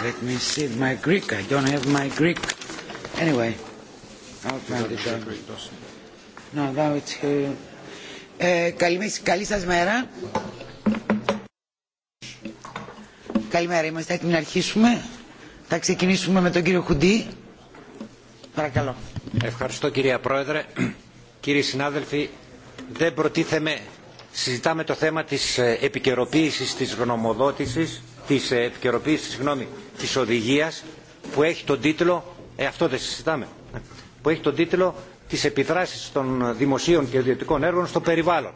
Let me see my Greek. I don't have my Greek. Anyway, I'll find it out. No, now it's here. Ε, eh, καλή, καλή σας μέρα. Καλημέρα, είμαστε έτοιμοι να αρχίσουμε. Θα ξεκινήσουμε με τον κύριο Χουντή. Παρακαλώ. Ευχαριστώ κυρία Πρόεδρε. Κύριοι συνάδελφοι, δεν προτίθεμαι, συζητάμε το θέμα της επικαιροποίησης της γνωμοδότησης της επικαιροποίησης, συγγνώμη, της οδηγίας που έχει τον τίτλο, ε, αυτό δεν συζητάμε, που έχει τον τίτλο της επιδράσεις των δημοσίων και ιδιωτικών έργων στο περιβάλλον.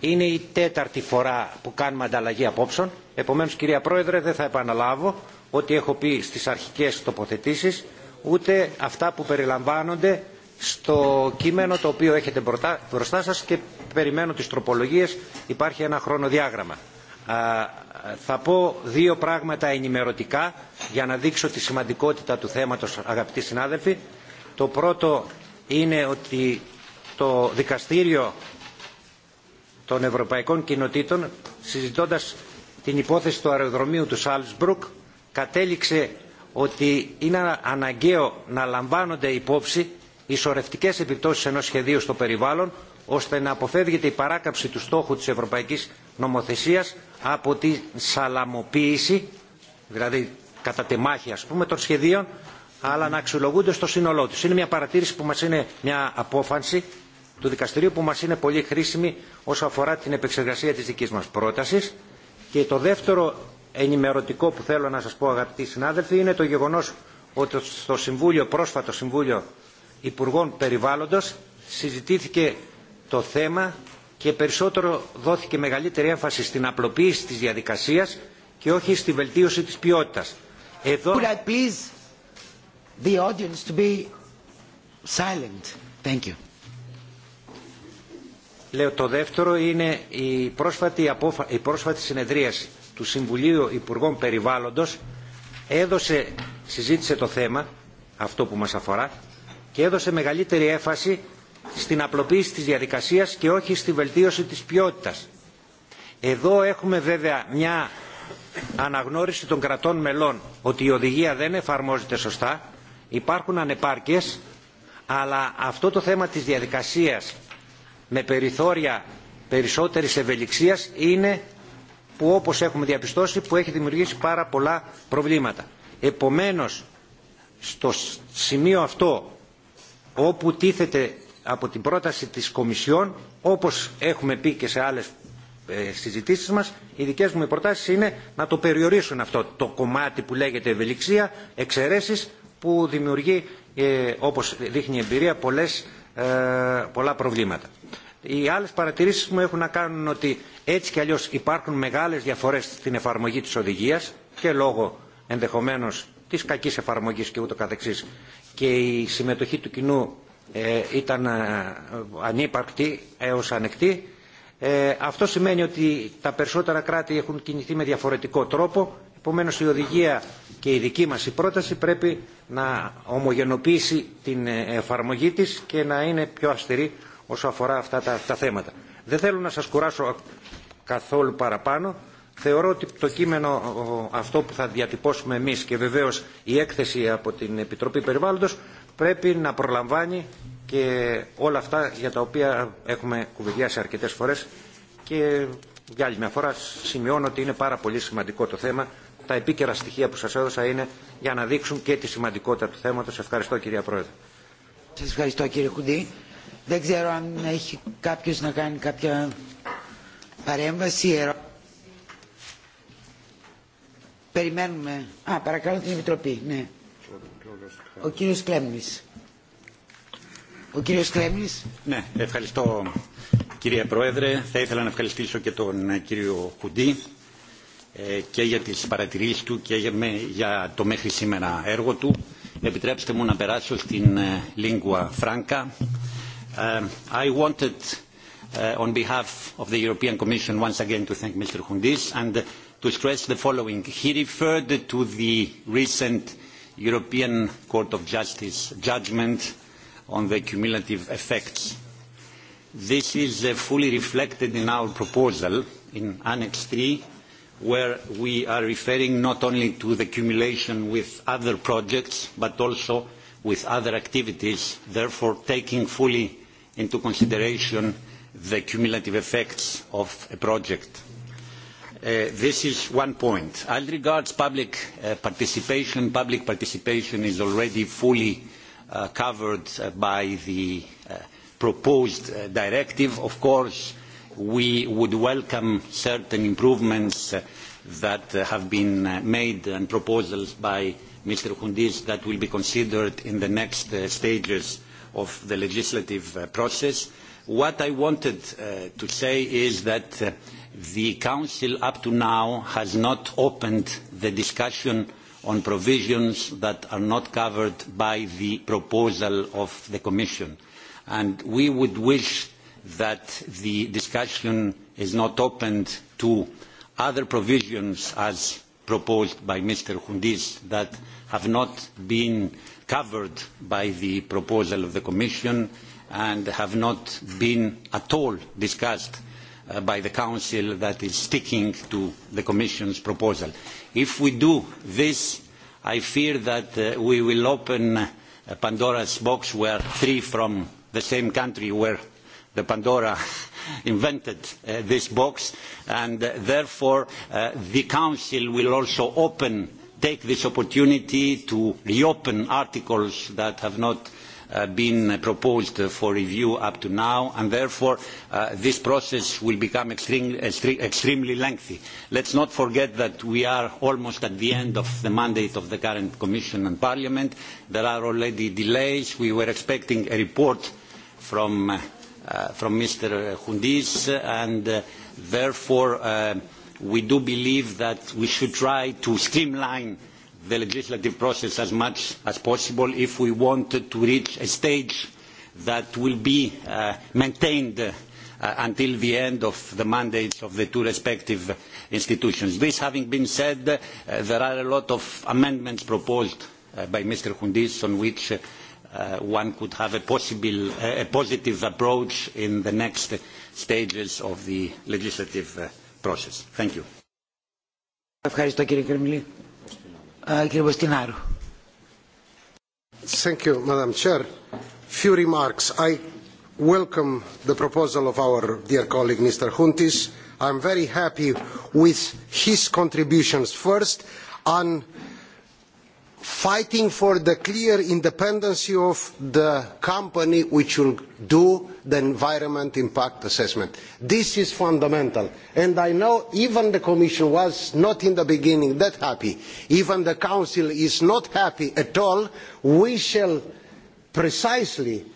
Είναι η τέταρτη φορά που κάνουμε ανταλλαγή απόψεων, επομένως κυρία Πρόεδρε δεν θα επαναλάβω ό,τι έχω πει στις αρχικές τοποθετήσεις, ούτε αυτά που περιλαμβάνονται στο κείμενο το οποίο έχετε μπροστά σας και περιμένω τις τροπολογίες υπάρχει ένα χρονοδιάγραμμα θα πω δύο πράγματα ενημερωτικά για να δείξω τη σημαντικότητα του θέματος αγαπητοί συνάδελφοι. Το πρώτο είναι ότι το Δικαστήριο των Ευρωπαϊκών Κοινοτήτων συζητώντας την υπόθεση του αεροδρομίου του Σάλτσμπρουκ κατέληξε ότι είναι αναγκαίο να λαμβάνονται υπόψη οι σωρευτικές επιπτώσεις ενός σχεδίου στο περιβάλλον ώστε να αποφεύγεται η παράκαψη του στόχου της Ευρωπαϊκής νομοθεσίας από τη σαλαμοποίηση, δηλαδή κατά τεμάχη ας πούμε των σχεδίων, αλλά να αξιολογούνται στο σύνολό τους. Είναι μια παρατήρηση που μας είναι μια απόφανση του δικαστηρίου που μας είναι πολύ χρήσιμη όσο αφορά την επεξεργασία της δικής μας πρότασης. Και το δεύτερο ενημερωτικό που θέλω να σας πω αγαπητοί συνάδελφοι είναι το γεγονός ότι στο Συμβούλιο, πρόσφατο Συμβούλιο Υπουργών Περιβάλλοντος συζητήθηκε το θέμα και περισσότερο δόθηκε μεγαλύτερη έμφαση στην απλοποίηση της διαδικασίας και όχι στη βελτίωση της ποιότητας. Εδώ... Could I please the audience to be silent. Thank you. Λέω το δεύτερο είναι η πρόσφατη, απόφα... η πρόσφατη συνεδρίαση του Συμβουλίου Υπουργών Περιβάλλοντος έδωσε, συζήτησε το θέμα, αυτό που μας αφορά, και έδωσε μεγαλύτερη έμφαση στην απλοποίηση της διαδικασίας και όχι στη βελτίωση της ποιότητας. Εδώ έχουμε βέβαια μια αναγνώριση των κρατών μελών ότι η οδηγία δεν εφαρμόζεται σωστά, υπάρχουν ανεπάρκειες, αλλά αυτό το θέμα της διαδικασίας με περιθώρια περισσότερης ευελιξίας είναι που όπως έχουμε διαπιστώσει που έχει δημιουργήσει πάρα πολλά προβλήματα. Επομένως, στο σημείο αυτό όπου τίθεται από την πρόταση της Κομισιόν, όπως έχουμε πει και σε άλλες συζητήσεις μας, οι δικές μου προτάσεις είναι να το περιορίσουν αυτό το κομμάτι που λέγεται ευελιξία, εξαιρέσεις που δημιουργεί, ε, όπως δείχνει η εμπειρία, πολλές, ε, πολλά προβλήματα. Οι άλλες παρατηρήσεις μου έχουν να κάνουν ότι έτσι κι αλλιώς υπάρχουν μεγάλες διαφορές στην εφαρμογή της οδηγίας και λόγω ενδεχομένως της κακής εφαρμογής και ούτω καθεξής και η συμμετοχή του κοινού ε, ήταν ανύπαρκτη έως ανεκτή. Ε, αυτό σημαίνει ότι τα περισσότερα κράτη έχουν κινηθεί με διαφορετικό τρόπο. Επομένως η οδηγία και η δική μας η πρόταση πρέπει να ομογενοποιήσει την εφαρμογή της και να είναι πιο αυστηρή όσο αφορά αυτά τα, τα θέματα. Δεν θέλω να σας κουράσω καθόλου παραπάνω. Θεωρώ ότι το κείμενο αυτό που θα διατυπώσουμε εμείς και βεβαίως η έκθεση από την Επιτροπή Περιβάλλοντος πρέπει να προλαμβάνει και όλα αυτά για τα οποία έχουμε κουβεντιάσει αρκετές φορές και για άλλη μια φορά σημειώνω ότι είναι πάρα πολύ σημαντικό το θέμα. Τα επίκαιρα στοιχεία που σας έδωσα είναι για να δείξουν και τη σημαντικότητα του θέματος. Ευχαριστώ κυρία Πρόεδρε. Σας ευχαριστώ κύριε Κουντή. Δεν ξέρω αν έχει κάποιος να κάνει κάποια παρέμβαση. Ερώ... Περιμένουμε. Α, παρακαλώ την Επιτροπή. Ναι. Ο κύριος Κλέμνης. Ο κύριος Κλέμνης. Ναι, ευχαριστώ κύριε Πρόεδρε. Θα ήθελα να ευχαριστήσω και τον κύριο Κουντή και για τις παρατηρήσεις του και για το μέχρι σήμερα έργο του. Επιτρέψτε μου να περάσω στην lingua franca. Uh, I wanted uh, on behalf of the European Commission once again to thank Mr. Hundis and to stress the following. He referred to the recent uh, European Court of Justice judgment on the cumulative effects. This is uh, fully reflected in our proposal in Annex 3, where we are referring not only to the cumulation with other projects, but also with other activities, therefore taking fully into consideration the cumulative effects of a project. Uh, this is one point. As regards public uh, participation, public participation is already fully uh, covered uh, by the uh, proposed uh, directive. Of course, we would welcome certain improvements uh, that uh, have been uh, made and proposals by Mr. Hundis that will be considered in the next uh, stages of the legislative uh, process. What I wanted uh, to say is that uh, the Council up to now has not opened the discussion on provisions that are not covered by the proposal of the Commission. And we would wish that the discussion is not opened to other provisions as proposed by Mr. Hundis that have not been covered by the proposal of the Commission and have not been at all discussed uh, by the Council that is sticking to the Commission's proposal. If we do this, I fear that uh, we will open a uh, Pandora's box where three from the same country where the Pandora invented uh, this box, and uh, therefore uh, the Council will also open, take this opportunity to reopen articles that have not uh, uh, been proposed for review up to now, and therefore uh, this process will become extreme, extreme, extremely lengthy. Let's not forget that we are almost at the end of the mandate of the current Commission and Parliament. There are already delays. We were expecting a report from, uh, from Mr. Hundis, and uh, therefore uh, we do believe that we should try to streamline uh, the legislative process as much as possible if we want to reach a stage that will be uh, maintained uh, until the end of the mandates of the two respective institutions. This having been said, uh, there are a lot of amendments proposed uh, by Mr. Hundis on which uh, uh, one could have a, possible, uh, a positive approach in the next stages of the legislative uh, process. Thank you. Ευχαριστώ κύριε Κρεμλή. Κύριε Μποστινάρου. Thank you, Madam Chair. Few remarks. I welcome the proposal of our dear colleague, Mr. Huntis. I'm very happy with his contributions first on uh, fighting for the clear independence of the company which will do the environmental impact assessment. this is fundamental and i know even the commission was not in the beginning that happy even the council is not happy at all. we shall precisely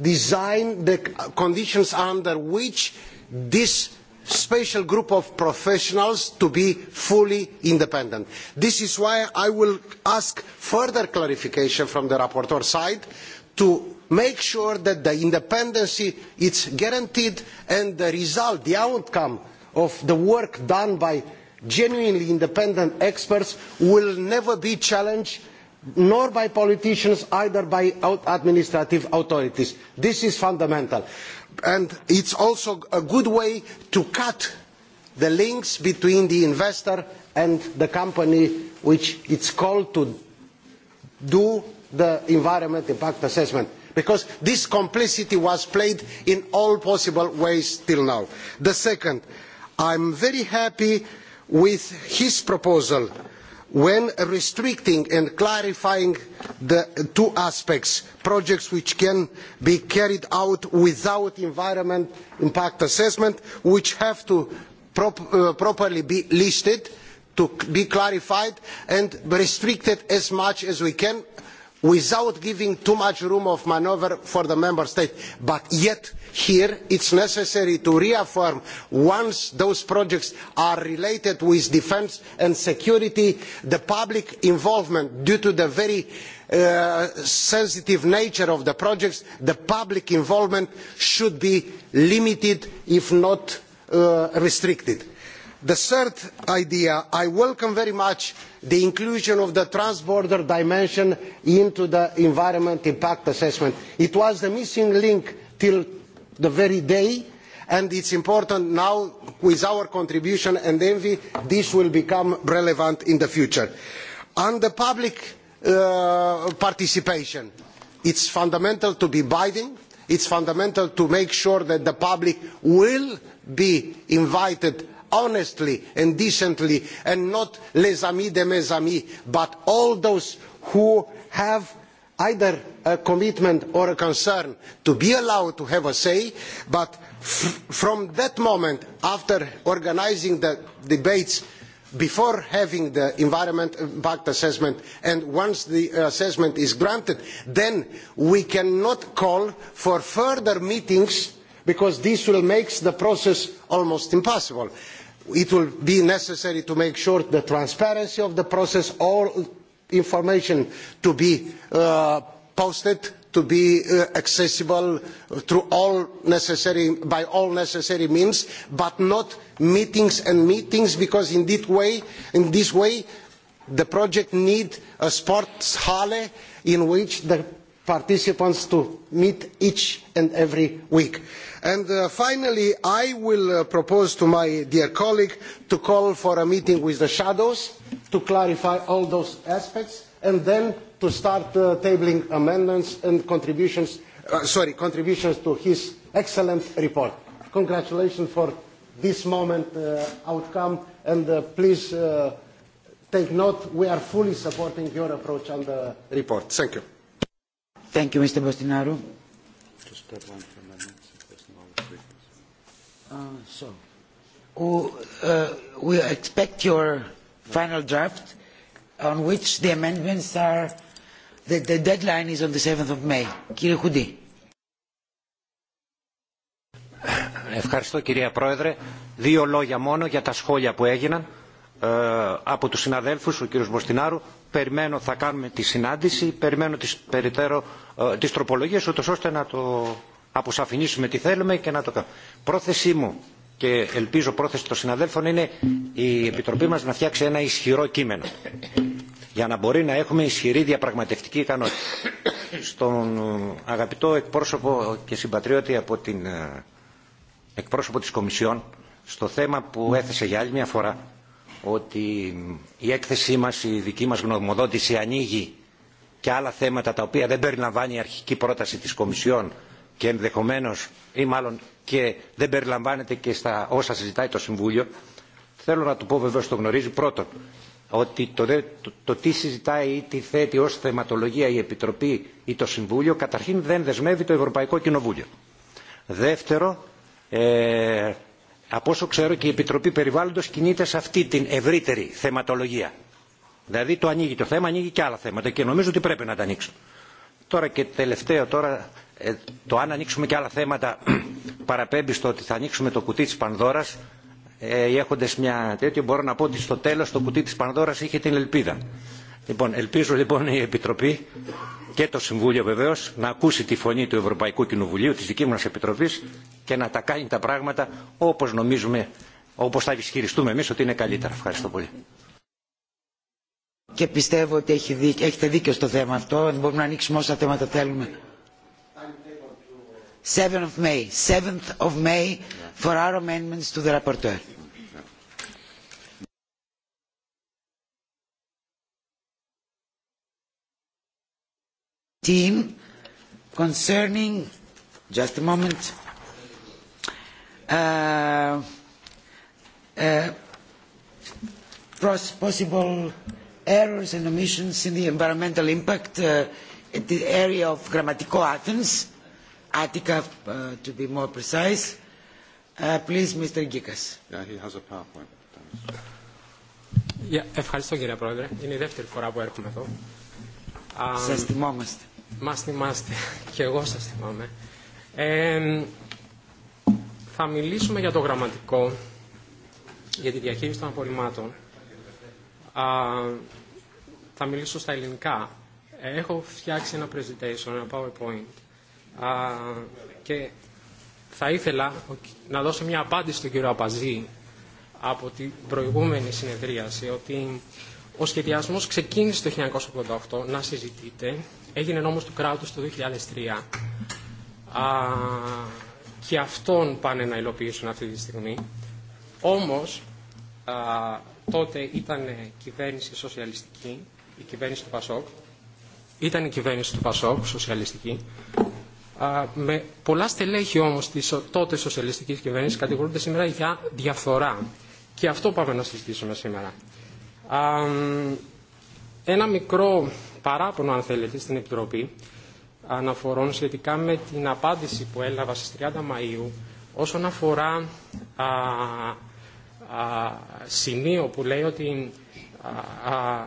design the conditions under which this special group of professionals to be fully independent. this is why i will ask further clarification from the rapporteur's side to make sure that the independence is guaranteed and the result the outcome of the work done by genuinely independent experts will never be challenged nor by politicians nor by administrative authorities. this is fundamental and it's also a good way to cut the links between the investor and the company which is called to do the environment impact assessment because this complicity was played in all possible ways till now. the second i am very happy with his proposal when restricting and clarifying the two aspects projects which can be carried out without environmental impact assessment which have to prop uh, properly be listed to be clarified and restricted as much as we can without giving too much room for manoeuvre for the member states but yet here it is necessary to reaffirm once those projects are related with defence and security the public involvement due to the very uh, sensitive nature of the projects the public involvement should be limited if not uh, restricted. the third idea i welcome very much the inclusion of the trans border dimension into the environment impact assessment. it was the missing link the very day and it is important now with our contribution and envi this will become relevant in the future. on the public uh, participation it is fundamental to be binding it is fundamental to make sure that the public will be invited honestly and decently and not les amis de mes amis but all those who have either a commitment or a concern to be allowed to have a say but from that moment after organising the debates before having the environmental impact assessment and once the assessment is granted then we cannot call for further meetings because this will make the process almost impossible. it will be necessary to make sure the transparency of the process all information to be uh, posted to be uh, accessible through all necessary, by all necessary means, but not meetings and meetings, because in this way, in this way the project needs a sports hall in which the participants to meet each and every week. Uh, And, uh, finally i will uh, propose to my dear colleague to call for a meeting with the shadows to clarify all those aspects and then to start uh, tabling amendments and contributions uh, sorry contributions to his excellent report. congratulations for this moment uh, outcome and uh, please take note we are fully supporting your approach on the report. thank you. thank you mr botinaru. Ah, uh, so, oh, uh, we expect your final draft on which the amendments are, the, the deadline is on the 7th of May. Κύριε Χουντή. Ευχαριστώ κυρία Πρόεδρε. Δύο λόγια μόνο για τα σχόλια που έγιναν ε, από τους συναδέλφους, ο κύριος Μποστινάρου. Περιμένω, θα κάνουμε τη συνάντηση, περιμένω τις, περιτέρω, ε, τις τροπολογίες, ούτως ώστε να το αποσαφηνίσουμε τι θέλουμε και να το κάνουμε. Πρόθεσή μου και ελπίζω πρόθεση των συναδέλφων είναι η Επιτροπή μας να φτιάξει ένα ισχυρό κείμενο για να μπορεί να έχουμε ισχυρή διαπραγματευτική ικανότητα. Στον αγαπητό εκπρόσωπο και συμπατριώτη από την εκπρόσωπο της Κομισιόν στο θέμα που έθεσε για άλλη μια φορά ότι η έκθεσή μας, η δική μας γνωμοδότηση ανοίγει και άλλα θέματα τα οποία δεν περιλαμβάνει η αρχική πρόταση της Κομισιόν και ενδεχομένως ή μάλλον και δεν περιλαμβάνεται και στα όσα συζητάει το Συμβούλιο, θέλω να του πω βεβαίως το γνωρίζει πρώτον ότι το, το, το τι συζητάει ή τι θέτει ως θεματολογία η Επιτροπή ή το Συμβούλιο καταρχήν δεν δεσμεύει το Ευρωπαϊκό Κοινοβούλιο. Δεύτερο, ε, από όσο ξέρω και η Επιτροπή Περιβάλλοντος κινείται σε αυτή την ευρύτερη θεματολογία. Δηλαδή το ανοίγει το θέμα, ανοίγει και άλλα θέματα και νομίζω ότι πρέπει να τα ανοίξουν. Τώρα και τελευταίο, τώρα ε, το αν ανοίξουμε και άλλα θέματα παραπέμπει στο ότι θα ανοίξουμε το κουτί της Πανδώρας ε, έχοντας μια τέτοια μπορώ να πω ότι στο τέλος το κουτί της Πανδώρας είχε την ελπίδα. Λοιπόν, ελπίζω λοιπόν η Επιτροπή και το Συμβούλιο βεβαίω να ακούσει τη φωνή του Ευρωπαϊκού Κοινοβουλίου, τη δική μα Επιτροπή και να τα κάνει τα πράγματα όπω νομίζουμε, όπω θα ισχυριστούμε εμεί ότι είναι καλύτερα. Ευχαριστώ πολύ. Και πιστεύω ότι έχει δί... έχετε δίκιο στο θέμα αυτό. Μπορούμε να ανοίξουμε όσα θέματα θέλουμε. 7 of May, 7th of May for our amendments to the rapporteur. Team concerning, just a moment, uh, uh, possible errors and omissions in the environmental impact uh, in the area of Grammatico Athens Attica, uh, to be more precise. Uh, please, Mr. Gikas. Yeah, he has a PowerPoint. Thanks. Yeah, ευχαριστώ κύριε Πρόεδρε. Είναι η δεύτερη φορά που έρχομαι εδώ. Σας θυμόμαστε. Μας θυμάστε. Και εγώ σας θυμάμαι. Ε, θα μιλήσουμε για το γραμματικό, για τη διαχείριση των απορριμμάτων. Α, θα μιλήσω στα ελληνικά. Έχω φτιάξει ένα presentation, ένα PowerPoint, Α, και θα ήθελα να δώσω μια απάντηση στον κύριο Απαζή από την προηγούμενη συνεδρίαση ότι ο σχεδιασμός ξεκίνησε το 1988 να συζητείται, έγινε νόμος του κράτους το 2003 α, και αυτόν πάνε να υλοποιήσουν αυτή τη στιγμή. Όμως α, τότε ήταν κυβέρνηση σοσιαλιστική, η κυβέρνηση του Πασόκ, ήταν η κυβέρνηση του Πασόκ, σοσιαλιστική, με πολλά στελέχη όμως της τότε σοσιαλιστικής κυβέρνησης κατηγορούνται σήμερα για διαφθορά. Και αυτό πάμε να συζητήσουμε σήμερα. Α, ένα μικρό παράπονο, αν θέλετε, στην Επιτροπή αναφορών σχετικά με την απάντηση που έλαβα στις 30 Μαΐου όσον αφορά α, α, σημείο που λέει ότι α, α,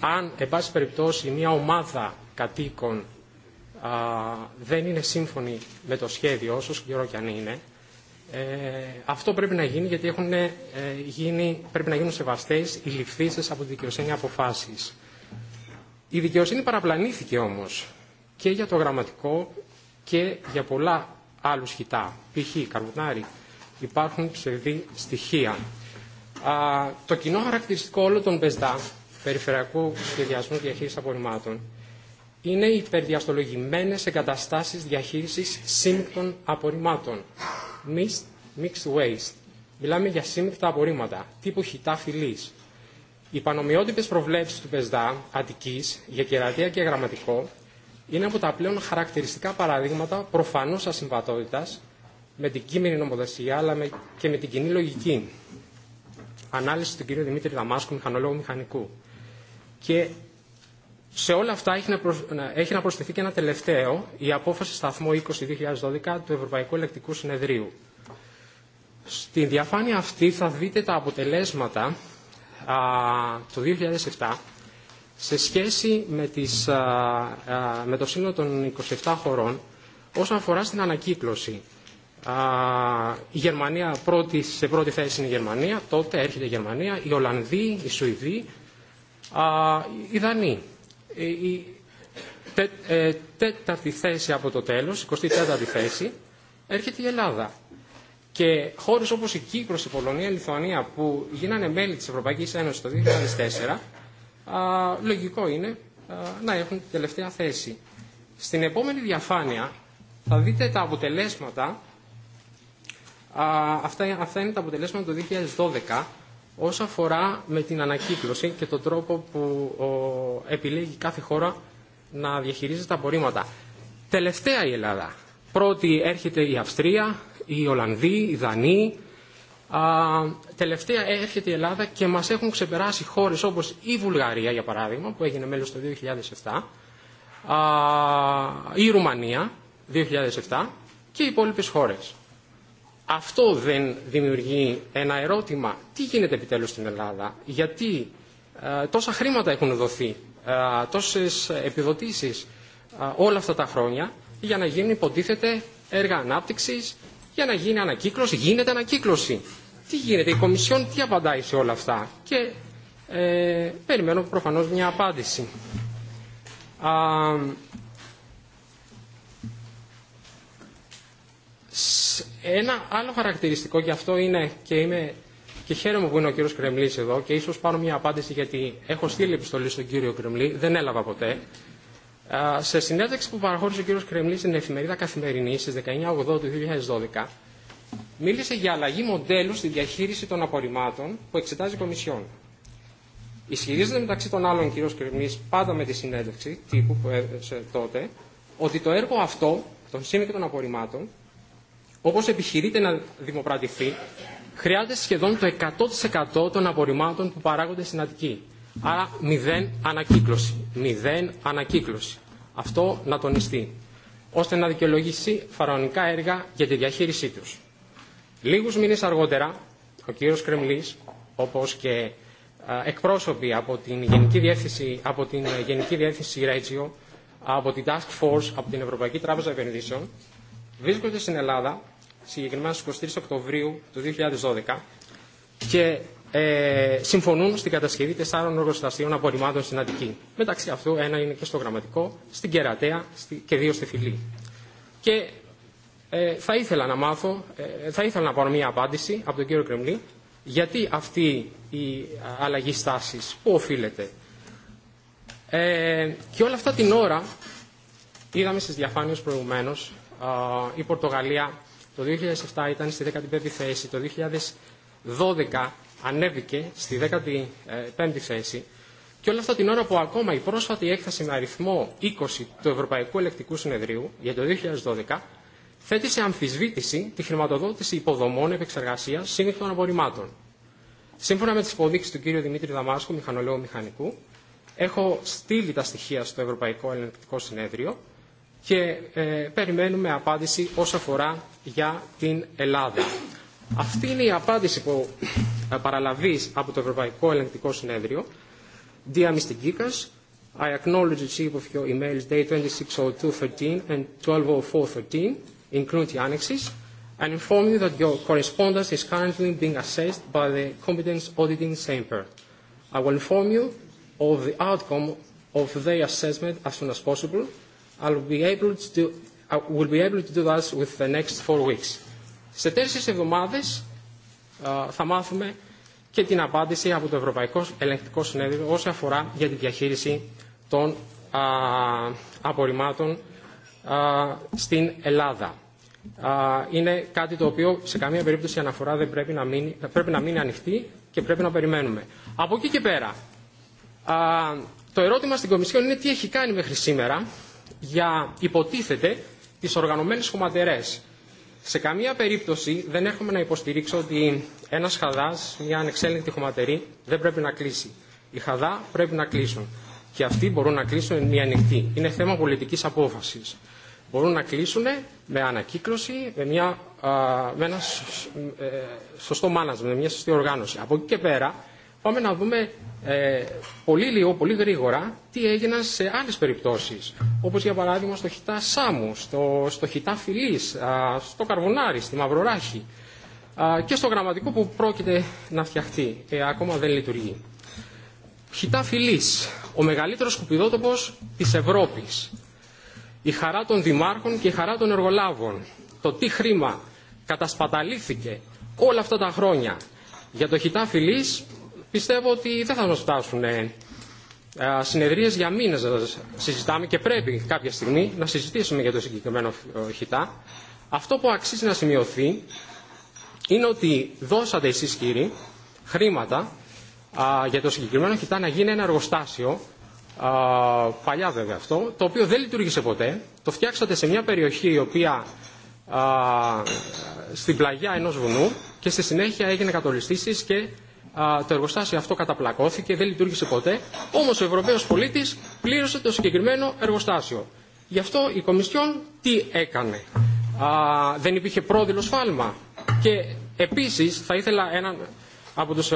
αν, εν πάση περιπτώσει, μια ομάδα κατοίκων α, δεν είναι σύμφωνοι με το σχέδιο, όσο σκληρό και αν είναι, ε, αυτό πρέπει να γίνει γιατί έχουν, ε, γίνει, πρέπει να γίνουν σεβαστές οι ληφθήσεις από τη δικαιοσύνη αποφάσεις. Η δικαιοσύνη παραπλανήθηκε όμως και για το γραμματικό και για πολλά άλλου χιτά, π.χ. καρβουνάρι, υπάρχουν ψευδή στοιχεία. Α, το κοινό χαρακτηριστικό όλων των ΠΕΣΔΑ, Περιφερειακού Σχεδιασμού Διαχείρισης Απορριμμάτων, είναι υπερδιαστολογημένες εγκαταστάσεις διαχείρισης σύμπτων απορριμμάτων, mixed, mixed waste. Μιλάμε για σύμπτα απορρίμματα, τύπου χιτά φυλής. Οι πανομοιότυπες προβλέψεις του ΠΕΣΔΑ, Αττικής, για κερατεία και γραμματικό, είναι από τα πλέον χαρακτηριστικά παραδείγματα προφανούς ασυμβατότητας με την κείμενη νομοθεσία αλλά και με την κοινή λογική. Ανάλυση του κ. Δημήτρη Δαμάσκου, μηχανολόγου μηχανικού. Και Σε όλα αυτά έχει να, προσ... έχει να προσθεθεί και ένα τελευταίο, η απόφαση σταθμό 20-2012 του Ευρωπαϊκού Ελεκτικού Συνεδρίου. Στην διαφάνεια αυτή θα δείτε τα αποτελέσματα α, του 2007 σε σχέση με, τις, α, α, με το σύνολο των 27 χωρών όσον αφορά στην ανακύκλωση. Α, η Γερμανία πρώτη, σε πρώτη θέση είναι η Γερμανία, τότε έρχεται η Γερμανία, η Ολλανδοί, οι Σουηδοί, α, οι Δανείοι η τέταρτη θέση από το τέλος, 24η θέση, έρχεται η Ελλάδα. Και χώρες όπως η Κύπρος, η Πολωνία, η Λιθουανία που γίνανε μέλη της Ευρωπαϊκής Ένωσης το 2004, α, λογικό είναι α, να έχουν την τελευταία θέση. Στην επόμενη διαφάνεια θα δείτε τα αποτελέσματα. Α, αυτά, αυτά είναι τα αποτελέσματα του 2012 όσο αφορά με την ανακύκλωση και τον τρόπο που ο, επιλέγει κάθε χώρα να διαχειρίζεται τα απορρίμματα. Τελευταία η Ελλάδα. Πρώτη έρχεται η Αυστρία, οι Ολλανδοί, οι Δανείοι. Α, τελευταία έρχεται η Ελλάδα και μας έχουν ξεπεράσει χώρες όπως η Βουλγαρία, για παράδειγμα, που έγινε μέλος το 2007, α, η Ρουμανία, 2007 και οι υπόλοιπες χώρες. Αυτό δεν δημιουργεί ένα ερώτημα. Τι γίνεται επιτέλους στην Ελλάδα. Γιατί ε, τόσα χρήματα έχουν δοθεί, ε, τόσες επιδοτήσεις ε, όλα αυτά τα χρόνια για να γίνουν υποτίθεται έργα ανάπτυξης, για να γίνει ανακύκλωση. Γίνεται ανακύκλωση. Τι γίνεται, η Κομισιόν τι απαντάει σε όλα αυτά. Και ε, περιμένω προφανώς μια απάντηση. Α, σ, Ένα άλλο χαρακτηριστικό, και αυτό είναι και, είμαι, και χαίρομαι που είναι ο κύριος Κρεμλής εδώ και ίσως πάρω μια απάντηση γιατί έχω στείλει επιστολή στον κύριο Κρεμλή, δεν έλαβα ποτέ. Σε συνέντευξη που παραχώρησε ο κύριος Κρεμλής στην εφημερίδα Καθημερινή στις 19 του 2012, μίλησε για αλλαγή μοντέλου στη διαχείριση των απορριμμάτων που εξετάζει η Κομισιόν. Ισχυρίζεται μεταξύ των άλλων ο κ. Κρυμνή, πάντα με τη συνέντευξη τύπου που έδωσε τότε, ότι το έργο αυτό των ΣΥΜ και των απορριμμάτων Όπως επιχειρείται να δημοπρατηθεί, χρειάζεται σχεδόν το 100% των απορριμμάτων που παράγονται στην Αττική. Άρα μηδέν ανακύκλωση. Μηδέν ανακύκλωση. Αυτό να τονιστεί, ώστε να δικαιολογήσει φαραωνικά έργα για τη διαχείρισή τους. Λίγους μήνες αργότερα, ο κύριος Κρεμλής, όπως και εκπρόσωποι από την Γενική Διεύθυνση, από την Γενική Διεύθυνση Regio, από την Task Force, από την Ευρωπαϊκή Τράπεζα Επενδύσεων, βρίσκονται στην Ελλάδα συγκεκριμένα στις 23 Οκτωβρίου του 2012 και ε, συμφωνούν στην κατασκευή τεσσάρων εργοστασίων απορριμμάτων στην Αττική. Μεταξύ αυτού ένα είναι και στο γραμματικό, στην Κερατέα και δύο στη Φιλή. Και ε, θα ήθελα να μάθω, ε, θα ήθελα να πάρω μια απάντηση από τον κύριο Κρεμλή, γιατί αυτή η αλλαγή στάσης, πού οφείλεται. Ε, και όλα αυτά την ώρα, είδαμε στις διαφάνειες προηγουμένως, ε, η Πορτογαλία Το 2007 ήταν στη 15η θέση, το 2012 ανέβηκε στη 15η θέση και όλα αυτά την ώρα που ακόμα η πρόσφατη έκθεση με αριθμό 20 του Ευρωπαϊκού Ελεκτικού Συνεδρίου για το 2012 θέτει σε αμφισβήτηση τη χρηματοδότηση υποδομών επεξεργασία σύνδεκτων απορριμμάτων. Σύμφωνα με τι υποδείξει του κ. Δημήτρη Δαμάσκου, μηχανολόγου μηχανικού, έχω στείλει τα στοιχεία στο Ευρωπαϊκό Ελεκτικό Συνέδριο και ε, περιμένουμε απάντηση όσο αφορά για την Ελλάδα. Αυτή είναι η απάντηση που παραλαβείς από το Ευρωπαϊκό Ελεγκτικό Συνέδριο. Dear Mr. Gikas, I acknowledge the receipt of your emails dated 2602.13 and 1204.13, including the annexes, and inform you that your correspondence is currently being assessed by the Competence Auditing Chamber. I will inform you of the outcome of their assessment as soon as possible, I'll be able to do, I will be able to do that with the next four weeks. Σε τέσσερις εβδομάδες α, θα μάθουμε και την απάντηση από το Ευρωπαϊκό Ελεγκτικό Συνέδριο όσον αφορά για τη διαχείριση των α, απορριμμάτων α, στην Ελλάδα. Α, είναι κάτι το οποίο σε καμία περίπτωση η αναφορά δεν πρέπει να μείνει, πρέπει να μείνει ανοιχτή και πρέπει να περιμένουμε. Από εκεί και πέρα, α, το ερώτημα στην Κομισιόν είναι τι έχει κάνει μέχρι σήμερα για υποτίθεται τις οργανωμένες χωματερές. Σε καμία περίπτωση δεν έρχομαι να υποστηρίξω ότι ένας χαδάς, μια ανεξέλεγκτη χωματερή, δεν πρέπει να κλείσει. Οι χαδά πρέπει να κλείσουν. Και αυτοί μπορούν να κλείσουν μια ανοιχτή. Είναι θέμα πολιτικής απόφασης. Μπορούν να κλείσουν με ανακύκλωση, με, μια, α, με ένα σωστό management, με μια σωστή οργάνωση. Από εκεί και πέρα, Πάμε να δούμε ε, πολύ λίγο, πολύ γρήγορα, τι έγιναν σε άλλες περιπτώσεις. Όπως για παράδειγμα στο χιτά Σάμου, στο, στο χιτά Φιλής, α, στο Καρβουνάρι, στη Μαυροράχη α, και στο γραμματικό που πρόκειται να φτιαχτεί. Ε, ακόμα δεν λειτουργεί. Χιτά Φιλής, ο μεγαλύτερος σκουπιδότοπος της Ευρώπης. Η χαρά των δημάρχων και η χαρά των εργολάβων. Το τι χρήμα κατασπαταλήθηκε όλα αυτά τα χρόνια για το χιτά Φιλής πιστεύω ότι δεν θα μας φτάσουν συνεδρίες για μήνες να συζητάμε και πρέπει κάποια στιγμή να συζητήσουμε για το συγκεκριμένο χιτά. Αυτό που αξίζει να σημειωθεί είναι ότι δώσατε εσείς κύριοι χρήματα α, για το συγκεκριμένο χιτά να γίνει ένα εργοστάσιο α, παλιά βέβαια αυτό, το οποίο δεν λειτουργήσε ποτέ. Το φτιάξατε σε μια περιοχή η οποία α, στην πλαγιά ενός βουνού και στη συνέχεια έγινε κατολιστήσεις και α, το εργοστάσιο αυτό καταπλακώθηκε, δεν λειτουργήσε ποτέ, όμως ο Ευρωπαίος πολίτης πλήρωσε το συγκεκριμένο εργοστάσιο. Γι' αυτό η Κομισιόν τι έκανε. Α, δεν υπήρχε πρόδειλο σφάλμα. Και επίσης θα ήθελα έναν από τους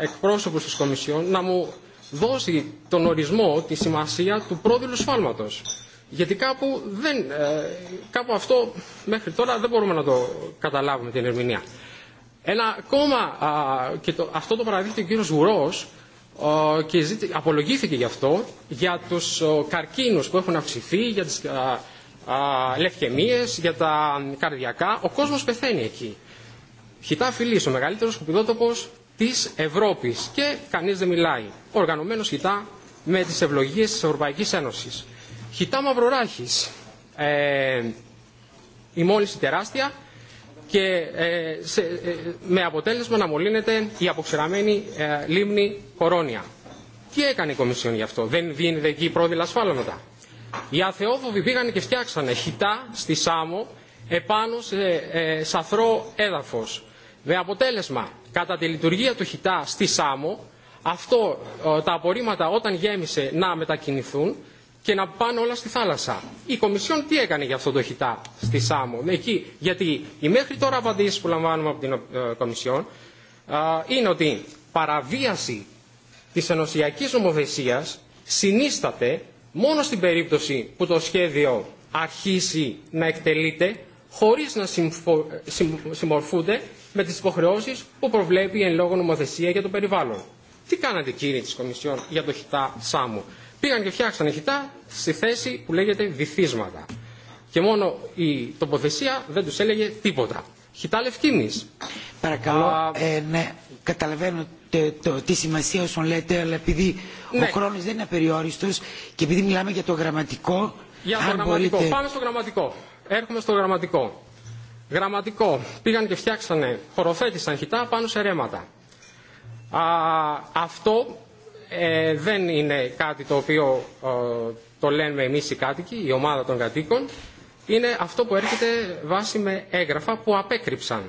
εκπρόσωπους της Κομισιόν να μου δώσει τον ορισμό, τη σημασία του πρόδειλου σφάλματος. Γιατί κάπου, δεν, ε, κάπου αυτό μέχρι τώρα δεν μπορούμε να το καταλάβουμε την ερμηνεία. Ένα ακόμα, α, και το, αυτό το παραδείχθηκε ο κύριος Γουρός α, και ζήτη, απολογήθηκε γι' αυτό, για τους α, καρκίνους που έχουν αυξηθεί, για τις α, α, λευκαιμίες, για τα καρδιακά. Ο κόσμος πεθαίνει εκεί. Χιτά φιλής, ο μεγαλύτερος σκουπιδότοπος της Ευρώπης και κανείς δεν μιλάει. Οργανωμένος χιτά με τις ευλογίες της Ευρωπαϊκής Ένωσης. Χιτά μαυροράχης. Ε, η μόλυνση τεράστια και ε, σε, ε, με αποτέλεσμα να μολύνεται η αποξηραμένη ε, λίμνη Κορώνια. Τι έκανε η Κομισιόν γι' αυτό, δεν δίνεται εκεί πρόδειλα ασφάλματα. Οι αθεόφοβοι πήγαν και φτιάξανε χιτά στη Σάμο επάνω σε ε, σαθρό έδαφος. Με αποτέλεσμα, κατά τη λειτουργία του χιτά στη Σάμο, αυτό, ε, τα απορρίμματα όταν γέμισε να μετακινηθούν, και να πάνε όλα στη θάλασσα. Η Κομισιόν τι έκανε για αυτό το χιτά στη Σάμο. Εκεί, γιατί οι μέχρι τώρα απαντήσει που λαμβάνουμε από την ε, Κομισιόν ε, είναι ότι παραβίαση της ενωσιακής νομοθεσίας συνίσταται μόνο στην περίπτωση που το σχέδιο αρχίσει να εκτελείται χωρίς να συμφω... συμ... συμμορφούνται με τις υποχρεώσεις που προβλέπει η εν λόγω νομοθεσία για το περιβάλλον. Τι κάνατε κύριοι της Κομισιόν για το χιτά Σάμου. Πήγαν και φτιάξαν ηχητά στη θέση που λέγεται βυθίσματα. Και μόνο η τοποθεσία δεν τους έλεγε τίποτα. Χιτά Λευκίνης. Παρακαλώ, Α... ε, ναι, καταλαβαίνω το, το, τη σημασία όσων λέτε, αλλά επειδή ναι. ο χρόνος δεν είναι απεριόριστος και επειδή μιλάμε για το γραμματικό... Για το γραμματικό. Μπορείτε... Πάμε στο γραμματικό. Έρχομαι στο γραμματικό. Γραμματικό. Πήγαν και φτιάξανε, χωροθέτησαν χιτά πάνω σε ρέματα. Α, αυτό ε, δεν είναι κάτι το οποίο ε, το λέμε εμείς οι κάτοικοι, η ομάδα των κατοίκων, είναι αυτό που έρχεται βάσει με έγγραφα που απέκρυψαν.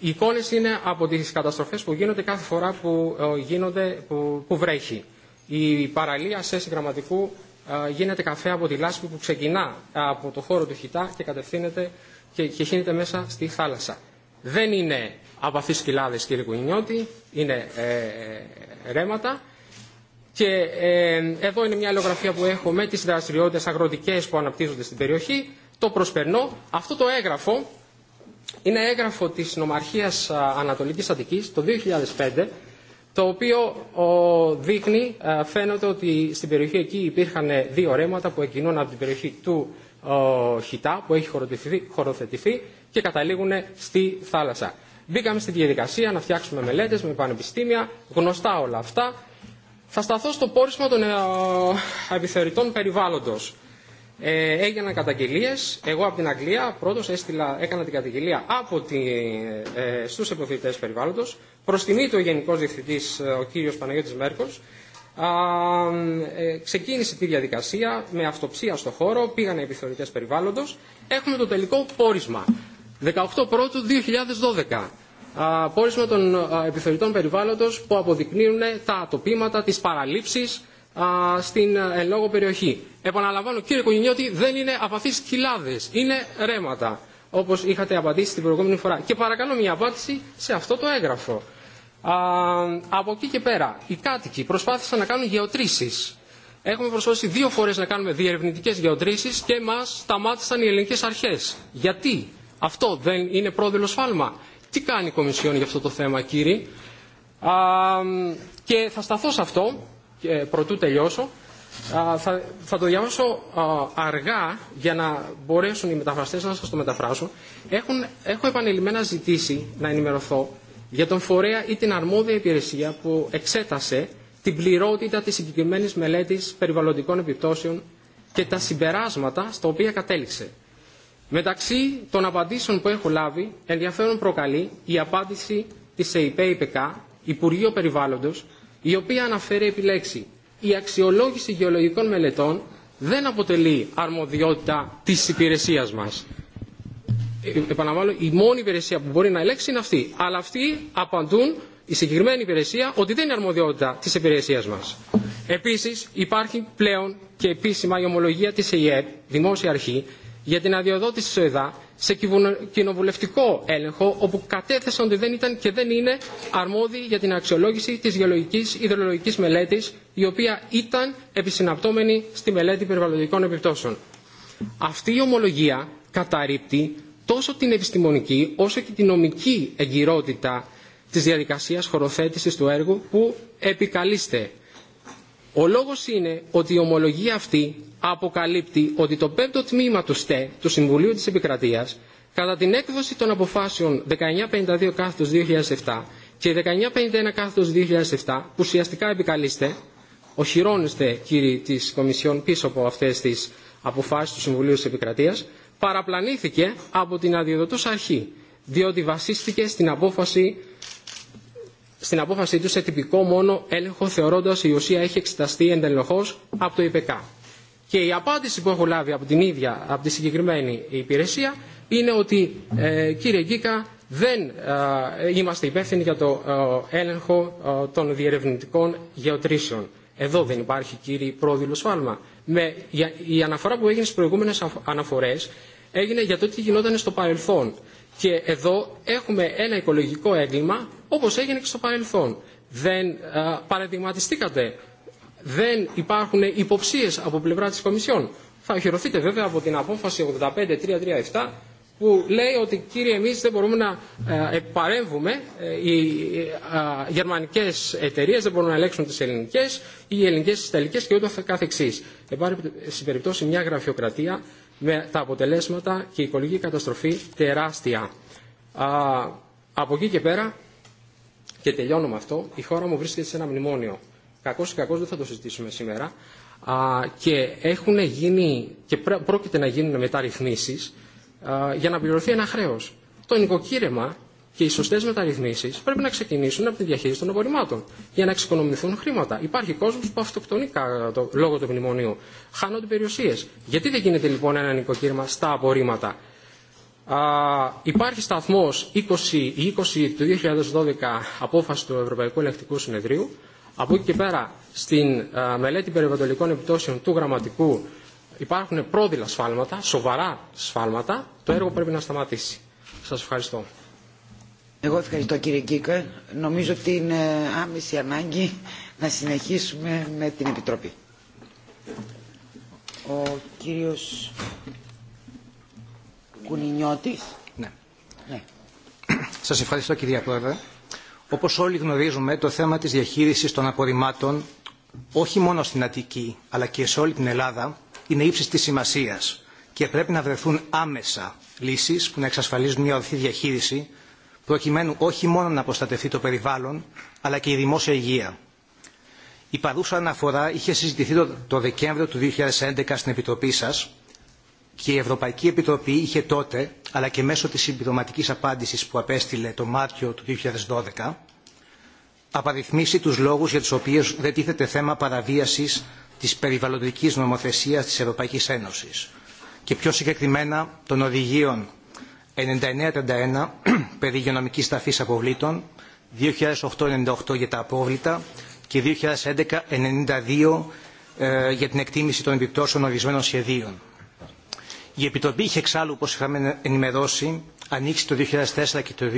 Οι εικόνες είναι από τις καταστροφές που γίνονται κάθε φορά που, ε, γίνονται, που, που βρέχει. Η παραλία σε γραμματικού ε, γίνεται καφέ από τη λάσπη που ξεκινά από το χώρο του χιτά και κατευθύνεται και, και χύνεται μέσα στη θάλασσα. Δεν είναι απαθείς κοιλάδες κύριε Κουνιώτη, είναι ε, ρέματα Και ε, εδώ είναι μια αλληλογραφία που έχω με τις δραστηριότητες αγροτικές που αναπτύσσονται στην περιοχή. Το προσπερνώ. Αυτό το έγγραφο είναι έγγραφο της Νομαρχίας Ανατολικής Αττικής το 2005 το οποίο ο, δείχνει, α, φαίνεται ότι στην περιοχή εκεί υπήρχαν δύο ρέματα που εκκινούν από την περιοχή του ο, Χιτά, που έχει χωροθετηθεί και καταλήγουν στη θάλασσα. Μπήκαμε στη διαδικασία να φτιάξουμε μελέτες με πανεπιστήμια, γνωστά όλα αυτά, Θα σταθώ στο πόρισμα των επιθεωρητών περιβάλλοντος. Ε, έγιναν καταγγελίες. Εγώ από την Αγγλία πρώτος έστειλα, έκανα την καταγγελία από τη, ε, στους επιθεωρητές περιβάλλοντος. Προς τιμή του ο Γενικός Διευθυντής, ο κύριος Παναγιώτης Μέρκος, Α, ε, ξεκίνησε τη διαδικασία με αυτοψία στο χώρο, πήγαν οι επιθεωρητές περιβάλλοντος. Έχουμε το τελικό πόρισμα. 18 Πρώτου 2012 πόρισμα των επιθεωρητών περιβάλλοντος που αποδεικνύουν τα ατοπήματα, τις παραλήψεις στην εν λόγω περιοχή. Επαναλαμβάνω κύριε Κογινιώτη δεν είναι απαθείς κοιλάδες, είναι ρέματα όπως είχατε απαντήσει την προηγούμενη φορά. Και παρακαλώ μια απάντηση σε αυτό το έγγραφο. Α, από εκεί και πέρα, οι κάτοικοι προσπάθησαν να κάνουν γεωτρήσεις. Έχουμε προσώσει δύο φορές να κάνουμε διερευνητικές γεωτρήσεις και μας σταμάτησαν οι ελληνικές αρχές. Γιατί αυτό δεν είναι πρόδειλο σφάλμα. Τι κάνει η Κομισιόν για αυτό το θέμα, κύριε. Α, και θα σταθώ σε αυτό, και προτού τελειώσω. Α, θα, θα το διαβάσω α, αργά για να μπορέσουν οι μεταφραστές να σας το μεταφράσουν. Έχουν, έχω επανειλημμένα ζητήσει να ενημερωθώ για τον φορέα ή την αρμόδια υπηρεσία που εξέτασε την πληρότητα της συγκεκριμένης μελέτης περιβαλλοντικών επιπτώσεων και τα συμπεράσματα στα οποία κατέληξε. Μεταξύ των απαντήσεων που έχω λάβει, ενδιαφέρον προκαλεί η απάντηση της ΕΙΠΕ ΙΠΕΚΑ, Υπουργείο Περιβάλλοντος, η οποία αναφέρει επιλέξει «Η αξιολόγηση γεωλογικών μελετών δεν αποτελεί αρμοδιότητα της υπηρεσίας μας». Ε, επαναλαμβάνω, η μόνη υπηρεσία που μπορεί να ελέγξει είναι αυτή. Αλλά αυτοί απαντούν, η συγκεκριμένη υπηρεσία, ότι δεν είναι αρμοδιότητα της υπηρεσίας μας. Επίσης, υπάρχει πλέον και επίσημα η ομολογία της ΕΙΕΠ, δημόσια αρχή, για την αδειοδότηση του ΕΔΑ σε κοινοβουλευτικό έλεγχο, όπου κατέθεσαν ότι δεν ήταν και δεν είναι αρμόδιοι για την αξιολόγηση της γεωλογικής υδρολογικής μελέτης, η οποία ήταν επισυναπτώμενη στη μελέτη περιβαλλοντικών επιπτώσεων. Αυτή η ομολογία καταρρύπτει τόσο την επιστημονική όσο και την νομική εγκυρότητα της διαδικασίας χωροθέτησης του έργου που επικαλείστε. Ο λόγος είναι ότι η ομολογία αυτή αποκαλύπτει ότι το πέμπτο τμήμα του ΣΤΕ, του Συμβουλίου της Επικρατείας, κατά την έκδοση των αποφάσεων 1952 κάθετος 2007 και 1951 κάθετος 2007, που ουσιαστικά επικαλείστε, οχυρώνεστε κύριοι της Κομισιόν πίσω από αυτές τις αποφάσεις του Συμβουλίου της Επικρατείας, παραπλανήθηκε από την αδειοδοτούσα αρχή, διότι βασίστηκε στην απόφαση στην απόφασή του σε τυπικό μόνο έλεγχο θεωρώντας η ουσία έχει εξεταστεί εντελεχώς από το ΙΠΚ. Και η απάντηση που έχω λάβει από την ίδια, από τη συγκεκριμένη υπηρεσία, είναι ότι ε, κύριε Γκίκα δεν ε, είμαστε υπεύθυνοι για το ε, έλεγχο ε, των διερευνητικών γεωτρήσεων. Εδώ δεν υπάρχει κύριε πρόδειλο σφάλμα. Με, για, η αναφορά που έγινε στις προηγούμενες αναφορές έγινε για το τι γινόταν στο παρελθόν. Και εδώ έχουμε ένα οικολογικό έγκλημα όπως έγινε και στο παρελθόν. Δεν α, παραδειγματιστήκατε δεν υπάρχουν υποψίες από πλευρά της Κομισιόν. Θα οχυρωθείτε βέβαια από την απόφαση 85337 που λέει ότι κύριε εμείς δεν μπορούμε να ε, παρέμβουμε, ε, οι ε, ε, γερμανικές εταιρείες δεν μπορούν να ελέγξουν τις ελληνικές, οι ελληνικές τις ιταλικές και ούτω καθεξής. Εν πάση περιπτώσει μια γραφειοκρατία με τα αποτελέσματα και η οικολογική καταστροφή τεράστια. Α, από εκεί και πέρα, και τελειώνω με αυτό, η χώρα μου βρίσκεται σε ένα μνημόνιο. Κακώς ή κακώς δεν θα το συζητήσουμε σήμερα. Α, και έχουν γίνει και πρόκειται να γίνουν μεταρρυθμίσεις α, για να πληρωθεί ένα χρέος. Το νοικοκύρεμα και οι σωστέ μεταρρυθμίσει πρέπει να ξεκινήσουν από τη διαχείριση των απορριμμάτων για να εξοικονομηθούν χρήματα. Υπάρχει κόσμο που αυτοκτονεί το, λόγω του μνημονίου. Χάνονται περιουσίε. Γιατί δεν γίνεται λοιπόν ένα νοικοκύρημα στα απορρίμματα. Α, υπάρχει σταθμό 20, 20 του 2012 απόφαση του Ευρωπαϊκού Ελεκτικού Συνεδρίου Από εκεί και πέρα, στην α, μελέτη περιβαλλοντικών επιπτώσεων του γραμματικού υπάρχουν πρόδειλα σφάλματα, σοβαρά σφάλματα. Το έργο πρέπει να σταματήσει. Σας ευχαριστώ. Εγώ ευχαριστώ κύριε Κίκα. Νομίζω ότι είναι άμεση ανάγκη να συνεχίσουμε με την Επιτροπή. Ο κύριος Κουνινιώτης. Ναι. ναι. Σας ευχαριστώ κυρία Πρόεδρε. Όπως όλοι γνωρίζουμε, το θέμα της διαχείρισης των απορριμμάτων, όχι μόνο στην Αττική, αλλά και σε όλη την Ελλάδα, είναι ύψης της σημασίας και πρέπει να βρεθούν άμεσα λύσεις που να εξασφαλίζουν μια ορθή διαχείριση, προκειμένου όχι μόνο να προστατευτεί το περιβάλλον, αλλά και η δημόσια υγεία. Η παρούσα αναφορά είχε συζητηθεί το, το Δεκέμβριο του 2011 στην Επιτροπή σας Και η Ευρωπαϊκή Επιτροπή είχε τότε, αλλά και μέσω της συμπληρωματικής απάντησης που απέστειλε το Μάρτιο του 2012, απαριθμίσει τους λόγους για τους οποίους δεν τίθεται θέμα παραβίασης της περιβαλλοντικής νομοθεσίας της Ευρωπαϊκής Ένωσης και πιο συγκεκριμένα των οδηγίων 9931 περί υγειονομικής ταφής αποβλήτων, 2008-98 για τα απόβλητα και 2011-92 ε, για την εκτίμηση των επιπτώσεων ορισμένων σχεδίων. Η Επιτροπή είχε εξάλλου, όπως είχαμε ενημερώσει, ανοίξει το 2004 και το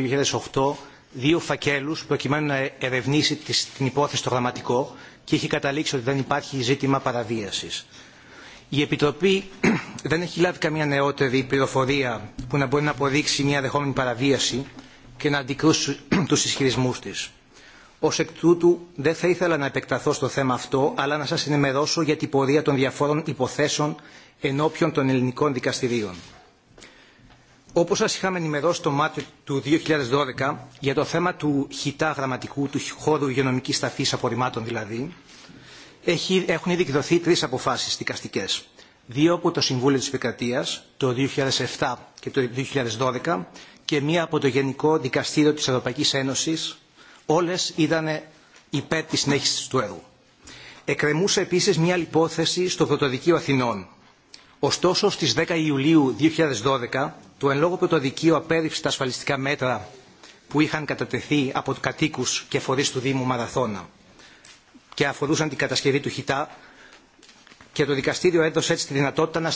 2008 δύο φακέλους προκειμένου να ερευνήσει την υπόθεση στο γραμματικό και είχε καταλήξει ότι δεν υπάρχει ζήτημα παραβίασης. Η Επιτροπή δεν έχει λάβει καμία νεότερη πληροφορία που να μπορεί να αποδείξει μια δεχόμενη παραβίαση και να αντικρούσει τους ισχυρισμούς της. Ως εκ τούτου δεν θα ήθελα να επεκταθώ στο θέμα αυτό, αλλά να σας ενημερώσω για την πορεία των διαφόρων υποθέσεων ενώπιον των ελληνικών δικαστηρίων. Όπως σας είχαμε ενημερώσει το Μάρτιο του 2012 για το θέμα του χιτά γραμματικού, του χώρου υγειονομικής ταφής απορριμμάτων δηλαδή, έχει, έχουν ήδη εκδοθεί τρεις αποφάσεις δικαστικές. Δύο από το Συμβούλιο της Επικρατείας το 2007 και το 2012 και μία από το Γενικό Δικαστήριο της Ευρωπαϊκής Ένωσης. Όλες ήταν υπέρ της συνέχισης του έργου. Εκκρεμούσε επίσης μία άλλη υπόθεση στο Πρωτοδικείο Αθηνών Ωστόσο, στις 10 Ιουλίου 2012, το εν λόγω πρωτοδικείο απέριψε τα ασφαλιστικά μέτρα που είχαν κατατεθεί από κατοίκους και φορείς του Δήμου Μαραθώνα και αφορούσαν την κατασκευή του χιτά και το δικαστήριο έδωσε έτσι τη δυνατότητα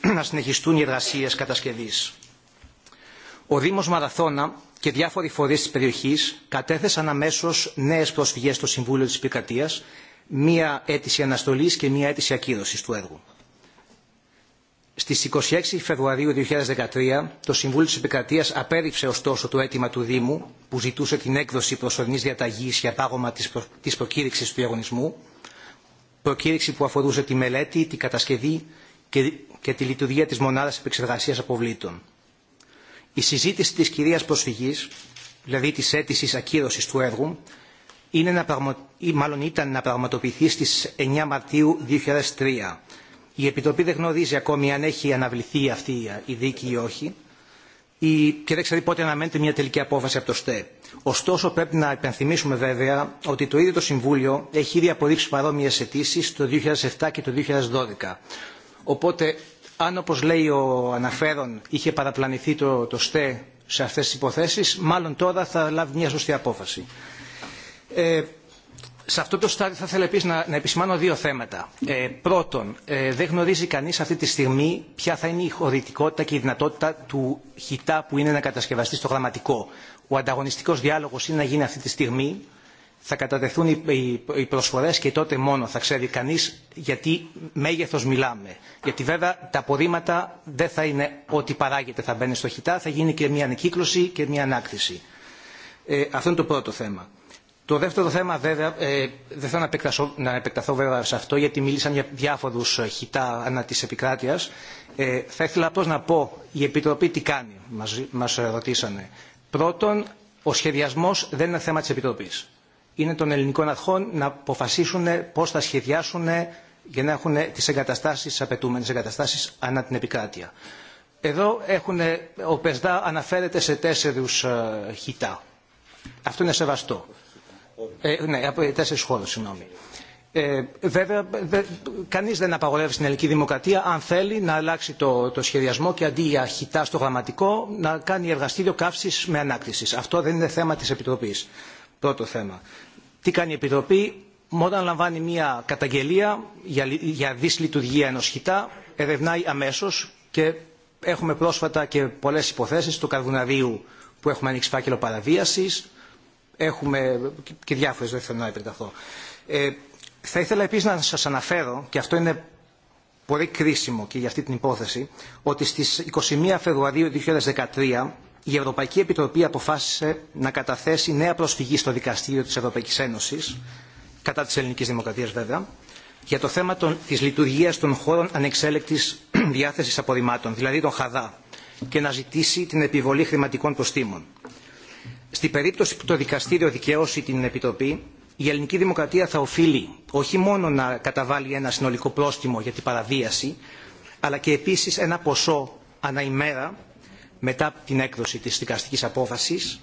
να συνεχιστούν οι εργασίες κατασκευής. Ο Δήμος Μαραθώνα και διάφοροι φορείς της περιοχής κατέθεσαν αμέσως νέες προσφυγές στο Συμβούλιο της Επικρατείας, μία αίτηση αναστολής και μία αίτηση ακύρωσης του έργου. Στις 26 Φεβρουαρίου 2013 το Συμβούλιο της Επικρατείας απέρριψε ωστόσο το αίτημα του Δήμου που ζητούσε την έκδοση προσωρινής διαταγής για πάγωμα της, προ... της προκήρυξης του διαγωνισμού, προκήρυξη που αφορούσε τη μελέτη, την κατασκευή και, και τη λειτουργία της μονάδας επεξεργασίας αποβλήτων. Η συζήτηση της κυρίας προσφυγής, δηλαδή της αίτησης ακύρωσης του έργου, είναι να πραγμα... ή μάλλον ήταν να πραγματοποιηθεί στις 9 Μαρτίου 2003 Η Επιτροπή δεν γνωρίζει ακόμη αν έχει αναβληθεί αυτή η δίκη ή όχι ή, και δεν ξέρει πότε αναμένεται μια τελική απόφαση από το ΣΤΕ. Ωστόσο, πρέπει να υπενθυμίσουμε βέβαια ότι το ίδιο το Συμβούλιο έχει ήδη απορρίψει παρόμοιε αιτήσει το 2007 και το 2012. Οπότε, αν όπω λέει ο αναφέρον είχε παραπλανηθεί το, το ΣΤΕ σε αυτές τις υποθέσεις, μάλλον τώρα θα λάβει μια σωστή απόφαση. Ε, Σε αυτό το στάδιο θα ήθελα επίση να, να επισημάνω δύο θέματα. Ε, πρώτον, ε, δεν γνωρίζει κανεί αυτή τη στιγμή ποια θα είναι η χωρητικότητα και η δυνατότητα του χιτά που είναι να κατασκευαστεί στο γραμματικό. Ο ανταγωνιστικό διάλογο είναι να γίνει αυτή τη στιγμή. Θα κατατεθούν οι, οι, οι προσφορέ και τότε μόνο θα ξέρει κανεί γιατί μέγεθο μιλάμε. Γιατί βέβαια τα απορρίμματα δεν θα είναι ό,τι παράγεται θα μπαίνει στο χιτά, θα γίνει και μια ανακύκλωση και μια ανάκτηση. Ε, αυτό είναι το πρώτο θέμα. Το δεύτερο θέμα βέβαια, ε, δεν θα επεκταθώ, να επεκταθώ βέβαια σε αυτό γιατί μίλησαν για διάφορους χιτά ανά της επικράτειας. Ε, θα ήθελα απλώς να πω η Επιτροπή τι κάνει, μας, μας ρωτήσανε. Πρώτον, ο σχεδιασμός δεν είναι θέμα της Επιτροπής. Είναι των ελληνικών αρχών να αποφασίσουν πώς θα σχεδιάσουν για να έχουν τις εγκαταστάσεις, τις απαιτούμενες εγκαταστάσεις ανά την επικράτεια. Εδώ έχουν, ο ΠΕΣΔΑ αναφέρεται σε τέσσερους ε, χιτά. Αυτό είναι σεβαστό. Ε, ναι, από τέσσερι χώρε, συγγνώμη. Ε, βέβαια, δε, κανεί δεν απαγορεύει στην ελληνική δημοκρατία, αν θέλει, να αλλάξει το, το σχεδιασμό και αντί για χιτά στο γραμματικό, να κάνει εργαστήριο καύση με ανάκτηση. Αυτό δεν είναι θέμα τη Επιτροπή. Πρώτο θέμα. Τι κάνει η Επιτροπή, όταν λαμβάνει μια καταγγελία για, για δυσλειτουργία ενό χιτά, ερευνάει αμέσω και έχουμε πρόσφατα και πολλέ υποθέσει του καρβουναρίου που έχουμε ανοίξει φάκελο παραβίαση, έχουμε και διάφορες, δεν θέλω να επεκταθώ. Ε, θα ήθελα επίσης να σας αναφέρω, και αυτό είναι πολύ κρίσιμο και για αυτή την υπόθεση, ότι στις 21 Φεβρουαρίου 2013 η Ευρωπαϊκή Επιτροπή αποφάσισε να καταθέσει νέα προσφυγή στο Δικαστήριο της Ευρωπαϊκής Ένωσης, κατά της ελληνικής δημοκρατίας βέβαια, για το θέμα των, της λειτουργίας των χώρων ανεξέλεκτης διάθεσης απορριμμάτων, δηλαδή των ΧΑΔΑ, και να ζητήσει την επιβολή χρηματικών προστήμων. Στην περίπτωση που το δικαστήριο δικαιώσει την Επιτροπή, η ελληνική δημοκρατία θα οφείλει όχι μόνο να καταβάλει ένα συνολικό πρόστιμο για την παραβίαση, αλλά και επίσης ένα ποσό ανά ημέρα μετά την έκδοση της δικαστικής απόφασης,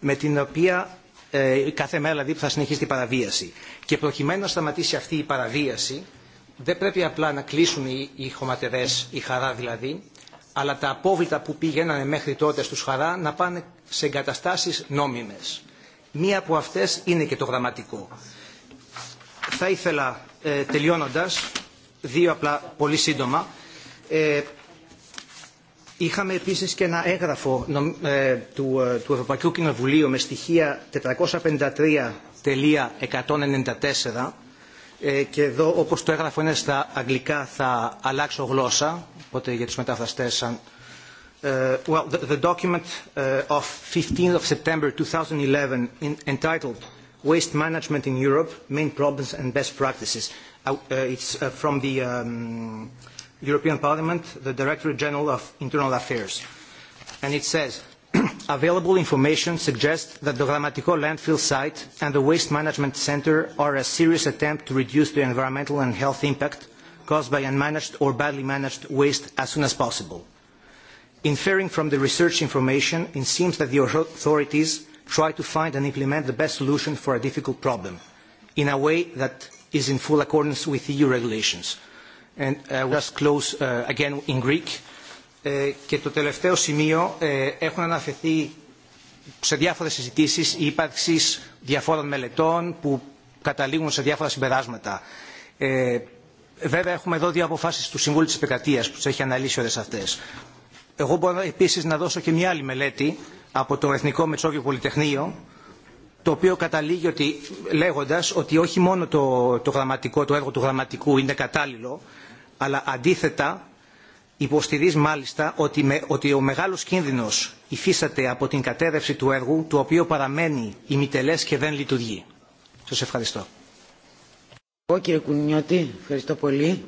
με την οποία ε, κάθε μέρα δηλαδή που θα συνεχίσει την παραβίαση. Και προκειμένου να σταματήσει αυτή η παραβίαση, δεν πρέπει απλά να κλείσουν οι, οι χωματερές, η χαρά δηλαδή, αλλά τα απόβλητα που πήγαιναν μέχρι τότε στους χαρά να πάνε σε εγκαταστάσεις νόμιμες. Μία από αυτές είναι και το γραμματικό. Θα ήθελα, ε, τελειώνοντας, δύο απλά πολύ σύντομα. Ε, Είχαμε επίσης και ένα έγγραφο ε, του, ε, του Ευρωπαϊκού Κοινοβουλίου με στοιχεία 453.194 ε, και εδώ όπως το έγγραφο είναι στα αγγλικά θα αλλάξω γλώσσα, οπότε για τους μεταφραστές αν uh, well, the, the document uh, of 15th of September 2011 in, entitled Waste Management in Europe, Main Problems and Best Practices. Uh, uh, it's uh, from the um, European Parliament, the Directorate General of Internal Affairs. And it says, available information suggests that the Gramatico landfill site and the waste management center are a serious attempt to reduce the environmental and health impact caused by unmanaged or badly managed waste as soon as possible. Uh, Inferring from the research information, it seems that the authorities try to find and implement the best solution for a difficult problem in a way that is in full accordance with EU regulations. And I will just close uh, again in Greek. Ε, uh, και το τελευταίο σημείο ε, έχουν αναφερθεί σε διάφορες συζητήσεις η ύπαρξη διαφόρων μελετών που καταλήγουν σε διάφορα συμπεράσματα. Ε, βέβαια έχουμε εδώ δύο αποφάσεις του Συμβούλου της Επικρατείας που τις έχει αναλύσει όλες αυτές. Εγώ μπορώ επίσης να δώσω και μια άλλη μελέτη από το Εθνικό Μετσόβιο Πολυτεχνείο, το οποίο καταλήγει ότι, λέγοντας ότι όχι μόνο το, το, γραμματικό, το έργο του γραμματικού είναι κατάλληλο, αλλά αντίθετα υποστηρίζει μάλιστα ότι, με, ότι ο μεγάλος κίνδυνος υφίσταται από την κατέρευση του έργου, το οποίο παραμένει ημιτελές και δεν λειτουργεί. Σας ευχαριστώ. Εγώ κύριε Κουνιώτη, ευχαριστώ πολύ.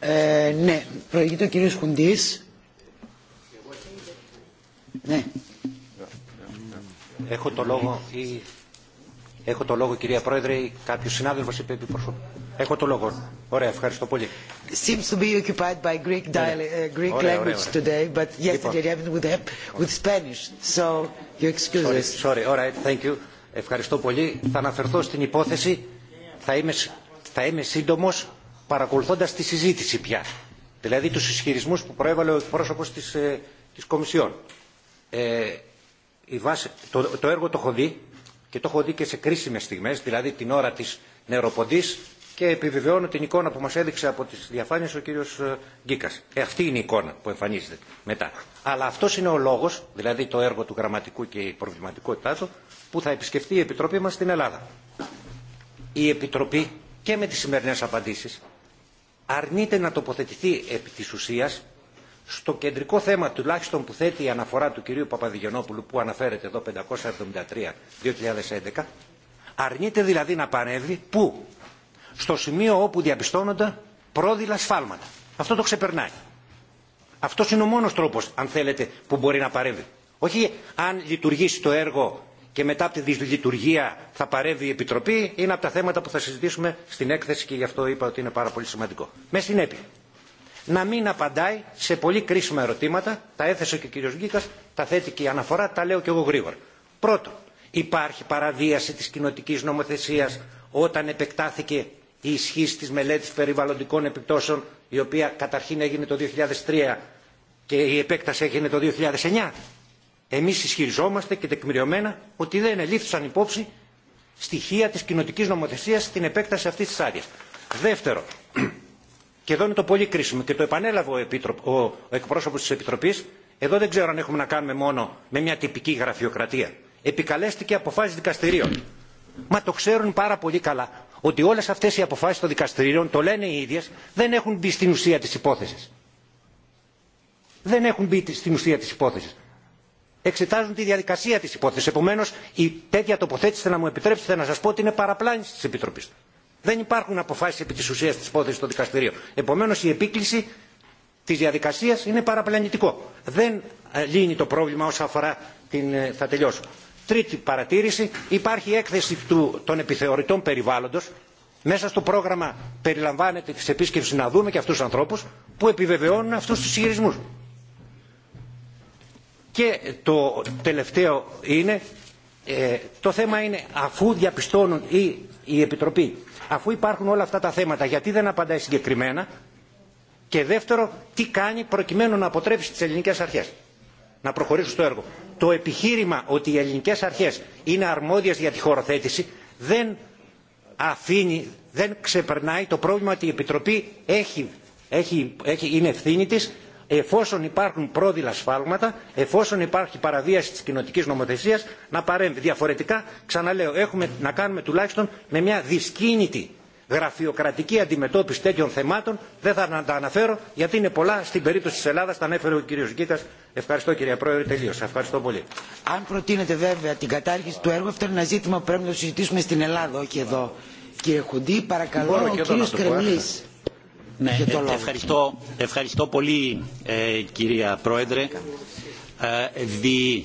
Ε, ναι, προηγείται ο κύριος Χουντής. Ναι. Έχω το λόγο ή... Έχω το λόγο κυρία Πρόεδρε ή κάποιος συνάδελφος είπε επιπροσωπή. Έχω το λόγο. Ωραία, ευχαριστώ πολύ. Seems to be occupied by Greek, dialect, uh, Greek ωραία, language ωραία, ωραία. today, but yesterday λοιπόν. happened with, with Spanish, so you excuse sorry, us. Sorry, all right, thank you. Ευχαριστώ πολύ. Θα αναφερθώ στην υπόθεση. Θα είμαι, θα είμαι σύντομος παρακολουθώντας τη συζήτηση πια. Δηλαδή τους ισχυρισμούς που προέβαλε ο εκπρόσωπος της, ε, της Κομισιόν. Ε, η βάση, το, το έργο το έχω δει και το έχω δει και σε κρίσιμες στιγμές, δηλαδή την ώρα της νεροποντής και επιβεβαιώνω την εικόνα που μας έδειξε από τις διαφάνειες ο κύριος Γκίκας. Ε, αυτή είναι η εικόνα που εμφανίζεται μετά. Αλλά αυτός είναι ο λόγος, δηλαδή το έργο του γραμματικού και η προβληματικότητά του, που θα επισκεφτεί η Επιτροπή μας στην Ελλάδα. Η Επιτροπή και με τις σημερινές απαντήσεις αρνείται να τοποθετηθεί επί της ουσίας στο κεντρικό θέμα τουλάχιστον που θέτει η αναφορά του κυρίου Παπαδηγενόπουλου που αναφέρεται εδώ 573-2011 αρνείται δηλαδή να παρέμβει που στο σημείο όπου διαπιστώνονται πρόδειλα σφάλματα. Αυτό το ξεπερνάει. Αυτό είναι ο μόνος τρόπος, αν θέλετε, που μπορεί να παρέμβει. Όχι αν λειτουργήσει το έργο και μετά τη δυσλειτουργία θα παρεύει η Επιτροπή είναι από τα θέματα που θα συζητήσουμε στην έκθεση και γι' αυτό είπα ότι είναι πάρα πολύ σημαντικό. Με συνέπεια, να μην απαντάει σε πολύ κρίσιμα ερωτήματα, τα έθεσε και ο κύριος Γκίκας, τα θέτει και η αναφορά, τα λέω και εγώ γρήγορα. Πρώτον, υπάρχει παραβίαση της κοινοτικής νομοθεσίας όταν επεκτάθηκε η ισχύ της μελέτης περιβαλλοντικών επιπτώσεων, η οποία καταρχήν έγινε το 2003 και η επέκταση έγινε το 2009. Εμείς ισχυριζόμαστε και τεκμηριωμένα ότι δεν ελήφθησαν υπόψη στοιχεία της κοινοτική νομοθεσίας στην επέκταση αυτής της άδειας. Δεύτερο, και εδώ είναι το πολύ κρίσιμο και το επανέλαβε ο, Επίτροπο, ο, ο εκπρόσωπος της Επιτροπής, εδώ δεν ξέρω αν έχουμε να κάνουμε μόνο με μια τυπική γραφειοκρατία. Επικαλέστηκε αποφάσεις δικαστηρίων. Μα το ξέρουν πάρα πολύ καλά ότι όλες αυτές οι αποφάσεις των δικαστηρίων, το λένε οι ίδιες, δεν έχουν μπει στην ουσία της υπόθεσης. Δεν έχουν μπει στην ουσία της υπόθεσης εξετάζουν τη διαδικασία της υπόθεσης. Επομένως, η τέτοια τοποθέτηση, θα να μου επιτρέψετε να σας πω ότι είναι παραπλάνηση της Επιτροπής. Δεν υπάρχουν αποφάσεις επί της ουσίας της υπόθεσης στο δικαστηρίο. Επομένως, η επίκληση της διαδικασίας είναι παραπλανητικό. Δεν λύνει το πρόβλημα όσον αφορά την... θα τελειώσω. Τρίτη παρατήρηση, υπάρχει έκθεση του, των επιθεωρητών περιβάλλοντος, μέσα στο πρόγραμμα περιλαμβάνεται τη επίσκεψη να δούμε και αυτούς τους ανθρώπους που επιβεβαιώνουν αυτούς τους ισχυρισμού. Και το τελευταίο είναι, ε, το θέμα είναι αφού διαπιστώνουν η, η Επιτροπή, αφού υπάρχουν όλα αυτά τα θέματα, γιατί δεν απαντάει συγκεκριμένα και δεύτερο, τι κάνει προκειμένου να αποτρέψει τις ελληνικές αρχές να προχωρήσουν στο έργο. Το επιχείρημα ότι οι ελληνικές αρχές είναι αρμόδιες για τη χωροθέτηση δεν αφήνει, δεν ξεπερνάει το πρόβλημα ότι η Επιτροπή έχει, έχει, έχει, είναι ευθύνη της εφόσον υπάρχουν πρόδειλα σφάλματα, εφόσον υπάρχει παραβίαση της κοινοτικής νομοθεσίας, να παρέμβει. Διαφορετικά, ξαναλέω, έχουμε να κάνουμε τουλάχιστον με μια δυσκίνητη γραφειοκρατική αντιμετώπιση τέτοιων θεμάτων. Δεν θα τα αναφέρω γιατί είναι πολλά. Στην περίπτωση της Ελλάδας τα ανέφερε ο κύριος Γκίκας. Ευχαριστώ κύριε Πρόεδρε. Τελείωσα. Ευχαριστώ πολύ. Αν προτείνετε βέβαια την κατάργηση του έργου, αυτό είναι ένα ζήτημα που πρέπει να το συζητήσουμε στην Ελλάδα, όχι εδώ. Κύριε Χουντή, παρακαλώ, Μπορώ ο κύριος Κρεμλής. Ναι, ε, ευχαριστώ, ευχαριστώ πολύ ε, κυρία Πρόεδρε. Uh, the,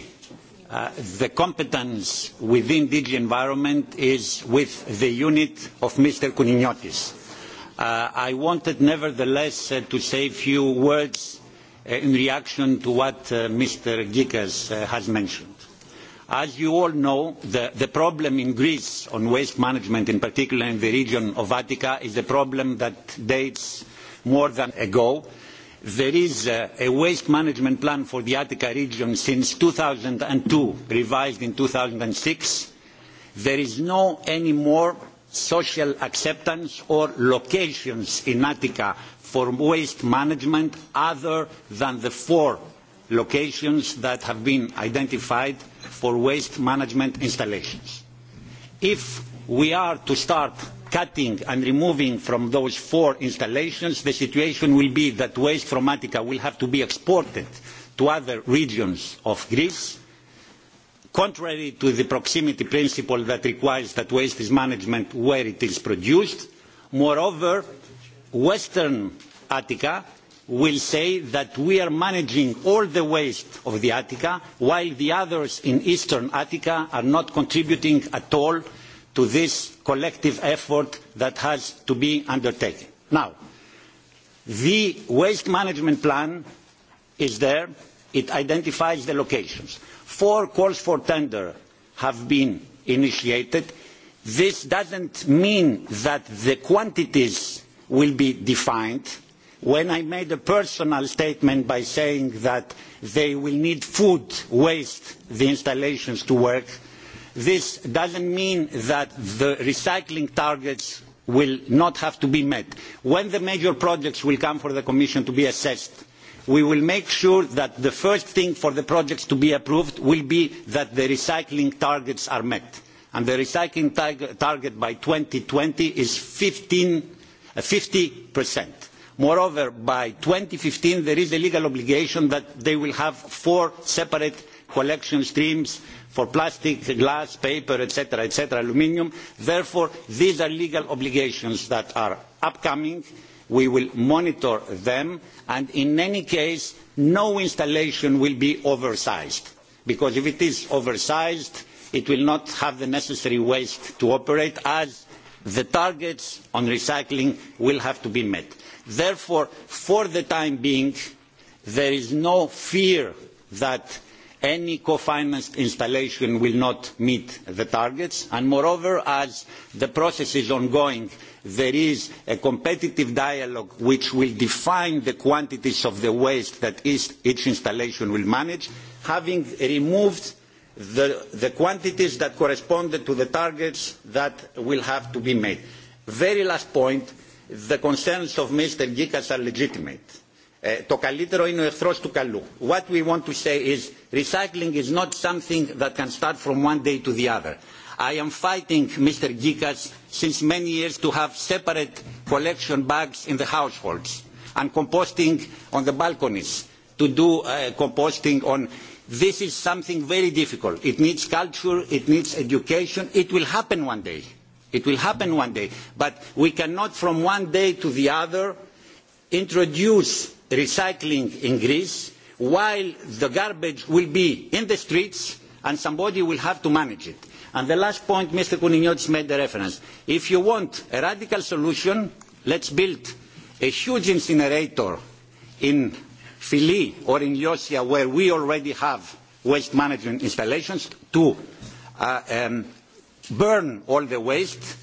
uh, the competence within DG Environment is with the unit of Mr. Kouniniotis. Uh, I wanted nevertheless uh, to say a few words uh, in reaction to what uh, Mr. Gikas uh, has mentioned as you all know the, the problem in greece on waste management in particular in the region of attica is a problem that dates more than ago there is a, a waste management plan for the attica region since two thousand and two revised in two thousand and six there is no any more social acceptance or locations in attica for waste management other than the four locations that have been identified for waste management installations. If we are to start cutting and removing from those four installations, the situation will be that waste from Attica will have to be exported to other regions of Greece, contrary to the proximity principle that requires that waste is management where it is produced. Moreover, western Attica will say that we are managing all the waste of the Attica, while the others in eastern Attica are not contributing at all to this collective effort that has to be undertaken. Now, the waste management plan is there. It identifies the locations. Four calls for tender have been initiated. This doesn't mean that the quantities will be defined when I made a personal statement by saying that they will need food waste, the installations to work, this doesn't mean that the recycling targets will not have to be met. When the major projects will come for the Commission to be assessed, we will make sure that the first thing for the projects to be approved will be that the recycling targets are met. And the recycling target by 2020 is 15, uh, 50 percent Moreover, by 2015, there is a legal obligation that they will have four separate collection streams for plastic, glass, paper, etc., etc., aluminium. Therefore, these are legal obligations that are upcoming. We will monitor them, and in any case, no installation will be oversized, because if it is oversized, it will not have the necessary waste to operate, as the targets on recycling will have to be met. Therefore, for the time being, there is no fear that any co-financed installation will not meet the targets. And moreover, as the process is ongoing, there is a competitive dialogue which will define the quantities of the waste that is, each installation will manage, having removed the, the quantities that corresponded to the targets that will have to be made. Very last point, the concerns of Mr. Gikas are legitimate. Ε, uh, το καλύτερο είναι ο εχθρός του καλού. What we want to say is recycling is not something that can start from one day to the other. I am fighting Mr. Gikas since many years to have separate collection bags in the households and composting on the balconies, to do uh, composting on... This is something very difficult. It needs culture, it needs education. It will happen one day. It will happen one day. But we cannot from one day to the other introduce recycling in Greece while the garbage will be in the streets and somebody will have to manage it. And the last point, Mr. Kouniniotis made the reference. If you want a radical solution, let's build a huge incinerator in Philly or in Yosia where we already have waste management installations to uh, um, burn all the waste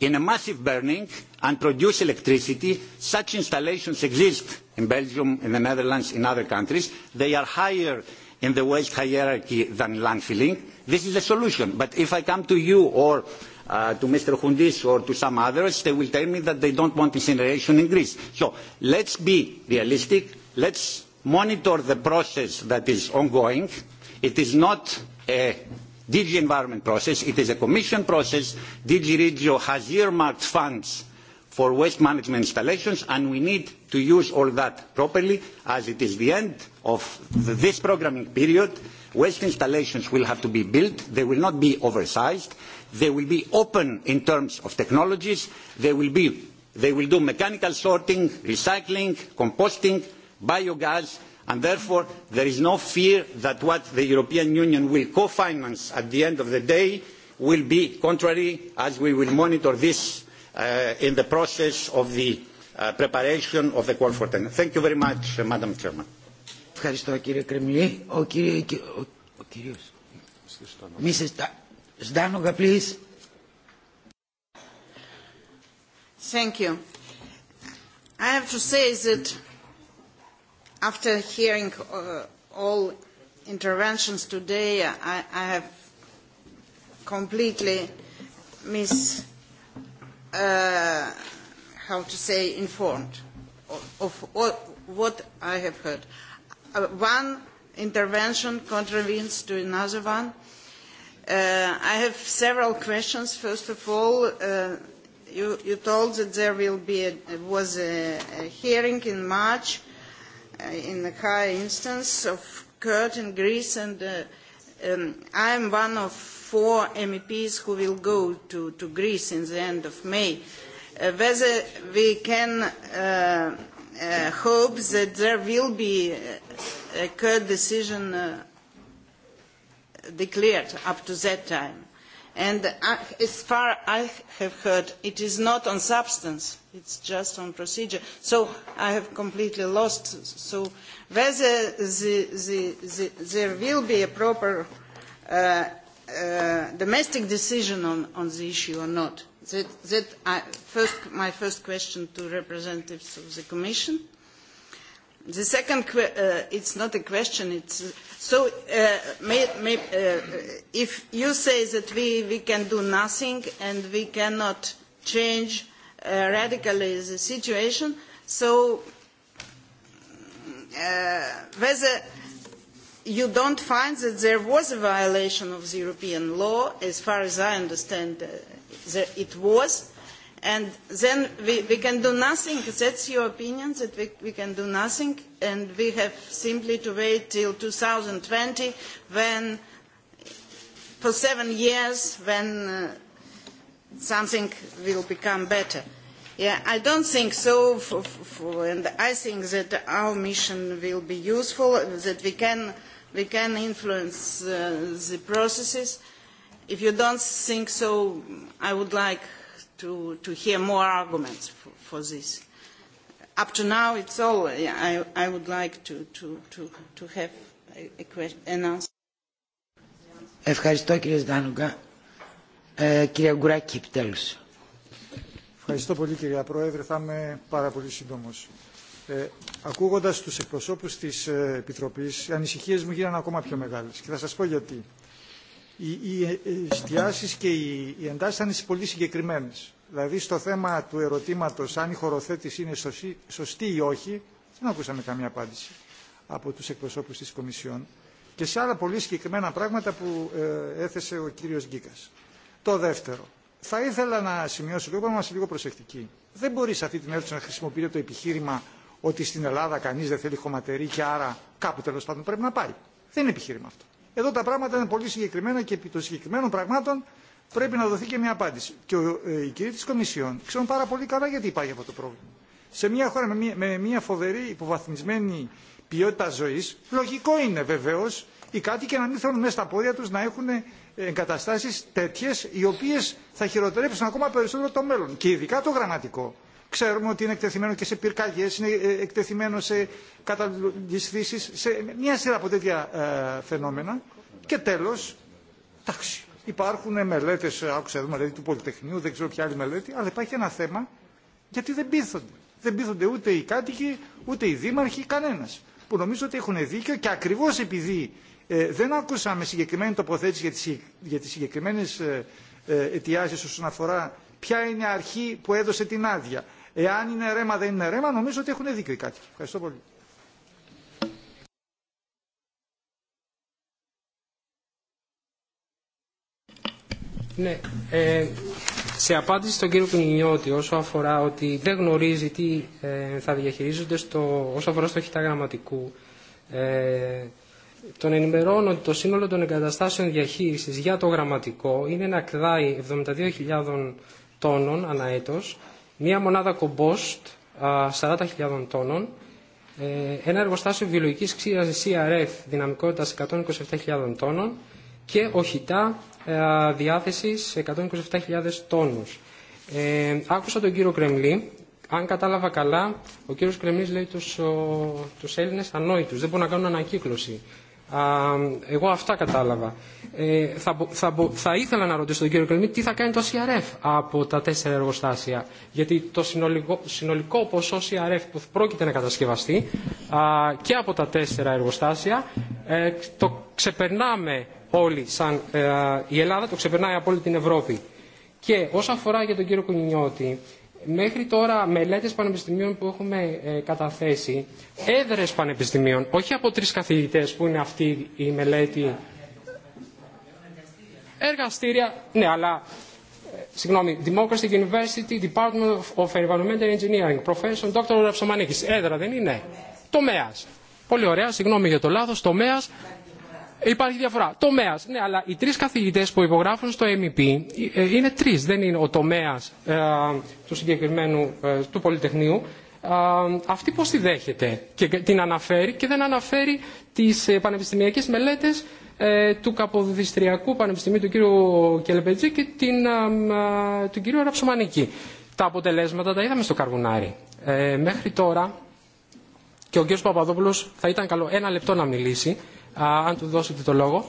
in a massive burning and produce electricity. Such installations exist in Belgium, in the Netherlands, in other countries. They are higher in the waste hierarchy than landfilling. This is the solution. But if I come to you or uh, to Mr. Hundis or to some others, they will tell me that they don't want incineration in Greece. So let's be realistic. Let's monitor the process that is ongoing. It is not a DG Environment process. It is a Commission process. DG Regio has earmarked funds for waste management installations, and we need to use all that properly, as it is the end of the, this programming period. Waste installations will have to be built. They will not be oversized. They will be open in terms of technologies. They will, be, they will do mechanical sorting, recycling, composting, biogas, and therefore there is no fear that what the European Union will co-finance at the end of the day will be contrary as we will monitor this uh, in the process of the uh, preparation of the call for tender. Thank you very much, uh, Madam Chairman. Ευχαριστώ κύριε Κρεμλή. Ο, κύριε, ο, ο κύριος. Mrs. Zdanoga, please. Thank you. I have to say that after hearing uh, all interventions today, I, I have completely mis, uh, how to say, informed of, of what, what I have heard. Uh, one intervention contravenes to another one. Uh, I have several questions. First of all, uh, you, you told that there will be a, was a, a hearing in March Uh, in the car instance of Kurt in Greece, and uh, um, I am one of four MEPs who will go to, to Greece in the end of May. Uh, whether we can uh, uh, hope that there will be uh, a Kurd decision uh, declared up to that time. And I, as far I have heard, it is not on substance, it's just on procedure. So I have completely lost. So whether the, the, the, there will be a proper uh, uh, domestic decision on, on the issue or not, that, that I, first, my first question to representatives of the Commission. Uh, The second, uh, it's not a question. It's so. Uh, may, may, uh, if you say that we we can do nothing and we cannot change uh, radically the situation, so uh, whether you don't find that there was a violation of the European law, as far as I understand, uh, there it was, and then we, we can do nothing. That's your opinion, that we, we can do nothing, and we have simply to wait till 2020 when, for seven years, when uh, something will become better. Yeah, I don't think so, for, for, and I think that our mission will be useful, that we can, we can influence uh, the processes. If you don't think so, I would like uh, to, to hear more arguments for, for this. Up to now, it's all I, I would like to, to, to, to have a, a question, an answer. Ευχαριστώ κύριε Σδάνουκα. Ε, κύριε Γκουράκη, επιτέλους. Ευχαριστώ πολύ κυρία Πρόεδρε. Θα είμαι πάρα πολύ σύντομος. Ε, ακούγοντας τους εκπροσώπους της ε, Επιτροπής, οι ανησυχίες μου γίνανε ακόμα πιο μεγάλες. Και θα σας πω γιατί οι, οι εστιάσεις και οι, οι εντάσεις ήταν πολύ συγκεκριμένες. Δηλαδή στο θέμα του ερωτήματος αν η χωροθέτηση είναι σωστή, σωστή ή όχι, δεν ακούσαμε καμία απάντηση από τους εκπροσώπους της Κομισιόν και σε άλλα πολύ συγκεκριμένα πράγματα που ε, έθεσε ο κύριος Γκίκας. Το δεύτερο. Θα ήθελα να σημειώσω λίγο, να είμαστε λίγο προσεκτικοί. Δεν μπορεί σε αυτή την έρευνα να χρησιμοποιείτε το επιχείρημα ότι στην Ελλάδα κανεί δεν θέλει χωματερή και άρα κάπου τέλο πάντων πρέπει να πάει. Δεν είναι επιχείρημα αυτό. Εδώ τα πράγματα είναι πολύ συγκεκριμένα και επί των συγκεκριμένων πραγμάτων πρέπει να δοθεί και μια απάντηση. Και ο, ε, οι κύριοι τη Κομισιόν ξέρουν πάρα πολύ καλά γιατί υπάρχει αυτό το πρόβλημα. Σε μια χώρα με μια, με μια φοβερή υποβαθμισμένη ποιότητα ζωή, λογικό είναι βεβαίω οι κάτοικοι να μην θέλουν μέσα στα πόδια του να έχουν εγκαταστάσει τέτοιε οι οποίε θα χειροτερέψουν ακόμα περισσότερο το μέλλον. Και ειδικά το γραμματικό. Ξέρουμε ότι είναι εκτεθειμένο και σε πυρκαγιές, είναι εκτεθειμένο σε καταλληλικές θύσεις, σε μια σειρά από τέτοια ε, φαινόμενα. Και τέλος, εντάξει, υπάρχουν μελέτες, άκουσα εδώ μελέτη του Πολυτεχνείου, δεν ξέρω ποια άλλη μελέτη, αλλά υπάρχει ένα θέμα γιατί δεν πείθονται. Δεν πείθονται ούτε οι κάτοικοι, ούτε οι δήμαρχοι, κανένας. Που νομίζω ότι έχουν δίκιο και ακριβώς επειδή ε, δεν ακούσαμε συγκεκριμένη τοποθέτηση για τις, για τις συγκεκριμένες ε, ε, αιτιάσεις όσον αφορά ποια είναι η αρχή που έδωσε την άδεια, εάν είναι ρέμα δεν είναι ρέμα, νομίζω ότι έχουν δίκιο οι κάτοικοι. Ευχαριστώ πολύ. Ναι, ε, σε απάντηση στον κύριο Κουνινιώτη όσο αφορά ότι δεν γνωρίζει τι ε, θα διαχειρίζονται στο, όσο αφορά στο χιτά γραμματικού, ε, τον ενημερώνω ότι το σύνολο των εγκαταστάσεων διαχείρισης για το γραμματικό είναι ένα κδάι 72.000 τόνων ανά έτος, μία μονάδα κομπόστ 40.000 τόνων, ένα εργοστάσιο βιολογικής ξύρας CRF δυναμικότητας 127.000 τόνων και οχητά διάθεσης 127.000 τόνους. Ε, άκουσα τον κύριο Κρεμλή. Αν κατάλαβα καλά, ο κύριος Κρεμλής λέει τους, ο, τους Έλληνες ανόητους. Δεν μπορούν να κάνουν ανακύκλωση εγώ αυτά κατάλαβα. Ε, θα, θα, θα ήθελα να ρωτήσω τον κύριο Κρεμή τι θα κάνει το CRF από τα τέσσερα εργοστάσια. Γιατί το συνολικό, συνολικό ποσό CRF που πρόκειται να κατασκευαστεί α, και από τα τέσσερα εργοστάσια ε, το ξεπερνάμε όλοι σαν ε, η Ελλάδα, το ξεπερνάει από όλη την Ευρώπη. Και όσον αφορά για τον κύριο Κουνινιώτη, μέχρι τώρα μελέτες πανεπιστημίων που έχουμε ε, καταθέσει, έδρες πανεπιστημίων, όχι από τρεις καθηγητές που είναι αυτή η μελέτη. Εργαστήρια, ναι, αλλά, ε, συγγνώμη, Democracy University, Department of Environmental Engineering, Professor Dr. Ραψομανίκης, έδρα δεν είναι, τομέας. Πολύ ωραία, συγγνώμη για το λάθος, τομέας Υπάρχει διαφορά. Τομέα. Ναι, αλλά οι τρει καθηγητέ που υπογράφουν στο MEP είναι τρει. Δεν είναι ο τομέα ε, του συγκεκριμένου ε, του Πολυτεχνείου. Ε, αυτή πώ τη δέχεται και την αναφέρει και δεν αναφέρει τι πανεπιστημιακέ μελέτε ε, του Καποδιστριακού Πανεπιστημίου του κ. Κελεπετζή και την, ε, ε, του κ. Ραψομανική. Τα αποτελέσματα τα είδαμε στο Καρβουνάρι. Ε, μέχρι τώρα, και ο κ. Παπαδόπουλος θα ήταν καλό ένα λεπτό να μιλήσει, αν του δώσετε το λόγο.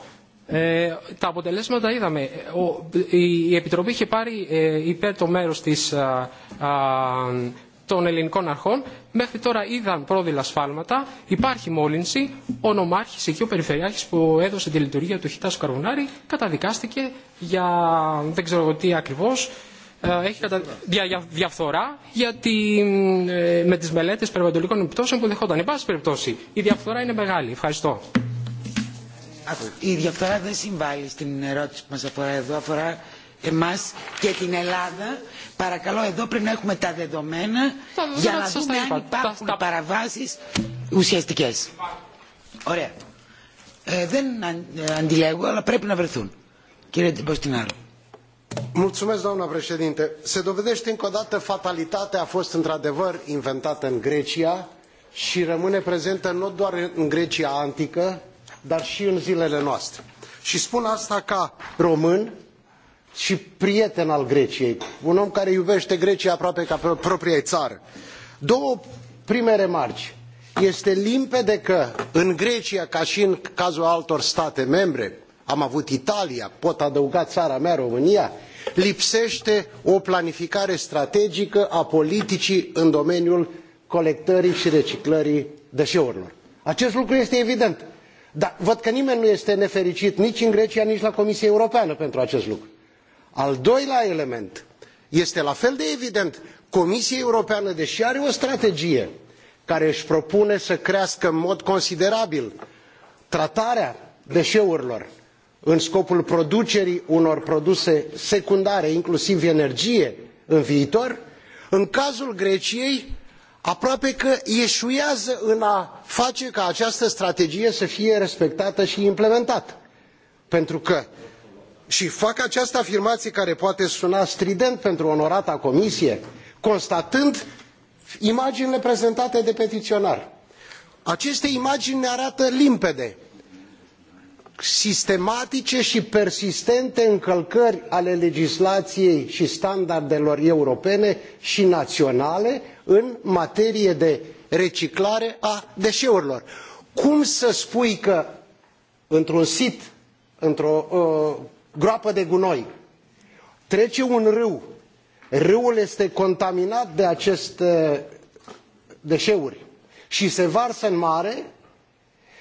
Ε, τα αποτελέσματα είδαμε. Ο, η, η Επιτροπή είχε πάρει ε, υπέρ το μέρος της, α, α, των ελληνικών αρχών. Μέχρι τώρα είδαν πρόδειλα σφάλματα. Υπάρχει μόλυνση. Ο νομάρχης εκεί, ο περιφερειάρχης που έδωσε τη λειτουργία του Χιτάσου Καρβουνάρη, καταδικάστηκε για δεν ξέρω τι ακριβώς. Ε, έχει κατα... δια, δια, διαφθορά γιατί ε, με τις μελέτες περιβαλλοντικών επιπτώσεων που δεχόταν. Εν πάση περιπτώσει, η διαφθορά είναι μεγάλη. Ευχαριστώ η διαφθορά δεν συμβάλλει στην ερώτηση που μας αφορά εδώ, αφορά εμάς και την Ελλάδα. Παρακαλώ εδώ πρέπει να έχουμε τα δεδομένα για να δούμε αν υπάρχουν παραβάσεις ουσιαστικές. Ωραία. Ε, δεν αντιλέγω, αλλά πρέπει να βρεθούν. Κύριε Μποστινάρου. Mulțumesc, doamna președinte. Se dovedește încă o dată fatalitatea a fost într-adevăr inventată în Grecia și rămâne prezentă nu doar în Grecia antică, dar și în zilele noastre. Și spun asta ca român și prieten al Greciei, un om care iubește Grecia aproape ca pe propria țară. Două prime remarci. Este limpede că în Grecia, ca și în cazul altor state membre, am avut Italia, pot adăuga țara mea, România, lipsește o planificare strategică a politicii în domeniul colectării și reciclării deșeurilor. Acest lucru este evident Dar văd că nimeni nu este nefericit nici în Grecia, nici la Comisia Europeană pentru acest lucru. Al doilea element este la fel de evident. Comisia Europeană, deși are o strategie care își propune să crească în mod considerabil tratarea deșeurilor în scopul producerii unor produse secundare, inclusiv energie, în viitor, în cazul Greciei aproape că eșuează în a face ca această strategie să fie respectată și implementată pentru că și fac această afirmație care poate suna strident pentru onorata comisie constatând imaginile prezentate de petiționar aceste imagini ne arată limpede sistematice și persistente încălcări ale legislației și standardelor europene și naționale în materie de reciclare a deșeurilor. Cum să spui că într-un sit, într-o uh, groapă de gunoi, trece un râu, râul este contaminat de aceste deșeuri și se varsă în mare,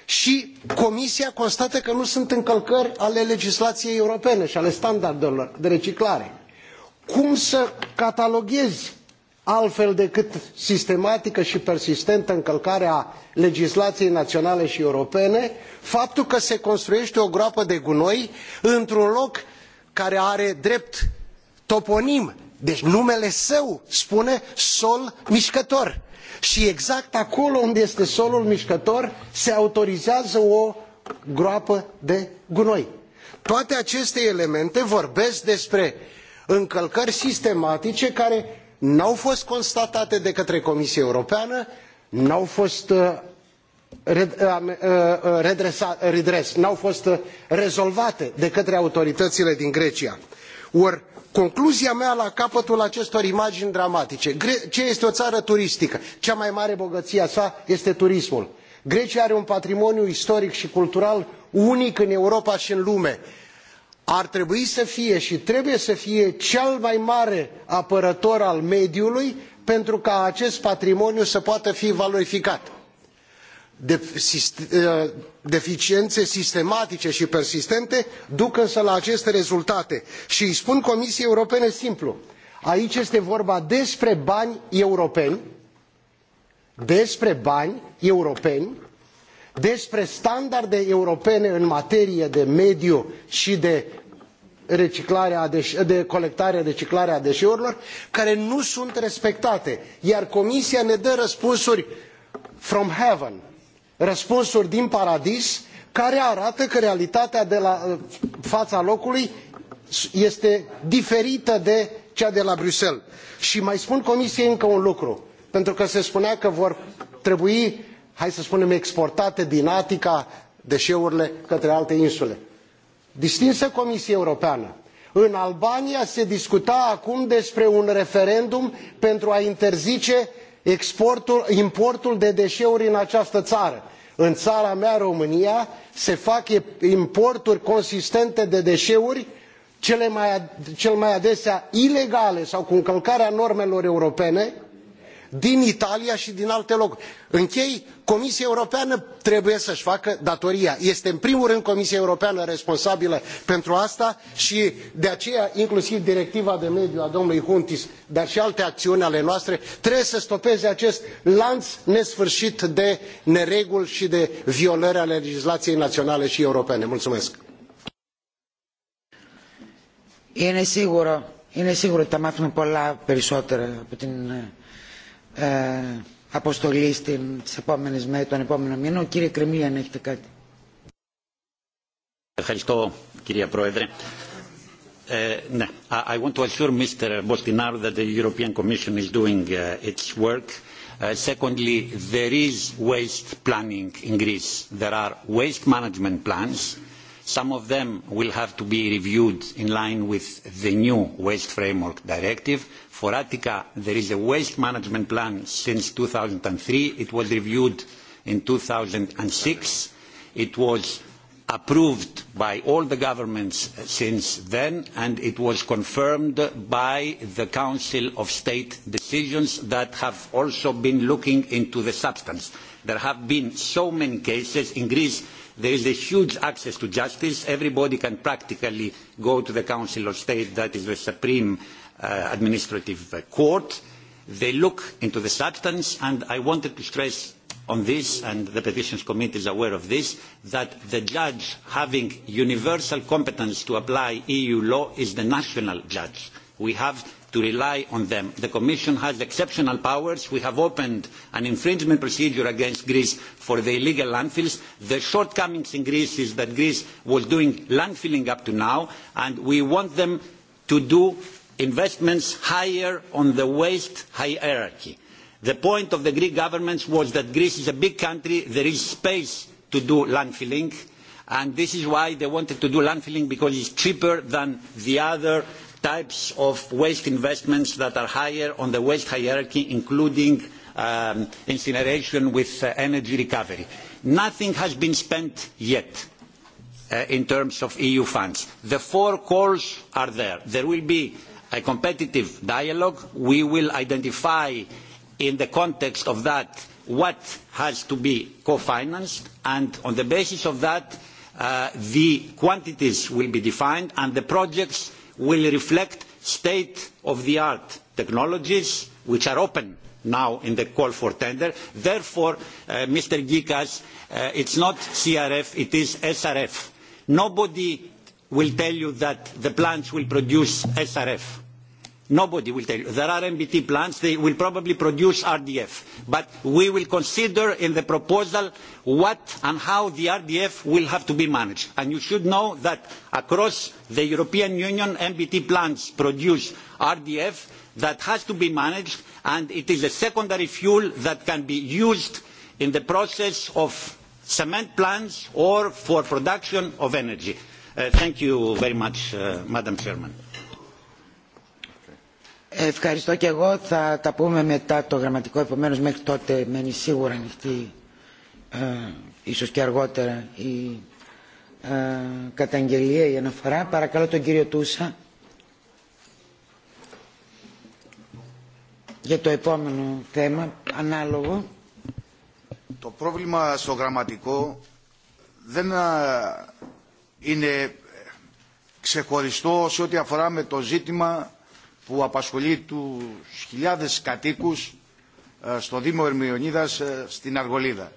și Comisia constată că nu sunt încălcări ale legislației europene și ale standardelor de reciclare. Cum să cataloghezi altfel decât sistematică și persistentă încălcare a legislației naționale și europene faptul că se construiește o groapă de gunoi într un loc care are drept toponim Deci numele său spune sol mișcător. Și exact acolo unde este solul mișcător se autorizează o groapă de gunoi. Toate aceste elemente vorbesc despre încălcări sistematice care n-au fost constatate de către Comisia Europeană, n-au fost uh, uh, uh, redresa, redres, n-au fost rezolvate de către autoritățile din Grecia. Ori concluzia mea la capătul acestor imagini dramatice grecia este o ară turistică cea mai mare bogăie a sa este turismul grecia are un patrimoniu istoric i cultural unic în europa i în lume ar trebui să fie i trebuie să fie cel mai mare apărător al mediului pentru ca acest patrimoniu să poată fi valorificat deficiențe sistematice și persistente duc însă la aceste rezultate și îi spun comisiei europene simplu aici este vorba despre bani europeni despre bani europeni despre standarde europene în materie de mediu și de de colectare reciclare a deșeurilor care nu sunt respectate iar comisia ne dă răspunsuri from heaven răspunsuri din paradis care arată că realitatea de la uh, faa locului este diferită de cea de la bruxelles i mai spun comisiei încă un lucru pentru că se spunea că vor trebui hai să spunem exportate din attica deeurile către alte insule distinsă comisie europeană în albania se discuta acum despre un referendum pentru a interzice exportul, importul de deșeuri în această țară. În țara mea, România, se fac e, importuri consistente de deșeuri, cele mai, cel mai adesea ilegale sau cu încălcarea normelor europene, din italia i din alte locuri. închei comisia europeană trebuie să i facă datoria este în primul rând comisia europeană responsabilă pentru asta i de aceea inclusiv directiva de mediu a domnului huntis dar i alte aciuni ale noastre trebuie să stopeze acest lan nesfârit de nereguli i de violări ale legislaiei naionale i europene. mulumesc. Είναι σίγουρο, είναι σίγουρο ότι τα μάθουμε πολλά περισσότερα από την ε, αποστολή στην, τις επόμενες μέρες, τον επόμενο μήνα. Ο κύριε Κρεμίλη, αν έχετε κάτι. Ευχαριστώ, κυρία Πρόεδρε. Ε, ναι. I want to assure Mr. Bostinaro that the European Commission is doing uh, its work. Uh, secondly, there is waste planning in Greece. There are waste management plans. Some of them will have to be reviewed in line with the new Waste Framework Directive For Attica, there is a waste management plan since 2003. It was reviewed in 2006. It was approved by all the governments since then, and it was confirmed by the Council of State decisions that have also been looking into the substance. There have been so many cases. In Greece, there is a huge access to justice. Everybody can practically go to the Council of State, that is the supreme uh, uh, administrative uh, court. They look into the substance, and I wanted to stress on this, and the Petitions Committee is aware of this, that the judge having universal competence to apply EU law is the national judge. We have to rely on them. The Commission has exceptional powers. We have opened an infringement procedure against Greece for the illegal landfills. The shortcomings in Greece is that Greece was doing landfilling up to now, and we want them to do investments higher on the waste hierarchy. The point of the Greek government was that Greece is a big country, there is space to do landfilling, and this is why they wanted to do landfilling because it's cheaper than the other types of waste investments that are higher on the waste hierarchy, including um, incineration with uh, energy recovery. Nothing has been spent yet uh, in terms of EU funds. The four calls are there. There will be a competitive dialogue. We will identify in the context of that what has to be co-financed and on the basis of that uh, the quantities will be defined and the projects will reflect state-of-the-art technologies which are open now in the call for tender. Therefore, uh, Mr. Gikas, uh, it's not CRF, it is SRF. Nobody will tell you that the plants will produce SRF. Nobody will tell you. There are MBT plants, they will probably produce RDF. But we will consider in the proposal what and how the RDF will have to be managed. And you should know that across the European Union, MBT plants produce RDF that has to be managed, and it is a secondary fuel that can be used in the process of cement plants or for production of energy Uh, thank you very much, uh, Madam Chairman. Ευχαριστώ και εγώ. Θα τα πούμε μετά το γραμματικό. Επομένως μέχρι τότε μένει σίγουρα ανοιχτή, ε, ίσως και αργότερα, η ε, καταγγελία, η αναφορά. Παρακαλώ τον κύριο Τούσα. Για το επόμενο θέμα, ανάλογο. Το πρόβλημα στο γραμματικό δεν είναι ξεχωριστό σε ό,τι αφορά με το ζήτημα που απασχολεί τους χιλιάδες κατοίκους στο Δήμο Ερμιονίδας στην Αργολίδα.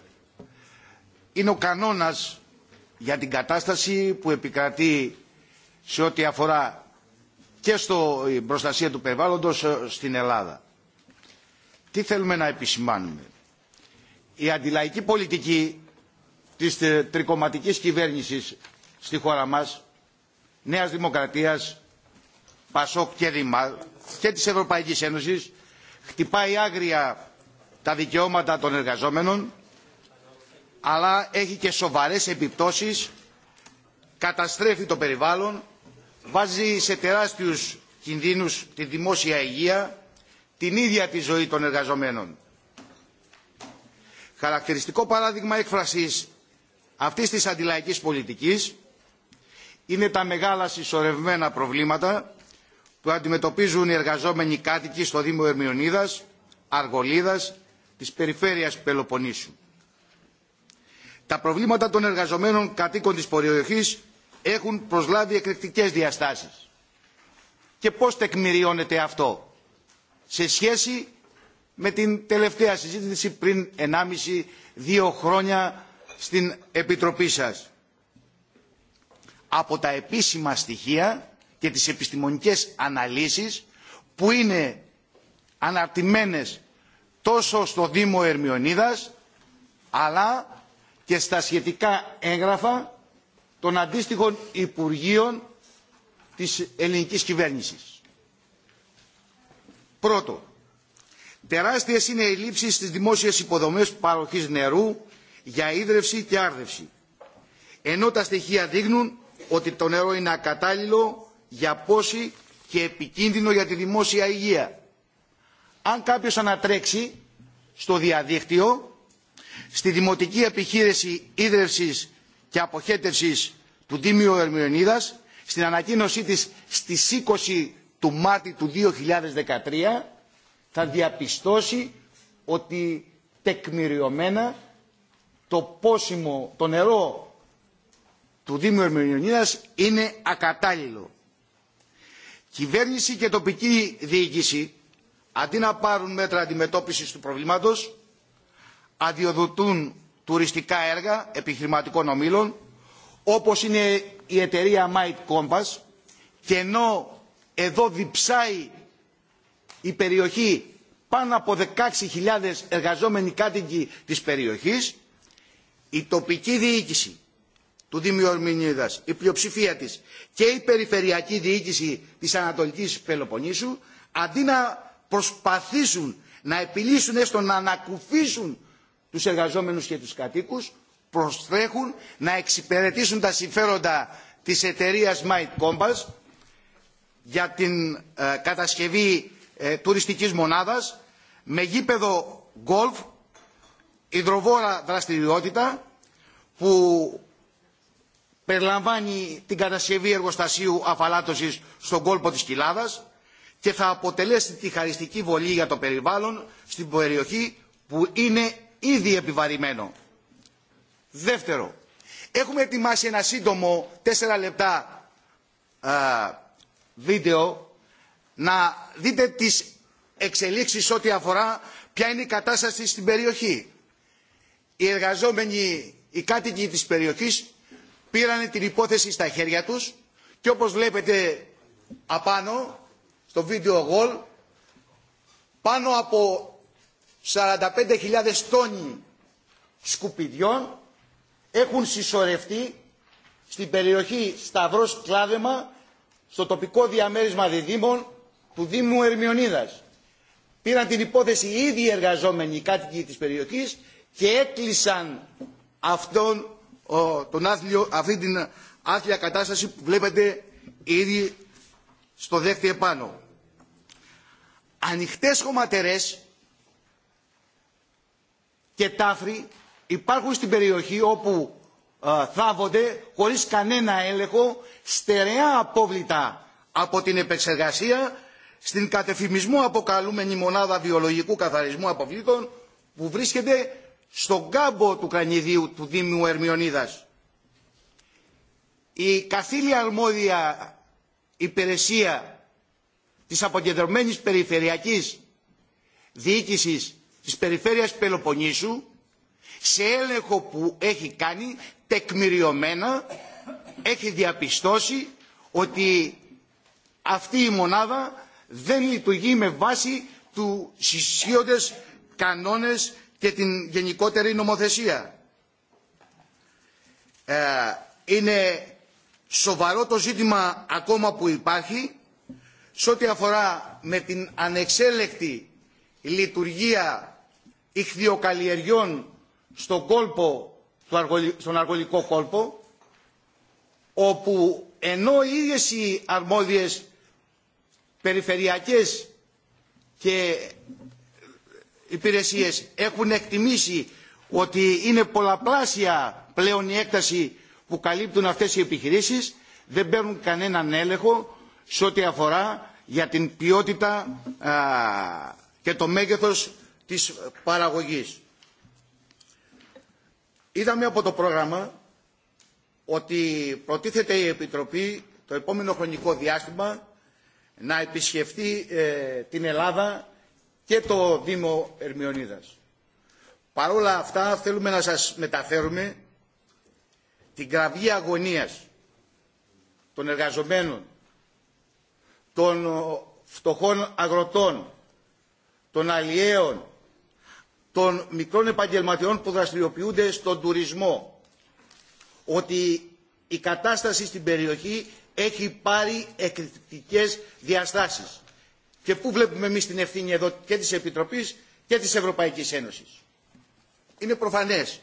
Είναι ο κανόνας για την κατάσταση που επικρατεί σε ό,τι αφορά και στην προστασία του περιβάλλοντος στην Ελλάδα. Τι θέλουμε να επισημάνουμε. Η αντιλαϊκή πολιτική της τρικοματικής κυβέρνησης στη χώρα μας, Νέας Δημοκρατίας, Πασόκ και Δημά και της Ευρωπαϊκής Ένωσης, χτυπάει άγρια τα δικαιώματα των εργαζόμενων, αλλά έχει και σοβαρές επιπτώσεις, καταστρέφει το περιβάλλον, βάζει σε τεράστιους κινδύνους τη δημόσια υγεία, την ίδια τη ζωή των εργαζομένων. Χαρακτηριστικό παράδειγμα έκφρασης αυτής της αντιλαϊκής πολιτικής είναι τα μεγάλα συσσωρευμένα προβλήματα που αντιμετωπίζουν οι εργαζόμενοι κάτοικοι στο Δήμο Ερμιονίδας, Αργολίδας, της περιφέρειας Πελοποννήσου. Τα προβλήματα των εργαζομένων κατοίκων της περιοχής έχουν προσλάβει εκρηκτικές διαστάσεις. Και πώς τεκμηριώνεται αυτό σε σχέση με την τελευταία συζήτηση πριν 1,5-2 χρόνια στην Επιτροπή σας από τα επίσημα στοιχεία και τις επιστημονικές αναλύσεις που είναι αναρτημένες τόσο στο Δήμο Ερμιονίδας αλλά και στα σχετικά έγγραφα των αντίστοιχων Υπουργείων της ελληνικής κυβέρνησης. Πρώτο, τεράστιες είναι οι λήψεις στις δημόσιες υποδομές παροχής νερού για ίδρυυση και άρδευση, ενώ τα στοιχεία δείχνουν ότι το νερό είναι ακατάλληλο για πόση και επικίνδυνο για τη δημόσια υγεία. Αν κάποιος ανατρέξει στο διαδίκτυο, στη Δημοτική Επιχείρηση Ίδρευσης και Αποχέτευσης του Τίμιου Ερμιονίδας, στην ανακοίνωσή της στις 20 του Μάρτη του 2013, θα διαπιστώσει ότι τεκμηριωμένα το πόσιμο, το νερό του Δήμου Ερμηνεωνίας είναι ακατάλληλο. Κυβέρνηση και τοπική διοίκηση, αντί να πάρουν μέτρα αντιμετώπισης του προβλήματος, αδειοδοτούν τουριστικά έργα επιχειρηματικών ομήλων, όπως είναι η εταιρεία Might Compass, και ενώ εδώ διψάει η περιοχή πάνω από 16.000 εργαζόμενοι κάτοικοι της περιοχής, η τοπική διοίκηση του Δημιουργμηνίδας, η πλειοψηφία της και η περιφερειακή διοίκηση της Ανατολικής Πελοποννήσου, αντί να προσπαθήσουν να επιλύσουν έστω να ανακουφίσουν τους εργαζόμενους και τους κατοίκους, προστρέχουν να εξυπηρετήσουν τα συμφέροντα της εταιρείας Might Compass για την ε, κατασκευή ε, τουριστικής μονάδας με γήπεδο γκολφ, υδροβόρα δραστηριότητα που περιλαμβάνει την κατασκευή εργοστασίου αφαλάτωσης στον κόλπο της Κοιλάδας και θα αποτελέσει τη χαριστική βολή για το περιβάλλον στην περιοχή που είναι ήδη επιβαρημένο. Δεύτερο, έχουμε ετοιμάσει ένα σύντομο 4 λεπτά α, βίντεο να δείτε τις εξελίξεις ό,τι αφορά ποια είναι η κατάσταση στην περιοχή. Οι εργαζόμενοι, οι κάτοικοι της περιοχής πήρανε την υπόθεση στα χέρια τους και όπως βλέπετε απάνω στο βίντεο γολ πάνω από 45.000 τόνοι σκουπιδιών έχουν συσσωρευτεί στην περιοχή Σταυρός Κλάδεμα στο τοπικό διαμέρισμα διδήμων του Δήμου Ερμιονίδας. Πήραν την υπόθεση ήδη οι εργαζόμενοι οι κάτοικοι της περιοχής και έκλεισαν αυτόν ο, τον άθλιο, αυτή την άθλια κατάσταση που βλέπετε ήδη στο δέχτη επάνω. Ανοιχτές χωματερές και τάφροι υπάρχουν στην περιοχή όπου α, θάβονται χωρίς κανένα έλεγχο στερεά απόβλητα από την επεξεργασία στην κατεφημισμό αποκαλούμενη μονάδα βιολογικού καθαρισμού αποβλήτων που βρίσκεται στον κάμπο του κρανιδίου του Δήμου Ερμιονίδας. Η καθήλια αρμόδια υπηρεσία της αποκεντρωμένης περιφερειακής διοίκησης της περιφέρειας Πελοποννήσου σε έλεγχο που έχει κάνει τεκμηριωμένα έχει διαπιστώσει ότι αυτή η μονάδα δεν λειτουργεί με βάση του συσχύοντες κανόνες και την γενικότερη νομοθεσία. Ε, είναι σοβαρό το ζήτημα ακόμα που υπάρχει σε ό,τι αφορά με την ανεξέλεκτη λειτουργία ηχθειοκαλλιεργιών στον κόλπο, στον αργολικό κόλπο, όπου ενώ οι ίδιες οι αρμόδιες περιφερειακές και υπηρεσίες έχουν εκτιμήσει ότι είναι πολλαπλάσια πλέον η έκταση που καλύπτουν αυτές οι επιχειρήσεις, δεν παίρνουν κανέναν έλεγχο σε ό,τι αφορά για την ποιότητα α, και το μέγεθος της παραγωγής. Είδαμε από το πρόγραμμα ότι προτίθεται η Επιτροπή το επόμενο χρονικό διάστημα να επισκεφτεί ε, την Ελλάδα και το Δήμο Ερμιονίδας. Παρ' όλα αυτά θέλουμε να σας μεταφέρουμε την κραυγή αγωνίας των εργαζομένων, των φτωχών αγροτών, των αλλιέων, των μικρών επαγγελματιών που δραστηριοποιούνται στον τουρισμό, ότι η κατάσταση στην περιοχή έχει πάρει εκρηκτικές διαστάσεις. Και πού βλέπουμε εμείς την ευθύνη εδώ και της Επιτροπής και της Ευρωπαϊκής Ένωσης. Είναι προφανές.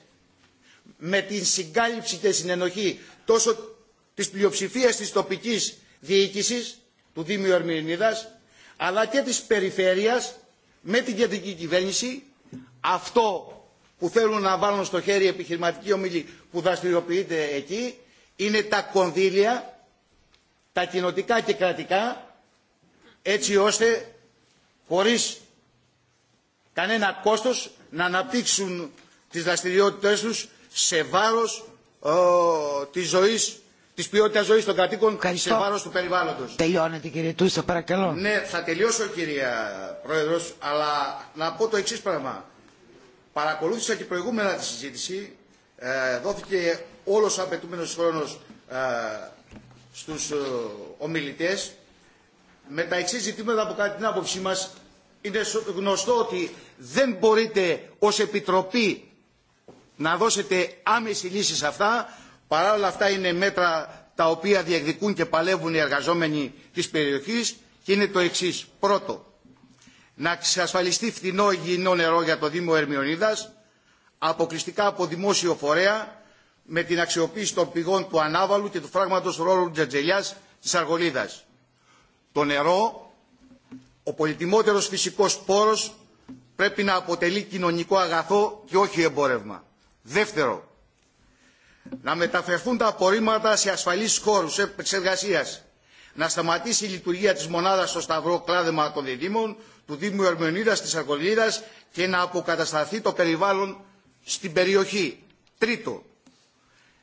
Με την συγκάλυψη και συνενοχή τόσο της πλειοψηφίας της τοπικής διοίκησης του Δήμιου Ερμηνείδας αλλά και της περιφέρειας με την κεντρική κυβέρνηση αυτό που θέλουν να βάλουν στο χέρι επιχειρηματική ομιλή που δραστηριοποιείται εκεί είναι τα κονδύλια, τα κοινοτικά και κρατικά έτσι ώστε χωρίς κανένα κόστος να αναπτύξουν τις δραστηριότητες τους σε βάρος ε, της ζωής τη ποιότητα ζωή των κατοίκων Ευχαριστώ. σε βάρο του περιβάλλοντο. Τελειώνετε κύριε Τούσα, παρακαλώ. Ναι, θα τελειώσω κυρία Πρόεδρο, αλλά να πω το εξή πράγμα. Παρακολούθησα και προηγούμενα τη συζήτηση. Ε, δόθηκε όλο ο απαιτούμενο χρόνο ε, στου ε, ομιλητέ με τα εξής ζητήματα που κατά την άποψή μας είναι γνωστό ότι δεν μπορείτε ως Επιτροπή να δώσετε άμεση λύση σε αυτά. Παρά όλα αυτά είναι μέτρα τα οποία διεκδικούν και παλεύουν οι εργαζόμενοι της περιοχής και είναι το εξής. Πρώτο, να εξασφαλιστεί φθηνό υγιεινό νερό για το Δήμο Ερμιονίδας, αποκλειστικά από δημόσιο φορέα, με την αξιοποίηση των πηγών του Ανάβαλου και του φράγματος ρόλου Τζατζελιάς της Αργολίδας. Το νερό, ο πολυτιμότερος φυσικός πόρος, πρέπει να αποτελεί κοινωνικό αγαθό και όχι εμπόρευμα. Δεύτερο, να μεταφερθούν τα απορρίμματα σε ασφαλείς χώρους εξεργασίας, να σταματήσει η λειτουργία της μονάδας στο Σταυρό Κλάδεμα των Διδήμων, του Δήμου Ερμενίδας της Αρκολίδας και να αποκατασταθεί το περιβάλλον στην περιοχή. Τρίτο,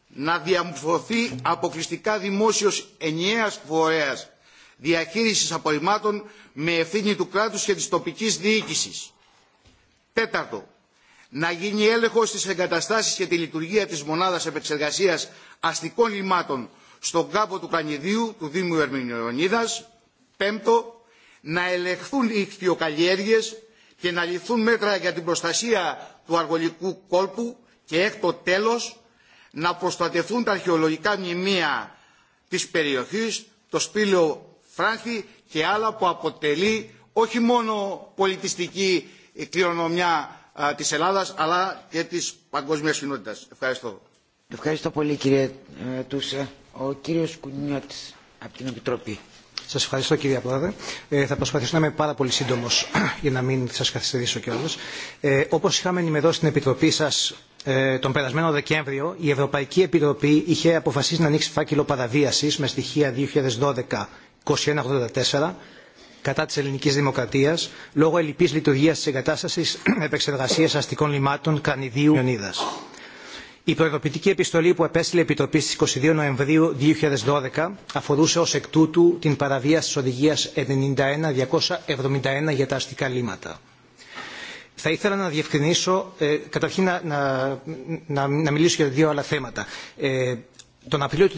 να διαμορφωθεί αποκλειστικά δημόσιος ενιαίας φορέας διαχείρισης απορριμμάτων με ευθύνη του κράτους και της τοπικής διοίκησης. Τέταρτο, να γίνει έλεγχος στις εγκαταστάσεις και τη λειτουργία της μονάδας επεξεργασίας αστικών λιμάτων στον κάμπο του Κανιδίου του Δήμου Ερμηνεωνίδας. Πέμπτο, να ελεγχθούν οι ικτιοκαλλιέργειες και να ληφθούν μέτρα για την προστασία του αργολικού κόλπου και έκτο τέλος να προστατευτούν τα αρχαιολογικά μνημεία της περιοχής, το σπήλαιο φράχτη και άλλα που αποτελεί όχι μόνο πολιτιστική κληρονομιά α, της Ελλάδας αλλά και της παγκόσμιας κοινότητας. Ευχαριστώ. Ευχαριστώ πολύ κύριε Τούσα. Ο κύριος Κουνιώτης από την Επιτροπή. Σας ευχαριστώ κύριε Πρόεδρε. Ε, θα προσπαθήσω να είμαι πάρα πολύ σύντομος για να μην σας καθυστερήσω κιόλας. Ε, όπως είχαμε ενημερώσει την Επιτροπή σας ε, τον περασμένο Δεκέμβριο, η Ευρωπαϊκή Επιτροπή είχε αποφασίσει να ανοίξει φάκελο παραβίασης με στοιχεία 2012 2184 κατά της ελληνικής δημοκρατίας λόγω ελλειπής λειτουργίας της εγκατάστασης επεξεργασίας αστικών λιμάτων Κρανιδίου Ιωνίδας. Η προεδοποιητική επιστολή που επέστειλε η Επιτροπή στις 22 Νοεμβρίου 2012 αφορούσε ως εκ τούτου την παραβίαση της οδηγίας 91-271 για τα αστικά λίματα. Θα ήθελα να διευκρινίσω, ε, καταρχήν να, να, να, να μιλήσω για δύο άλλα θέματα. Ε, τον Απριλίο του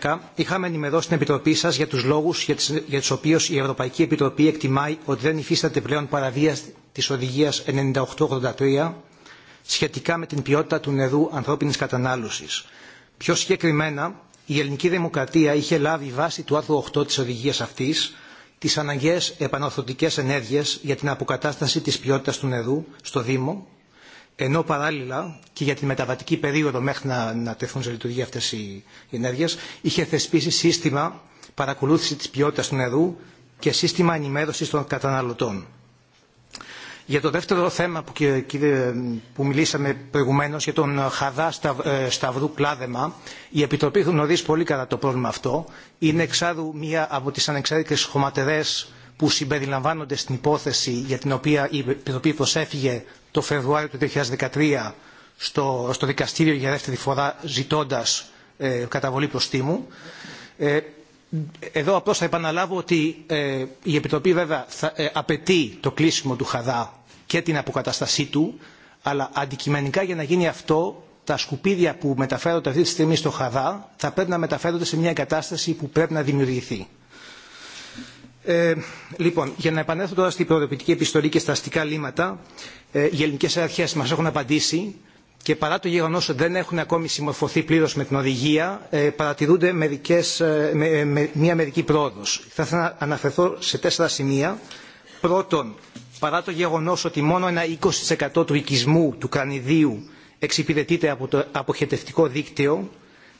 2012 είχαμε ενημερώσει την Επιτροπή σας για τους λόγους για, τις, για τους οποίους η Ευρωπαϊκή Επιτροπή εκτιμάει ότι δεν υφίσταται πλέον παραβία της Οδηγίας 9883 σχετικά με την ποιότητα του νερού ανθρώπινης κατανάλωσης. Πιο συγκεκριμένα, η ελληνική δημοκρατία είχε λάβει βάση του άρθρου 8 της οδηγίας αυτής τις αναγκαίες επανορθωτικές ενέργειες για την αποκατάσταση της ποιότητας του νερού στο Δήμο ενώ παράλληλα και για τη μεταβατική περίοδο μέχρι να, να τεθούν σε λειτουργία αυτές οι, οι ενέργειες είχε θεσπίσει σύστημα παρακολούθηση της ποιότητας του νερού και σύστημα ενημέρωσης των καταναλωτών. Για το δεύτερο θέμα που, κύριε, που μιλήσαμε προηγουμένως για τον Χαδά Σταβ, ε, Σταυρού Πλάδεμα, η Επιτροπή γνωρίζει πολύ καλά το πρόβλημα αυτό. Είναι εξάρου μία από τις ανεξάρτητες χωματερές που συμπεριλαμβάνονται στην υπόθεση για την οποία, την οποία προσέφυγε το Φεβρουάριο του 2013 στο, στο δικαστήριο για δεύτερη φορά ζητώντας ε, καταβολή προστίμου. Ε, εδώ απλώς θα επαναλάβω ότι ε, η Επιτροπή βέβαια θα, ε, απαιτεί το κλείσιμο του Χαδά και την αποκαταστασή του, αλλά αντικειμενικά για να γίνει αυτό τα σκουπίδια που μεταφέρονται αυτή τη στιγμή στο Χαδά θα πρέπει να μεταφέρονται σε μια κατάσταση που πρέπει να δημιουργηθεί. Ε, λοιπόν, για να επανέλθω τώρα στην προοδοποιητική επιστολή και στα αστικά λύματα, ε, οι ελληνικές αρχές μας έχουν απαντήσει και παρά το γεγονός ότι δεν έχουν ακόμη συμμορφωθεί πλήρως με την οδηγία, ε, παρατηρούνται μερικές, ε, με, με, μία μερική πρόοδος. Θα ήθελα να αναφερθώ σε τέσσερα σημεία. Πρώτον, παρά το γεγονός ότι μόνο ένα 20% του οικισμού του κρανιδίου εξυπηρετείται από το αποχετευτικό δίκτυο,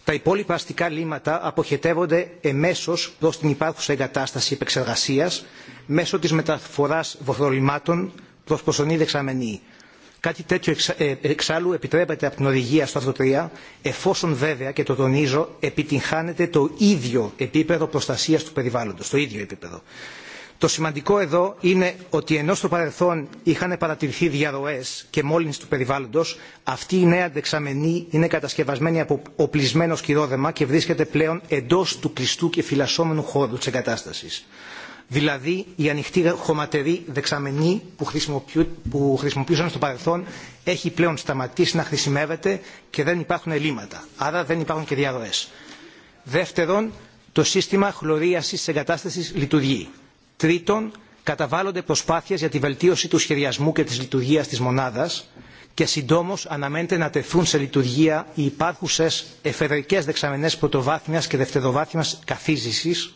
Τα υπόλοιπα αστικά λίματα αποχετεύονται εμέσως προς την υπάρχουσα εγκατάσταση επεξεργασίας μέσω της μεταφοράς βοθρολιμάτων προς προσωνή δεξαμενή. Κάτι τέτοιο εξ, ε, εξάλλου επιτρέπεται από την οδηγία στο άρθρο 3, εφόσον βέβαια, και το τονίζω, επιτυγχάνεται το ίδιο επίπεδο προστασίας του περιβάλλοντος, το ίδιο επίπεδο. Το σημαντικό εδώ είναι ότι ενώ στο παρελθόν είχαν παρατηρηθεί διαρροές και μόλυνση του περιβάλλοντος, αυτή η νέα αντεξαμενή είναι κατασκευασμένη από οπλισμένο σκυρόδεμα και βρίσκεται πλέον εντός του κλειστού και φυλασσόμενου χώρου της εγκατάστασης. Δηλαδή η ανοιχτή χωματερή δεξαμενή που, χρησιμοποιού, που χρησιμοποιούσαν στο παρελθόν έχει πλέον σταματήσει να χρησιμεύεται και δεν υπάρχουν ελλείμματα. Άρα δεν υπάρχουν και διαρροές. Δεύτερον, το σύστημα χλωρίασης της εγκατάστασης λειτουργεί Τρίτον, καταβάλλονται προσπάθειες για τη βελτίωση του σχεδιασμού και της λειτουργίας της μονάδας και συντόμως αναμένεται να τεθούν σε λειτουργία οι υπάρχουσες εφεδρικές δεξαμενές πρωτοβάθμιας και δευτεροβάθμιας καθίζησης,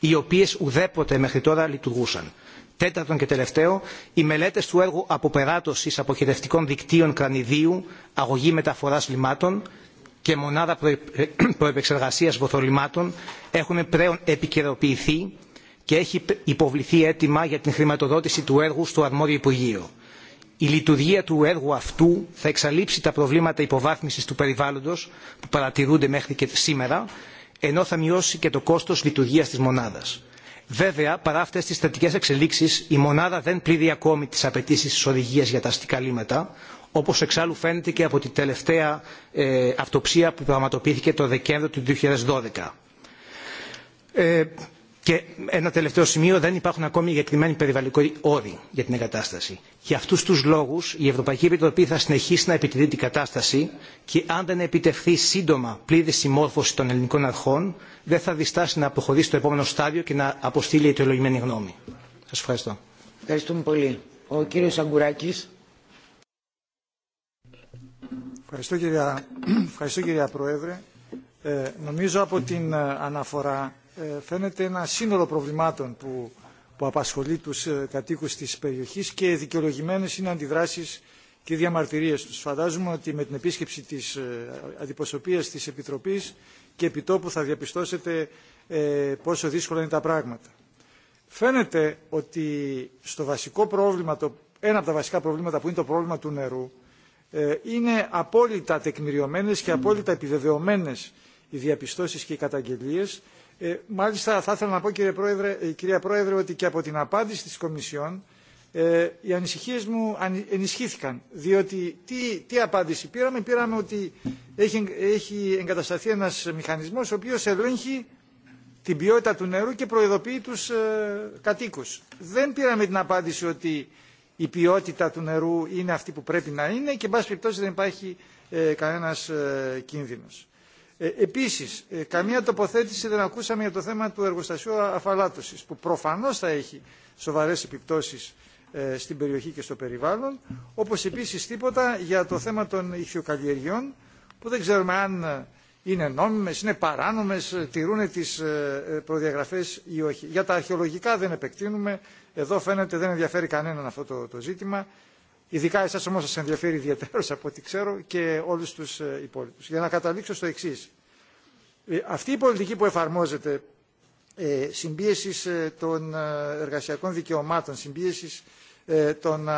οι οποίες ουδέποτε μέχρι τώρα λειτουργούσαν. Τέταρτον και τελευταίο, οι μελέτε του έργου αποπεράτωση αποχαιρευτικών δικτύων κρανιδίου, αγωγή μεταφορά λιμάτων και μονάδα προεπεξεργασία βοθολιμάτων έχουν πλέον επικαιροποιηθεί και έχει υποβληθεί αίτημα για την χρηματοδότηση του έργου στο αρμόδιο Υπουργείο. Η λειτουργία του έργου αυτού θα εξαλείψει τα προβλήματα υποβάθμισης του περιβάλλοντος που παρατηρούνται μέχρι και σήμερα, ενώ θα μειώσει και το κόστος λειτουργίας της μονάδας. Βέβαια, παρά αυτέ τι θετικέ εξελίξει, η μονάδα δεν πλήρει ακόμη τι απαιτήσει τη οδηγία για τα αστικά λίμματα, όπω εξάλλου φαίνεται και από την τελευταία ε, αυτοψία που πραγματοποιήθηκε το Δεκέμβριο του 2012. Ε, Και ένα τελευταίο σημείο, δεν υπάρχουν ακόμη εγκεκριμένοι περιβαλλοντικοί όροι για την εγκατάσταση. Για αυτού του λόγου, η Ευρωπαϊκή Επιτροπή θα συνεχίσει να επικρίνει την κατάσταση και αν δεν επιτευχθεί σύντομα πλήρη συμμόρφωση των ελληνικών αρχών, δεν θα διστάσει να προχωρήσει στο επόμενο στάδιο και να αποστείλει αιτιολογημένη γνώμη. Σα ευχαριστώ. Ευχαριστούμε πολύ. Ο κύριο Αγκουράκη. Ευχαριστώ, κυρία... Ευχαριστώ, κυρία Πρόεδρε. Ε, νομίζω από την αναφορά φαίνεται ένα σύνολο προβλημάτων που, που απασχολεί τους κατοίκους της περιοχής και δικαιολογημένε είναι αντιδράσεις και διαμαρτυρίες τους. Φαντάζομαι ότι με την επίσκεψη της αντιπροσωπείας της Επιτροπής και επιτόπου θα διαπιστώσετε πόσο δύσκολα είναι τα πράγματα. Φαίνεται ότι στο βασικό πρόβλημα, το, ένα από τα βασικά προβλήματα που είναι το πρόβλημα του νερού, είναι απόλυτα τεκμηριωμένες και απόλυτα επιβεβαιωμένες οι διαπιστώσεις και οι καταγγελίες Ε, μάλιστα θα ήθελα να πω κύριε Πρόεδρε, κυρία Πρόεδρε ότι και από την απάντηση της Κομισιόν ε, οι ανησυχίες μου ενισχύθηκαν διότι τι, τι απάντηση πήραμε πήραμε ότι έχει, έχει εγκατασταθεί ένας μηχανισμός ο οποίος ελέγχει την ποιότητα του νερού και προειδοποιεί τους ε, κατοίκους. Δεν πήραμε την απάντηση ότι η ποιότητα του νερού είναι αυτή που πρέπει να είναι και εν πάση περιπτώσει δεν υπάρχει ε, κανένας ε, κίνδυνος. Επίσης, καμία τοποθέτηση δεν ακούσαμε για το θέμα του εργοστασίου αφαλάτωσης, που προφανώς θα έχει σοβαρές επιπτώσεις στην περιοχή και στο περιβάλλον, όπως επίσης τίποτα για το θέμα των ηχιοκαλλιεργειών, που δεν ξέρουμε αν είναι νόμιμες, είναι παράνομες, τηρούν τις προδιαγραφές ή όχι. Για τα αρχαιολογικά δεν επεκτείνουμε, εδώ φαίνεται δεν ενδιαφέρει κανέναν αυτό το, το ζήτημα Ειδικά εσάς όμως σας ενδιαφέρει ιδιαίτερως από ό,τι ξέρω και όλους τους υπόλοιπους. Για να καταλήξω στο εξής. Αυτή η πολιτική που εφαρμόζεται συμπίεσης των εργασιακών δικαιωμάτων, συμπίεσης των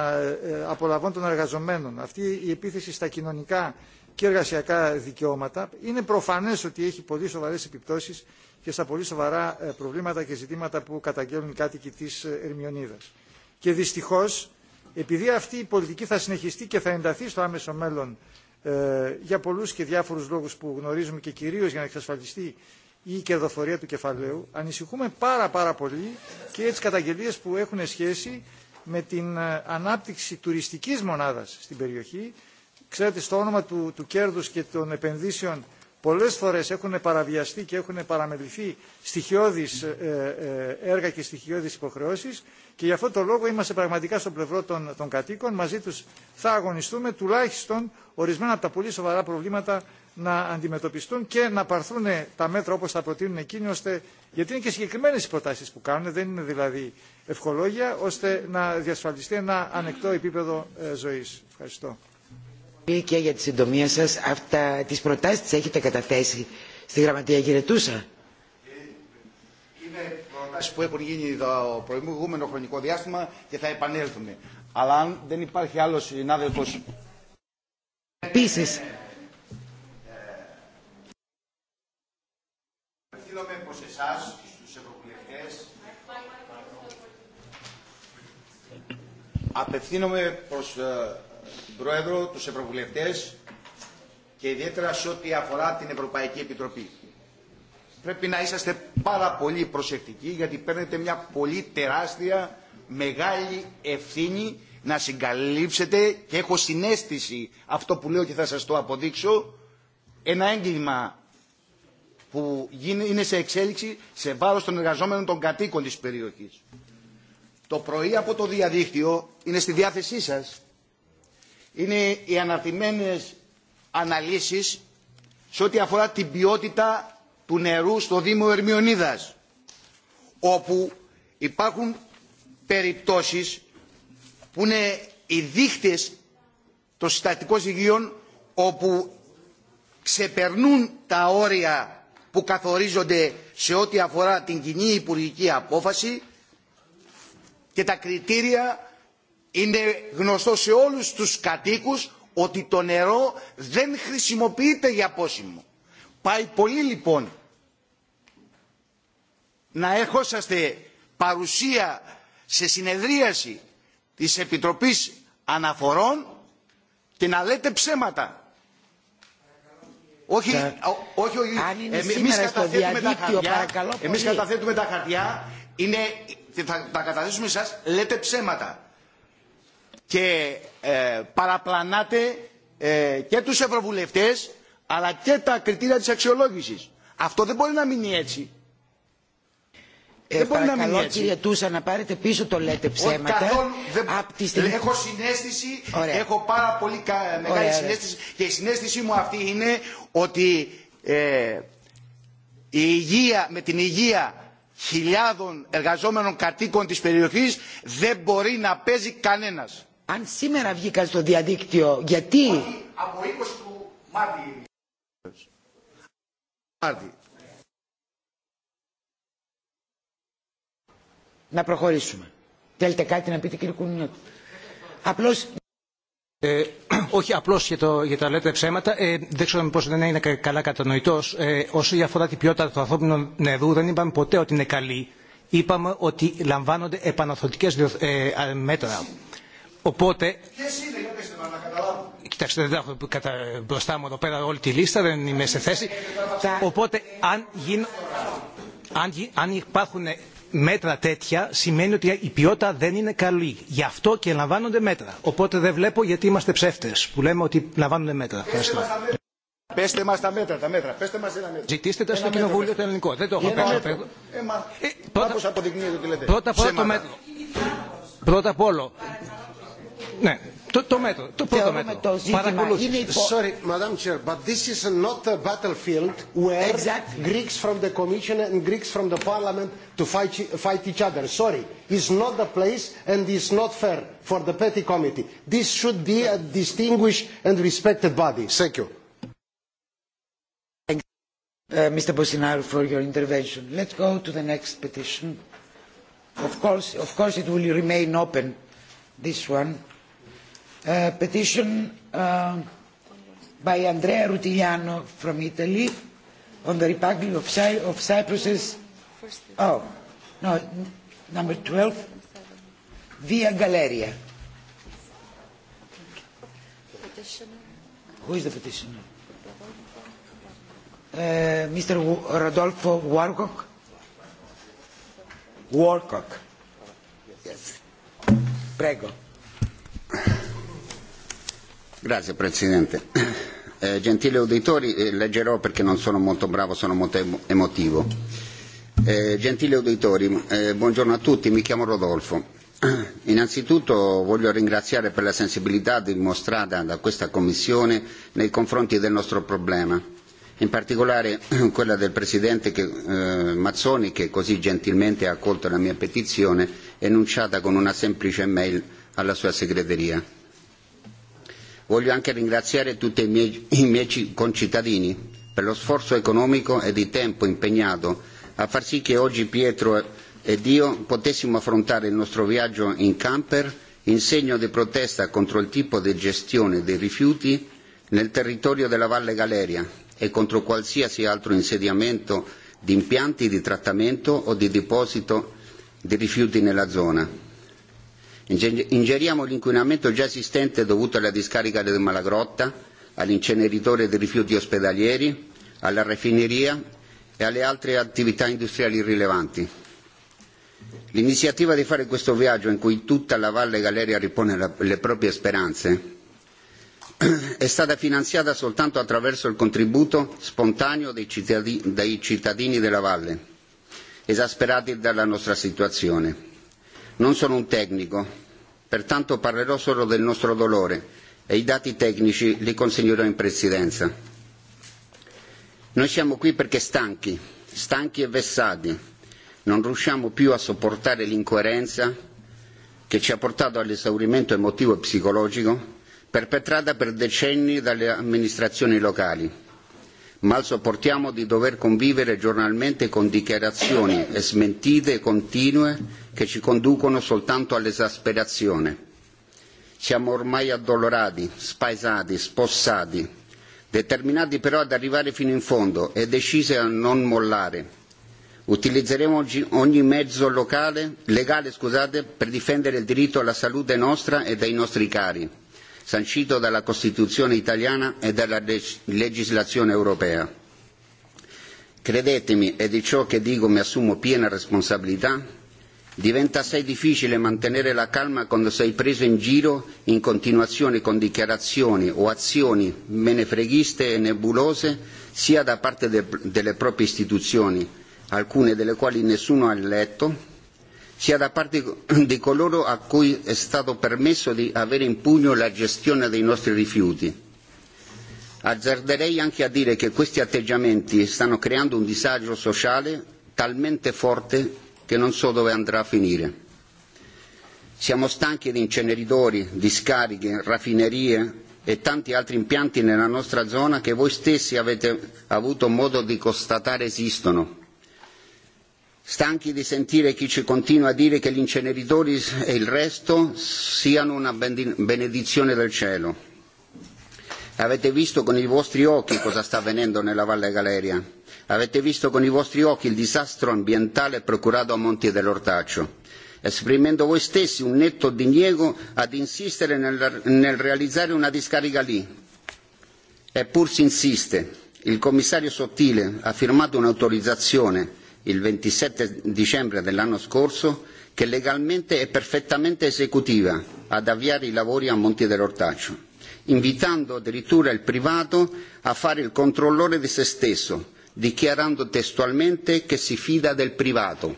απολαβών των εργαζομένων, αυτή η επίθεση στα κοινωνικά και εργασιακά δικαιώματα, είναι προφανές ότι έχει πολύ σοβαρές επιπτώσεις και στα πολύ σοβαρά προβλήματα και ζητήματα που καταγγέλνουν οι κάτοικοι της Ερμιονίδας. Και δυστυχώς Επειδή αυτή η πολιτική θα συνεχιστεί και θα ενταθεί στο άμεσο μέλλον ε, για πολλούς και διάφορους λόγους που γνωρίζουμε και κυρίως για να εξασφαλιστεί η κερδοφορία του κεφαλαίου, ανησυχούμε πάρα πάρα πολύ και για τις καταγγελίες που έχουν σχέση με την ανάπτυξη τουριστικής μονάδας στην περιοχή. Ξέρετε, στο όνομα του, του κέρδους και των επενδύσεων πολλές φορές έχουν παραβιαστεί και έχουν παραμεληθεί στοιχειώδεις έργα και στοιχειώδεις υποχρεώσεις και γι' αυτό το λόγο είμαστε πραγματικά στο πλευρό των, των κατοίκων. Μαζί τους θα αγωνιστούμε τουλάχιστον ορισμένα από τα πολύ σοβαρά προβλήματα να αντιμετωπιστούν και να παρθούν τα μέτρα όπως τα προτείνουν εκείνοι, ώστε, γιατί είναι και συγκεκριμένες οι προτάσεις που κάνουν, δεν είναι δηλαδή ευχολόγια, ώστε να διασφαλιστεί ένα ανεκτό επίπεδο ζωής. Ευχαριστώ και για τη συντομία σας. Αυτά, τις προτάσεις τις έχετε καταθέσει στη γραμματεία κύριε Τούσα. Είναι προτάσεις που έχουν γίνει το προηγούμενο χρονικό διάστημα και θα επανέλθουν. Αλλά αν δεν υπάρχει άλλος συνάδελφος... Επίσης... Απευθύνομαι προς εσάς, στους ευρωβουλευτές, απευθύνομαι προς ε, την Πρόεδρο, τους Ευρωβουλευτές και ιδιαίτερα σε ό,τι αφορά την Ευρωπαϊκή Επιτροπή. Πρέπει να είσαστε πάρα πολύ προσεκτικοί γιατί παίρνετε μια πολύ τεράστια, μεγάλη ευθύνη να συγκαλύψετε και έχω συνέστηση αυτό που λέω και θα σας το αποδείξω ένα έγκλημα που είναι σε εξέλιξη σε βάρος των εργαζόμενων των κατοίκων της περιοχής. Το πρωί από το διαδίκτυο είναι στη διάθεσή σας είναι οι αναρτημένες αναλύσεις σε ό,τι αφορά την ποιότητα του νερού στο Δήμο Ερμιονίδας όπου υπάρχουν περιπτώσεις που είναι οι δείχτες των συστατικών στοιχείων όπου ξεπερνούν τα όρια που καθορίζονται σε ό,τι αφορά την κοινή υπουργική απόφαση και τα κριτήρια Είναι γνωστό σε όλους τους κατοίκους ότι το νερό δεν χρησιμοποιείται για πόσιμο. Πάει πολύ λοιπόν να έχωσαστε παρουσία σε συνεδρίαση της Επιτροπής Αναφορών και να λέτε ψέματα. Όχι, τα... όχι, όχι. Αν είναι εμείς καταθέτουμε τα χαρτιά, παρακαλώ, εμείς καταθέτουμε τα χαρτιά είναι, θα τα καταθέσουμε εσάς, λέτε ψέματα και ε, παραπλανάτε ε, και τους ευρωβουλευτές αλλά και τα κριτήρια της αξιολόγησης. Αυτό δεν μπορεί να μείνει έτσι. Ε, δεν παρακαλώ, να μείνει έτσι. κύριε Τούσα να πάρετε πίσω το λέτε ψέματα. Καθόλου, δεν... Απ τη στιγμή... Έχω συνέστηση, Ωραία. έχω πάρα πολύ κα... μεγάλη Ωραία, συνέστηση και η συνέστησή μου αυτή είναι ότι ε, η υγεία, με την υγεία χιλιάδων εργαζόμενων κατοίκων της περιοχής δεν μπορεί να παίζει κανένας αν σήμερα βγήκα στο διαδίκτυο, γιατί... Όχι, από 20 του Μάρτη. Μάρτη. Να προχωρήσουμε. Θέλετε κάτι να πείτε κύριε Κουνινιώτη. Απλώς... Ε, όχι απλώς για, το, για τα λέτε ψέματα, ε, δεν ξέρω μήπως δεν είναι καλά κατανοητός. Ε, όσο αφορά την ποιότητα του ανθρώπινου νερού δεν είπαμε ποτέ ότι είναι καλή. Είπαμε ότι λαμβάνονται επαναθωτικές ε, μέτρα. Οπότε... Ποιες είναι, για πέστε να καταλάβω. Κοιτάξτε, δεν τα έχω κατα... μπροστά μου εδώ πέρα όλη τη λίστα, δεν είμαι σε θέση. Οπότε, αν, γίν... αν, γι... αν υπάρχουν μέτρα τέτοια, σημαίνει ότι η ποιότητα δεν είναι καλή. Γι' αυτό και λαμβάνονται μέτρα. Οπότε δεν βλέπω γιατί είμαστε ψεύτες που λέμε ότι λαμβάνονται μέτρα. Ευχαριστώ. Πέστε μα τα μέτρα, τα μέτρα. Πέστε μας ένα μέτρο. Ζητήστε τα στο κοινοβούλιο το ελληνικό. Δεν το έχω πέρα. Ε, πρώτα, απ' όλα το μέτρο. Πρώτα απ' όλο, Ναι, το, το μέτρο, το πρώτο μέτρο. Το Παρακολούθηση. Υπο... Sorry, Madam Chair, but this is not a battlefield where exactly. Greeks from the Commission and Greeks from the Parliament to fight, fight each other. Sorry, it's not the place and it's not fair for the Petty Committee. This should be a distinguished and respected body. Thank you. Thanks, uh, Mr. Bolsonaro, for your intervention. Let's go to the next petition. Of course, of course, it will remain open, this one uh, petition uh, by Andrea Rutigliano from Italy on the Republic of, Cy of Cyprus's. Oh, no, number 12, Via Galeria. Who is the petitioner? Uh, Mr. W Rodolfo Warcock? Warcock. Yes. Prego. Grazie Presidente. Eh, gentili auditori, eh, leggerò perché non sono molto bravo, sono molto emotivo. Eh, gentili auditori, eh, buongiorno a tutti, mi chiamo Rodolfo. Innanzitutto voglio ringraziare per la sensibilità dimostrata da questa Commissione nei confronti del nostro problema, in particolare quella del Presidente che, eh, Mazzoni che così gentilmente ha accolto la mia petizione enunciata con una semplice mail alla sua segreteria. Voglio anche ringraziare tutti i miei, i miei concittadini per lo sforzo economico e di tempo impegnato a far sì che oggi Pietro ed io potessimo affrontare il nostro viaggio in camper in segno di protesta contro il tipo di gestione dei rifiuti nel territorio della Valle Galeria e contro qualsiasi altro insediamento di impianti di trattamento o di deposito di rifiuti nella zona. Ingeriamo l'inquinamento già esistente dovuto alla discarica del Malagrotta, all'inceneritore dei rifiuti ospedalieri, alla raffineria e alle altre attività industriali rilevanti. L'iniziativa di fare questo viaggio in cui tutta la Valle Galeria ripone la, le proprie speranze è stata finanziata soltanto attraverso il contributo spontaneo dei cittadini, dei cittadini della Valle, esasperati dalla nostra situazione Non sono un tecnico, pertanto parlerò solo del nostro dolore e i dati tecnici li consegnerò in Presidenza. Noi siamo qui perché stanchi, stanchi e vessati, non riusciamo più a sopportare l'incoerenza che ci ha portato all'esaurimento emotivo e psicologico perpetrata per decenni dalle amministrazioni locali mal sopportiamo di dover convivere giornalmente con dichiarazioni e smentite continue che ci conducono soltanto all'esasperazione. Siamo ormai addolorati, spaesati, spossati, determinati però ad arrivare fino in fondo e decisi a non mollare. Utilizzeremo oggi ogni mezzo locale, legale scusate, per difendere il diritto alla salute nostra e dei nostri cari sancito dalla Costituzione italiana e dalla legislazione europea. Credetemi, e di ciò che dico mi assumo piena responsabilità, diventa assai difficile mantenere la calma quando sei preso in giro in continuazione con dichiarazioni o azioni menefreghiste e nebulose sia da parte de- delle proprie istituzioni, alcune delle quali nessuno ha letto, sia da parte di coloro a cui è stato permesso di avere in pugno la gestione dei nostri rifiuti. Azzarderei anche a dire che questi atteggiamenti stanno creando un disagio sociale talmente forte che non so dove andrà a finire. Siamo stanchi di inceneritori, discariche, raffinerie e tanti altri impianti nella nostra zona che voi stessi avete avuto modo di constatare esistono Stanchi di sentire chi ci continua a dire che gli inceneritori e il resto siano una benedizione del cielo. Avete visto con i vostri occhi cosa sta avvenendo nella Valle Galeria. Avete visto con i vostri occhi il disastro ambientale procurato a Monti dell'Ortaccio esprimendo voi stessi un netto diniego ad insistere nel, nel realizzare una discarica lì. Eppur si insiste. Il commissario Sottile ha firmato un'autorizzazione il 27 dicembre dell'anno scorso, che legalmente è e perfettamente esecutiva ad avviare i lavori a Monti dell'Ortaccio, invitando addirittura il privato a fare il controllore di se stesso, dichiarando testualmente che si fida del privato.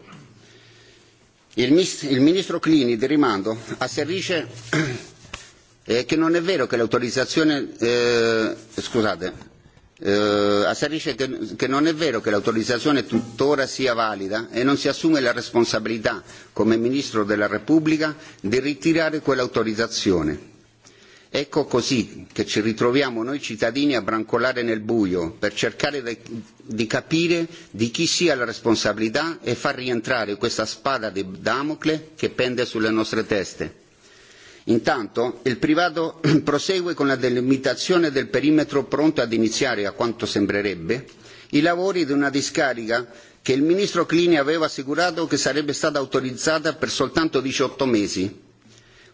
Il, mis- il ministro Clini, di rimando, asserisce eh, che non è vero che l'autorizzazione, eh, scusate, eh, a sapere che, che non è vero che l'autorizzazione tuttora sia valida e non si assume la responsabilità, come Ministro della Repubblica, di ritirare quell'autorizzazione. Ecco così che ci ritroviamo noi cittadini a brancolare nel buio per cercare de, di capire di chi sia la responsabilità e far rientrare questa spada di Damocle che pende sulle nostre teste. Intanto il privato prosegue con la delimitazione del perimetro pronto ad iniziare, a quanto sembrerebbe, i lavori di una discarica che il ministro Clini aveva assicurato che sarebbe stata autorizzata per soltanto 18 mesi,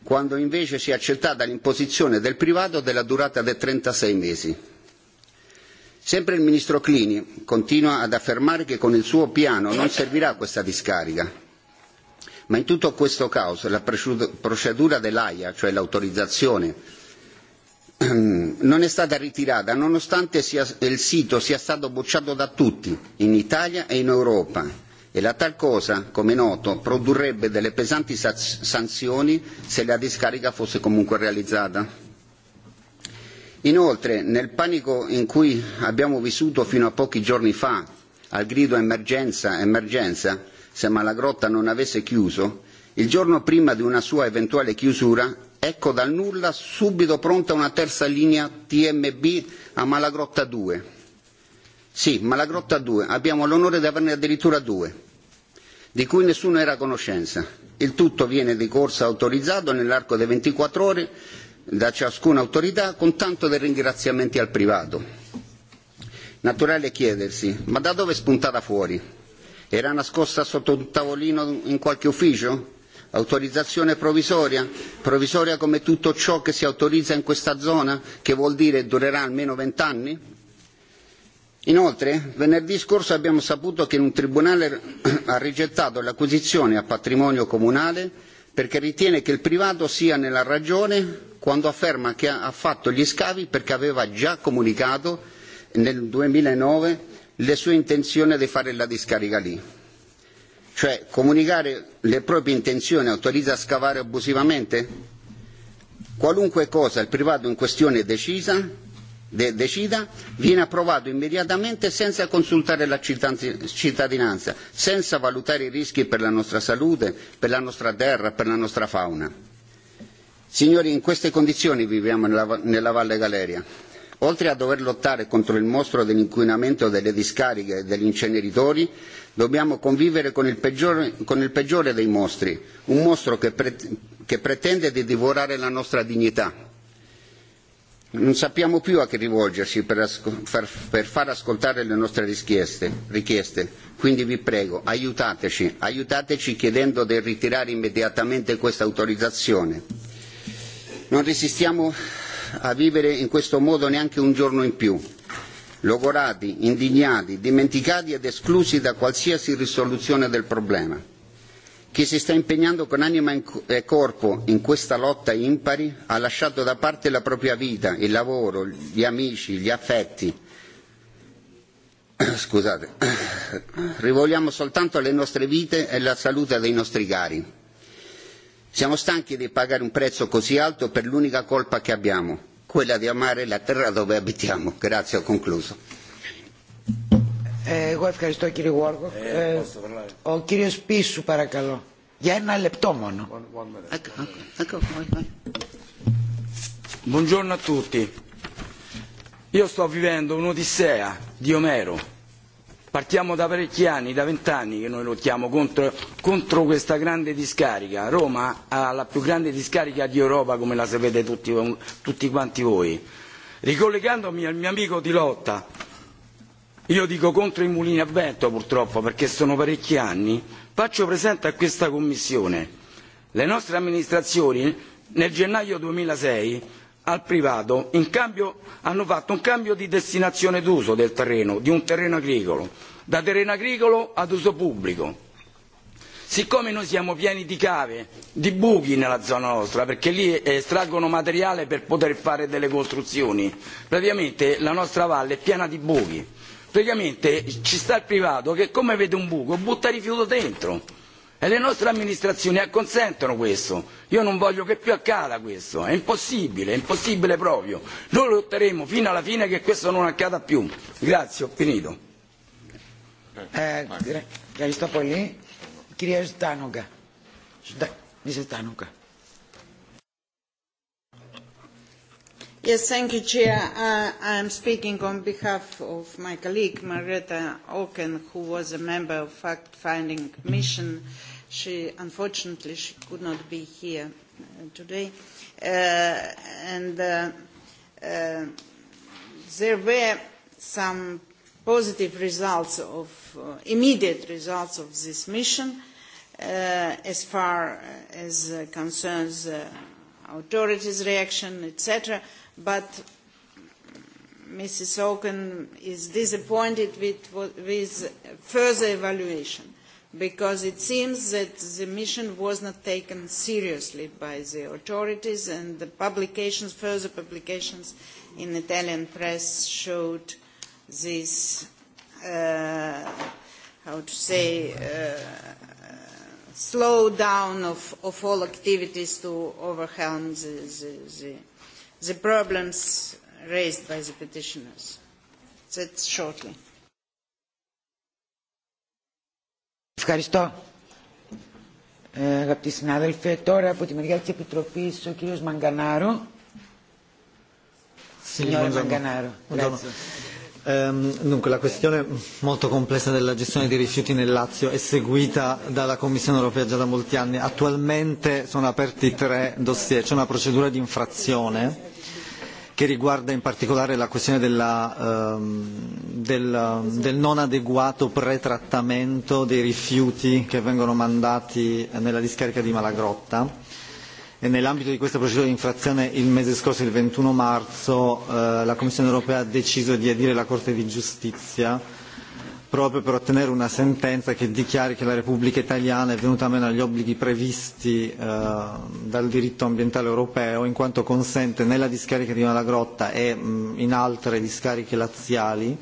quando invece si è accettata l'imposizione del privato della durata di 36 mesi. Sempre il ministro Clini continua ad affermare che con il suo piano non servirà questa discarica, Ma in tutto questo caso la procedura dell'AIA, cioè l'autorizzazione, non è stata ritirata nonostante sia, il sito sia stato bocciato da tutti, in Italia e in Europa, e la tal cosa, come noto, produrrebbe delle pesanti sanzioni se la discarica fosse comunque realizzata. Inoltre, nel panico in cui abbiamo vissuto fino a pochi giorni fa, al grido emergenza, emergenza, se Malagrotta non avesse chiuso, il giorno prima di una sua eventuale chiusura, ecco dal nulla subito pronta una terza linea TMB a Malagrotta 2. Sì, Malagrotta 2, abbiamo l'onore di averne addirittura due, di cui nessuno era a conoscenza. Il tutto viene di corsa autorizzato nell'arco dei 24 ore da ciascuna autorità con tanto di ringraziamenti al privato. Naturale chiedersi, ma da dove è spuntata fuori? Era nascosta sotto un tavolino in qualche ufficio? Autorizzazione provvisoria? Provvisoria come tutto ciò che si autorizza in questa zona, che vuol dire durerà almeno vent'anni? Inoltre, venerdì scorso abbiamo saputo che un tribunale ha rigettato l'acquisizione a patrimonio comunale perché ritiene che il privato sia nella ragione quando afferma che ha fatto gli scavi perché aveva già comunicato nel 2009 le sue intenzioni di fare la discarica lì. Cioè, comunicare le proprie intenzioni autorizza a scavare abusivamente? Qualunque cosa il privato in questione decisa, de- decida viene approvato immediatamente senza consultare la cittadinanza, senza valutare i rischi per la nostra salute, per la nostra terra, per la nostra fauna. Signori, in queste condizioni viviamo nella, nella Valle Galeria Oltre a dover lottare contro il mostro dell'inquinamento delle discariche e degli inceneritori, dobbiamo convivere con il peggiore, con il peggiore dei mostri, un mostro che, pre, che pretende di divorare la nostra dignità. Non sappiamo più a chi rivolgersi per, asco, far, per far ascoltare le nostre richieste, richieste, quindi vi prego, aiutateci, aiutateci chiedendo di ritirare immediatamente questa autorizzazione. Non resistiamo a vivere in questo modo neanche un giorno in più, logorati, indignati, dimenticati ed esclusi da qualsiasi risoluzione del problema. Chi si sta impegnando con anima e corpo in questa lotta impari ha lasciato da parte la propria vita, il lavoro, gli amici, gli affetti. Scusate. Rivogliamo soltanto le nostre vite e la salute dei nostri cari Siamo stanchi di pagare un prezzo così alto per l'unica colpa che abbiamo, quella di amare la terra dove abitiamo. Grazie, ho concluso. Εγώ ευχαριστώ κύριε Γουόργο. Ε, ε, ο κύριος Πίσου παρακαλώ. Για ένα λεπτό μόνο. Buongiorno a tutti. Io sto vivendo un'odissea di Omero Partiamo da parecchi anni, da vent'anni che noi lottiamo contro, contro questa grande discarica. Roma ha la più grande discarica di Europa, come la sapete tutti, tutti quanti voi. Ricollegandomi al mio amico Di Lotta, io dico contro i mulini a vento purtroppo perché sono parecchi anni, faccio presente a questa Commissione le nostre amministrazioni nel gennaio 2006 al privato, in cambio hanno fatto un cambio di destinazione d'uso del terreno, di un terreno agricolo, da terreno agricolo ad uso pubblico. Siccome noi siamo pieni di cave, di buchi nella zona nostra, perché lì estraggono materiale per poter fare delle costruzioni, praticamente la nostra valle è piena di buchi. Praticamente ci sta il privato che come vede un buco butta rifiuto dentro e le nostre amministrazioni acconsentano questo. Io non voglio che più accada questo, è impossibile, è impossibile proprio. Noi lotteremo fino alla fine che questo non accada più. Grazie, ho finito. Ε, ευχαριστώ πολύ. Κυρία Ζητάνογκα. Ζητάνογκα. Yes, thank you, Chair. Uh, I am speaking on behalf of my colleague, Margareta Oken, who was a member of Fact Finding Mission. Uh, She unfortunately she could not be here uh, today. Uh, and uh, uh, there were some positive results of uh, immediate results of this mission uh, as far as uh, concerns uh, authorities' reaction, etc. But Mrs. Oaken is disappointed with, with further evaluation because it seems that the mission was not taken seriously by the authorities and the publications, further publications in Italian press showed this, uh, how to say, uh, slow down of, of all activities to overwhelm the, the, the, the problems raised by the petitioners. That's shortly. Ευχαριστώ. Ε, αγαπητοί συνάδελφοι, τώρα από τη μεριά της Επιτροπής ο κύριος Μαγκανάρο. Signore sì, Manganaro, grazie. Ehm, dunque, la questione molto complessa della gestione dei rifiuti nel Lazio è seguita dalla Commissione europea già da molti anni. Attualmente sono aperti tre dossier. C'è una procedura di infrazione che riguarda in particolare la questione della, ehm, del, ehm, del non adeguato pretrattamento dei rifiuti che vengono mandati nella discarica di Malagrotta. E nell'ambito di questa procedura di infrazione il mese scorso, il 21 marzo, eh, la Commissione europea ha deciso di adire la Corte di giustizia proprio per ottenere una sentenza che dichiari che la Repubblica italiana è venuta meno agli obblighi previsti eh, dal diritto ambientale europeo in quanto consente nella discarica di Malagrotta e mh, mm, in altre discariche laziali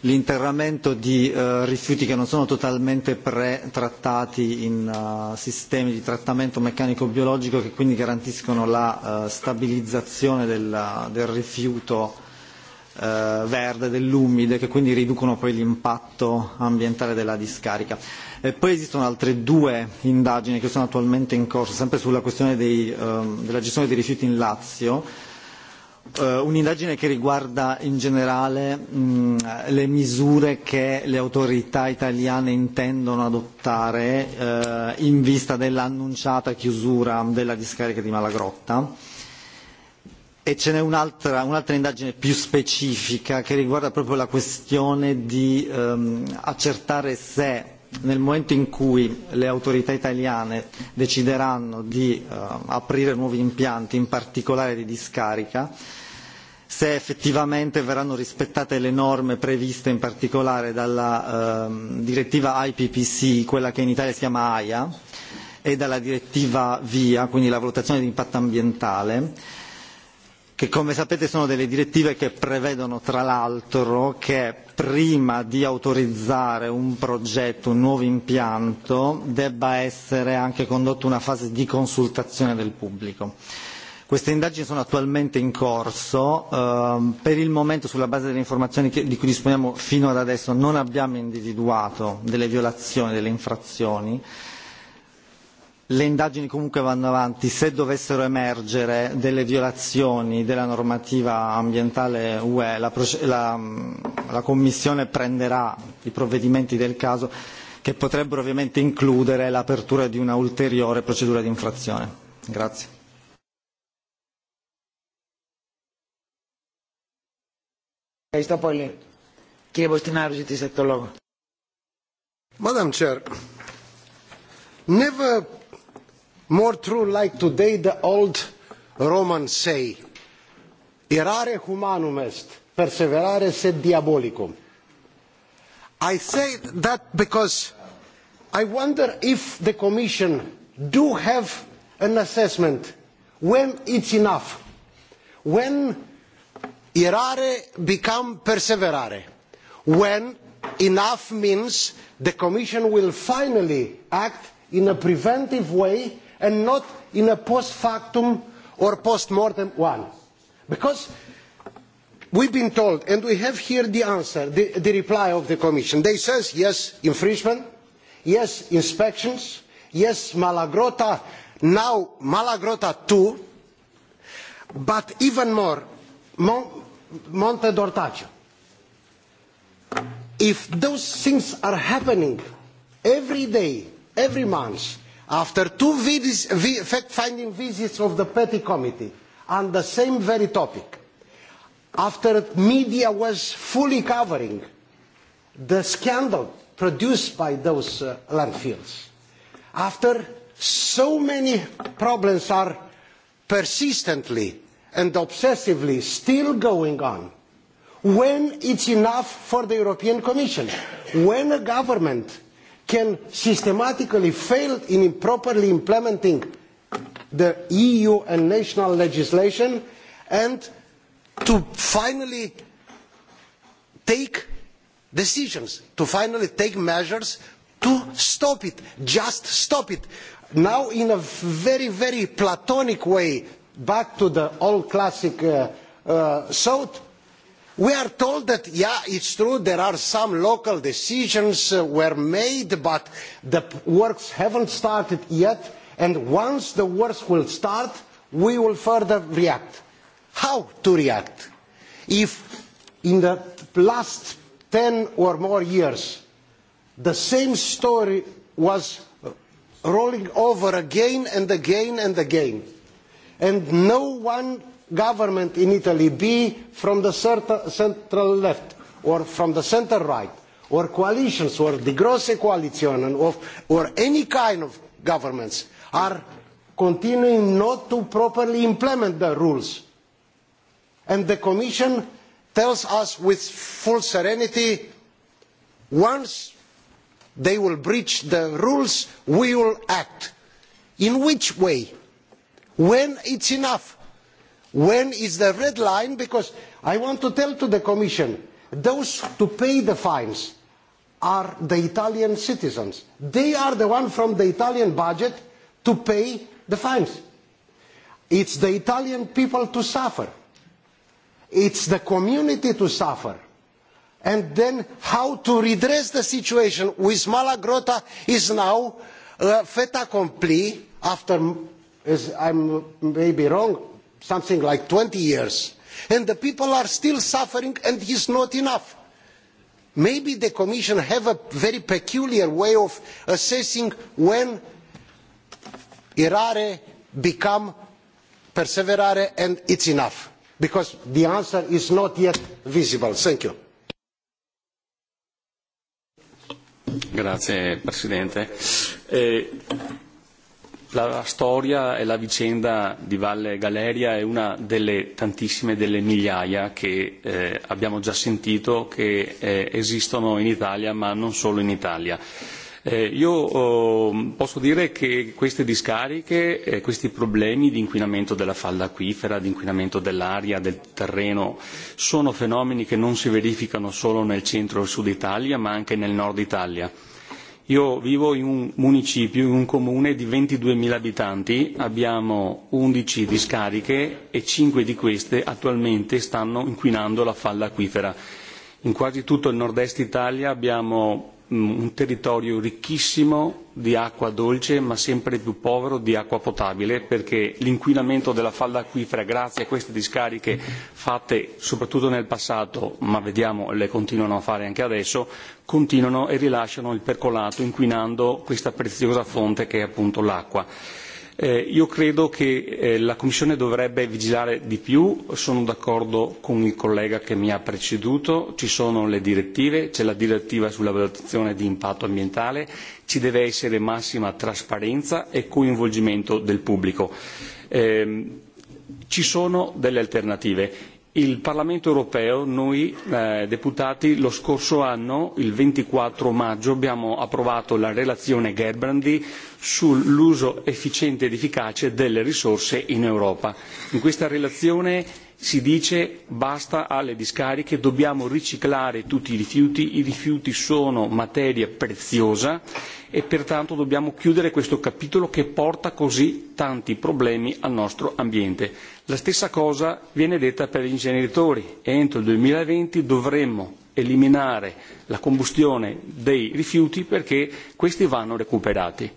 l'interramento di eh, rifiuti che non sono totalmente pretrattati in uh, sistemi di trattamento meccanico biologico che quindi garantiscono la uh, stabilizzazione della, del rifiuto eh, verde, dell'umide, che quindi riducono poi l'impatto ambientale della discarica. E poi esistono altre due indagini che sono attualmente in corso, sempre sulla questione dei, eh, della gestione dei rifiuti in Lazio, eh, un'indagine che riguarda in generale mh, le misure che le autorità italiane intendono adottare eh, in vista dell'annunciata chiusura della discarica di Malagrotta e ce n'è un'altra, un'altra indagine più specifica che riguarda proprio la questione di ehm, accertare se nel momento in cui le autorità italiane decideranno di eh, aprire nuovi impianti, in particolare di discarica, se effettivamente verranno rispettate le norme previste in particolare dalla eh, direttiva IPPC, quella che in Italia si chiama AIA, e dalla direttiva VIA, quindi la valutazione di impatto ambientale, che come sapete sono delle direttive che prevedono tra l'altro che prima di autorizzare un progetto, un nuovo impianto, debba essere anche condotta una fase di consultazione del pubblico. Queste indagini sono attualmente in corso, eh, per il momento sulla base delle informazioni che, di cui disponiamo fino ad adesso non abbiamo individuato delle violazioni, delle infrazioni, eh, le indagini comunque vanno avanti, se dovessero emergere delle violazioni della normativa ambientale UE, la, la, mm, la Commissione prenderà i provvedimenti del caso che potrebbero ovviamente includere l'apertura di una ulteriore procedura di infrazione. Grazie. Ευχαριστώ πολύ. Κύριε Μποστινάρου, ζητήσατε το λόγο. Madam Chair, never more true like today the old Romans say, errare humanum est, perseverare sed diabolicum. I say that because I wonder if the Commission do have an assessment when it's enough, when errare become perseverare, when enough means the Commission will finally act in a preventive way and not in a post factum or post mortem one. Because we have been told and we have here the answer the, the reply of the commission they say yes infringement yes inspections yes malagrota now malagrota ii but even more Mon- monte d'ortaccio if those things are happening every day every month after two fact finding visits of the Petty Committee on the same very topic, after media was fully covering the scandal produced by those uh, landfills, after so many problems are persistently and obsessively still going on, when it's enough for the European Commission, when a government can systematically fail in properly implementing the EU and national legislation and to finally take decisions, to finally take measures to stop it, just stop it. Now in a very, very platonic way, back to the old classic uh, uh, thought, we are told that yes it is true there are some local decisions that uh, were made but the works have not started yet and once the works start we will further react. how to react if in the last ten or more years the same story was uh, rolling over again and again and again and no one government in Italy be from the central left or from the center right or coalitions or the grosse coalition of, or any kind of governments are continuing not to properly implement the rules. And the Commission tells us with full serenity, once they will breach the rules, we will act. In which way? When it's enough? When is the red line? Because I want to tell to the Commission, those to pay the fines are the Italian citizens. They are the one from the Italian budget to pay the fines. It's the Italian people to suffer. It's the community to suffer. And then how to redress the situation with Malagrota is now uh, fait accompli after, is, I'm maybe wrong, something like 20 years, and the people are still suffering and it's not enough. Maybe the Commission have a very peculiar way of assessing when errare become perseverare and it's enough because the answer is not yet visible. Thank you. Grazie Presidente. Eh, la storia e la vicenda di Valle Galeria è una delle tantissime, delle migliaia che eh, abbiamo già sentito che eh, esistono in Italia, ma non solo in Italia. Eh, io oh, posso dire che queste discariche, eh, questi problemi di inquinamento della falda acquifera, di inquinamento dell'aria, del terreno, sono fenomeni che non si verificano solo nel centro e sud Italia, ma anche nel nord Italia Io vivo in un municipio, in un comune di 22.000 abitanti, abbiamo 11 discariche e 5 di queste attualmente stanno inquinando la falla acquifera. In quasi tutto il nord-est Italia abbiamo un territorio ricchissimo di acqua dolce ma sempre più povero di acqua potabile perché l'inquinamento della falda acquifera grazie a queste discariche fatte soprattutto nel passato ma vediamo le continuano a fare anche adesso continuano e rilasciano il percolato inquinando questa preziosa fonte che è appunto l'acqua Eh, io credo che eh, la Commissione dovrebbe vigilare di più, sono d'accordo con il collega che mi ha preceduto, ci sono le direttive, c'è la direttiva sulla valutazione di impatto ambientale, ci deve essere massima trasparenza e coinvolgimento del pubblico. Eh, ci sono delle alternative il Parlamento europeo, noi eh, deputati, lo scorso anno, il 24 maggio, abbiamo approvato la relazione Gerbrandi sull'uso efficiente ed efficace delle risorse in Europa. In questa relazione si dice basta alle discariche, dobbiamo riciclare tutti i rifiuti, i rifiuti sono materia preziosa e pertanto dobbiamo chiudere questo capitolo che porta così tanti problemi al nostro ambiente. La stessa cosa viene detta per gli inceneritori entro il 2020 dovremmo eliminare la combustione dei rifiuti perché questi vanno recuperati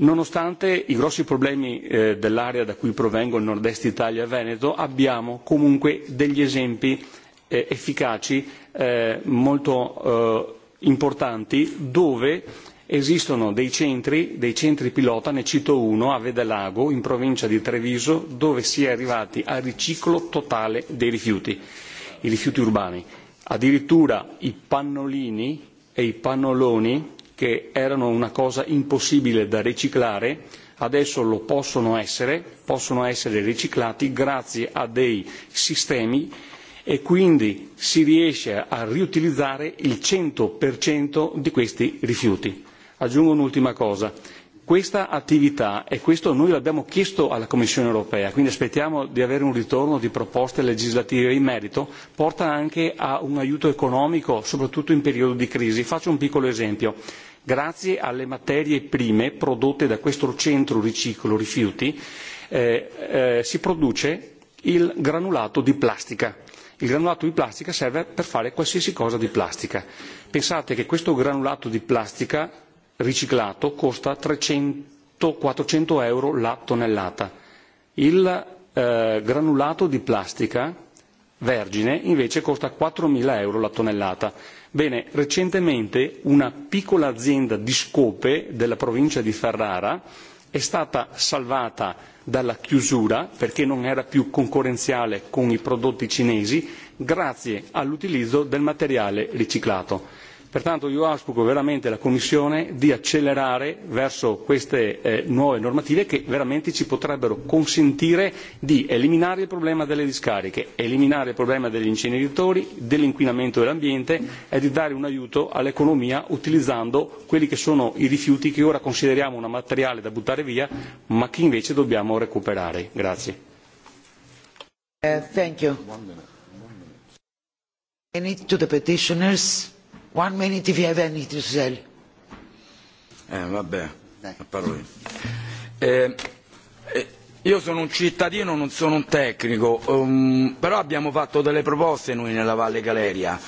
Nonostante i grossi problemi eh, dell'area da cui provengo, il nord-est Italia e Veneto, abbiamo comunque degli esempi eh, efficaci eh, molto eh, importanti dove esistono dei centri, dei centri pilota, ne cito uno a Vedalago in provincia di Treviso dove si è arrivati al riciclo totale dei rifiuti, i rifiuti urbani. Addirittura i pannolini e i pannoloni che erano una cosa impossibile da riciclare, adesso lo possono essere, possono essere riciclati grazie a dei sistemi e quindi si riesce a riutilizzare il 100% di questi rifiuti. Aggiungo un'ultima cosa. Questa attività, e questo noi l'abbiamo chiesto alla Commissione europea, quindi aspettiamo di avere un ritorno di proposte legislative in merito, porta anche a un aiuto economico, soprattutto in periodo di crisi. Faccio un piccolo esempio grazie alle materie prime prodotte da questo centro riciclo rifiuti eh, eh, si produce il granulato di plastica. Il granulato di plastica serve per fare qualsiasi cosa di plastica. Pensate che questo granulato di plastica riciclato costa 300-400 euro la tonnellata. Il eh, granulato di plastica vergine invece costa 4.000 euro la tonnellata Bene, recentemente una piccola azienda di scope della provincia di Ferrara è stata salvata dalla chiusura perché non era più concorrenziale con i prodotti cinesi grazie all'utilizzo del materiale riciclato pertanto io auspico veramente la commissione di accelerare verso queste eh, nuove normative che veramente ci potrebbero consentire di eliminare il problema delle discariche eliminare il problema degli inceneritori dell'inquinamento dell'ambiente e di dare un aiuto all'economia utilizzando quelli che sono i rifiuti che ora consideriamo un materiale da buttare via ma che invece dobbiamo recuperare. Grazie. Uh, thank you. Any to the petitioners? One minute if you have any to sell. Eh, vabbè, parlo io. Eh, eh, io sono un cittadino, non sono un tecnico, um, però abbiamo fatto delle proposte noi nella Valle Galeria.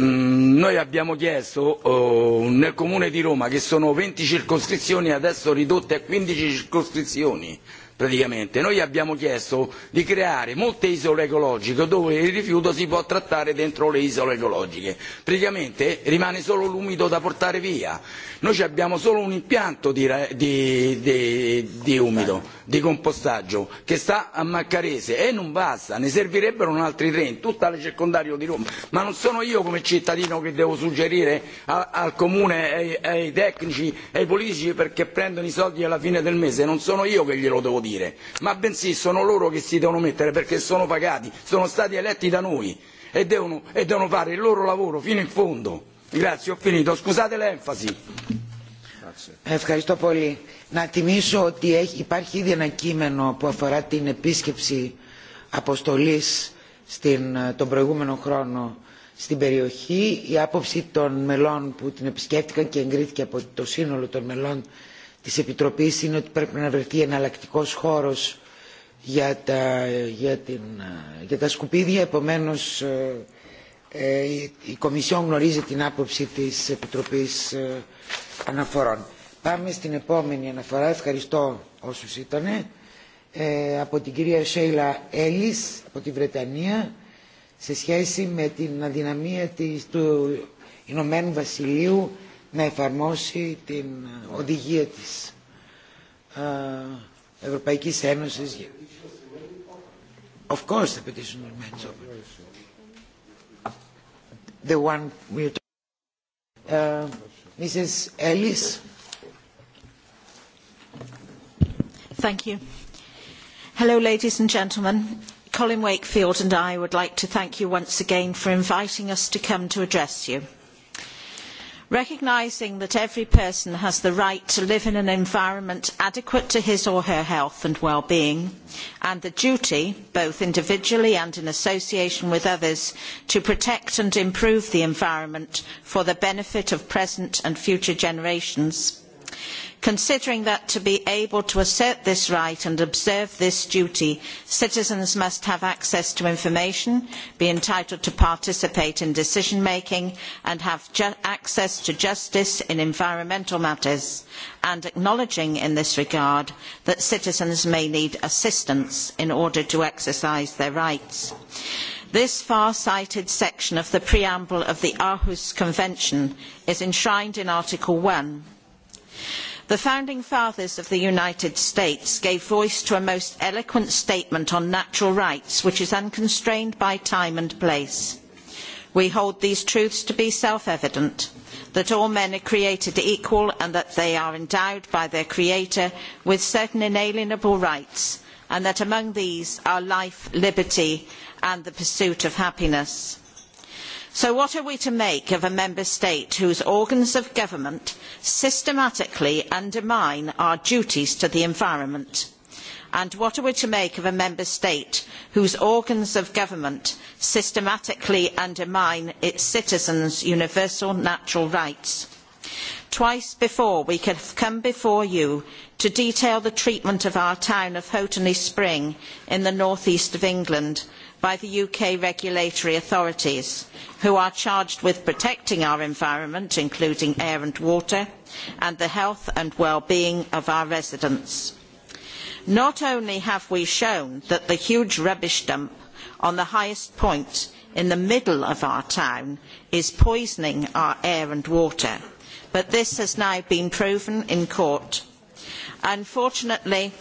Mm, noi abbiamo chiesto oh, nel comune di Roma, che sono 20 circoscrizioni, adesso ridotte a 15 circoscrizioni, praticamente. Noi abbiamo chiesto di creare molte isole ecologiche dove il rifiuto si può trattare dentro le isole ecologiche. Praticamente rimane solo l'umido da portare via. Noi abbiamo solo un impianto di, di, di, di umido di compostaggio che sta a Maccarese e non basta, ne servirebbero altri tre in tutta le circondario di Roma, ma non sono io come cittadino che devo suggerire a, al comune, ai, ai tecnici, ai politici perché prendono i soldi alla fine del mese, non sono io che glielo devo dire, ma bensì sono loro che si devono mettere perché sono pagati, sono stati eletti da noi e devono, e devono fare il loro lavoro fino in fondo. Grazie, ho finito, scusate l'enfasi. Ευχαριστώ πολύ. Να τιμήσω ότι έχει, υπάρχει ήδη ένα κείμενο που αφορά την επίσκεψη αποστολής στην, τον προηγούμενο χρόνο στην περιοχή. Η άποψη των μελών που την επισκέφτηκαν και εγκρίθηκε από το σύνολο των μελών της Επιτροπής είναι ότι πρέπει να βρεθεί εναλλακτικό χώρος για τα, για, την, για τα σκουπίδια. Επομένως, ε, η Κομισιόν γνωρίζει την άποψη της Επιτροπής ε, αναφορών. Πάμε στην επόμενη αναφορά. Ευχαριστώ όσους ήταν. Ε, από την κυρία Σέιλα Έλλης από τη Βρετανία σε σχέση με την αδυναμία της, του Ηνωμένου Βασιλείου να εφαρμόσει την οδηγία της ε, Ευρωπαϊκής Ένωσης. Of course the petition remains open. The one we... Uh, Mrs. Ellis. Thank you. Hello, ladies and gentlemen. Colin Wakefield and I would like to thank you once again for inviting us to come to address you recognising that every person has the right to live in an environment adequate to his or her health and well-being and the duty both individually and in association with others to protect and improve the environment for the benefit of present and future generations. Considering that to be able to assert this right and observe this duty, citizens must have access to information, be entitled to participate in decision making, and have ju- access to justice in environmental matters, and acknowledging in this regard that citizens may need assistance in order to exercise their rights. This far-sighted section of the preamble of the Aarhus Convention is enshrined in Article 1 the founding fathers of the united states gave voice to a most eloquent statement on natural rights which is unconstrained by time and place. we hold these truths to be self evident that all men are created equal and that they are endowed by their creator with certain inalienable rights and that among these are life liberty and the pursuit of happiness so what are we to make of a member state whose organs of government systematically undermine our duties to the environment? and what are we to make of a member state whose organs of government systematically undermine its citizens' universal natural rights? twice before we have come before you to detail the treatment of our town of houghtonleigh spring in the north east of england by the UK regulatory authorities, who are charged with protecting our environment, including air and water, and the health and well-being of our residents. Not only have we shown that the huge rubbish dump on the highest point in the middle of our town is poisoning our air and water, but this has now been proven in court. Unfortunately,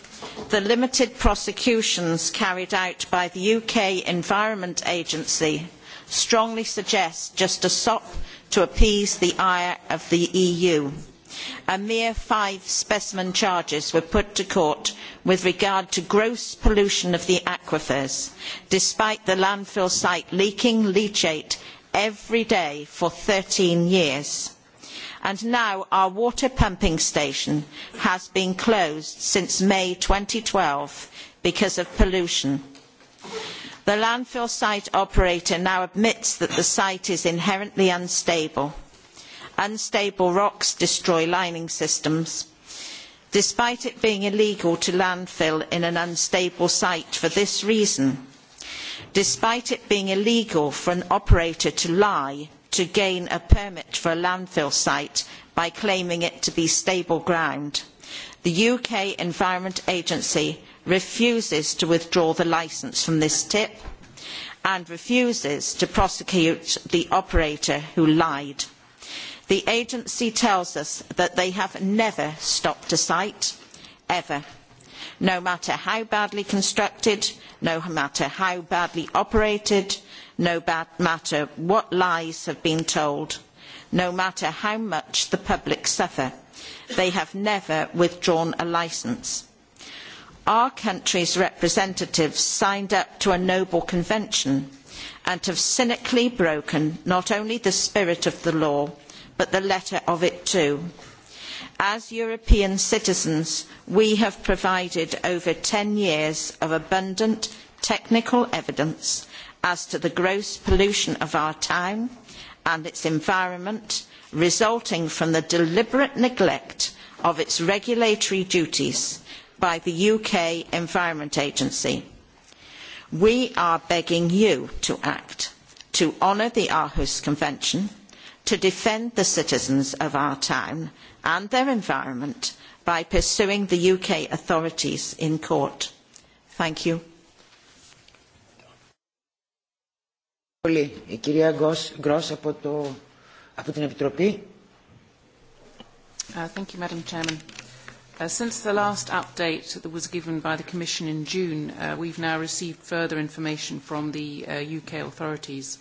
the limited prosecutions carried out by the uk environment agency strongly suggest just a sop to appease the ire of the eu. a mere five specimen charges were put to court with regard to gross pollution of the aquifers despite the landfill site leaking leachate every day for thirteen years and now our water pumping station has been closed since may two thousand and twelve because of pollution. the landfill site operator now admits that the site is inherently unstable. unstable rocks destroy lining systems. despite it being illegal to landfill in an unstable site for this reason despite it being illegal for an operator to lie to gain a permit for a landfill site by claiming it to be stable ground. The UK Environment Agency refuses to withdraw the licence from this tip and refuses to prosecute the operator who lied. The agency tells us that they have never stopped a site, ever. No matter how badly constructed, no matter how badly operated, no matter what lies have been told, no matter how much the public suffer. They have never withdrawn a licence. Our country's representatives signed up to a noble convention and have cynically broken not only the spirit of the law, but the letter of it too. As European citizens, we have provided over 10 years of abundant technical evidence as to the gross pollution of our time and its environment resulting from the deliberate neglect of its regulatory duties by the uk environment agency. we are begging you to act to honour the aarhus convention to defend the citizens of our time and their environment by pursuing the uk authorities in court. thank you. Πολύ. Η κυρία Γκρός από, το, από την Επιτροπή. Uh, thank you, Madam Chairman. Uh, since the last update that was given by the Commission in June, uh, we've now received further information from the uh, UK authorities.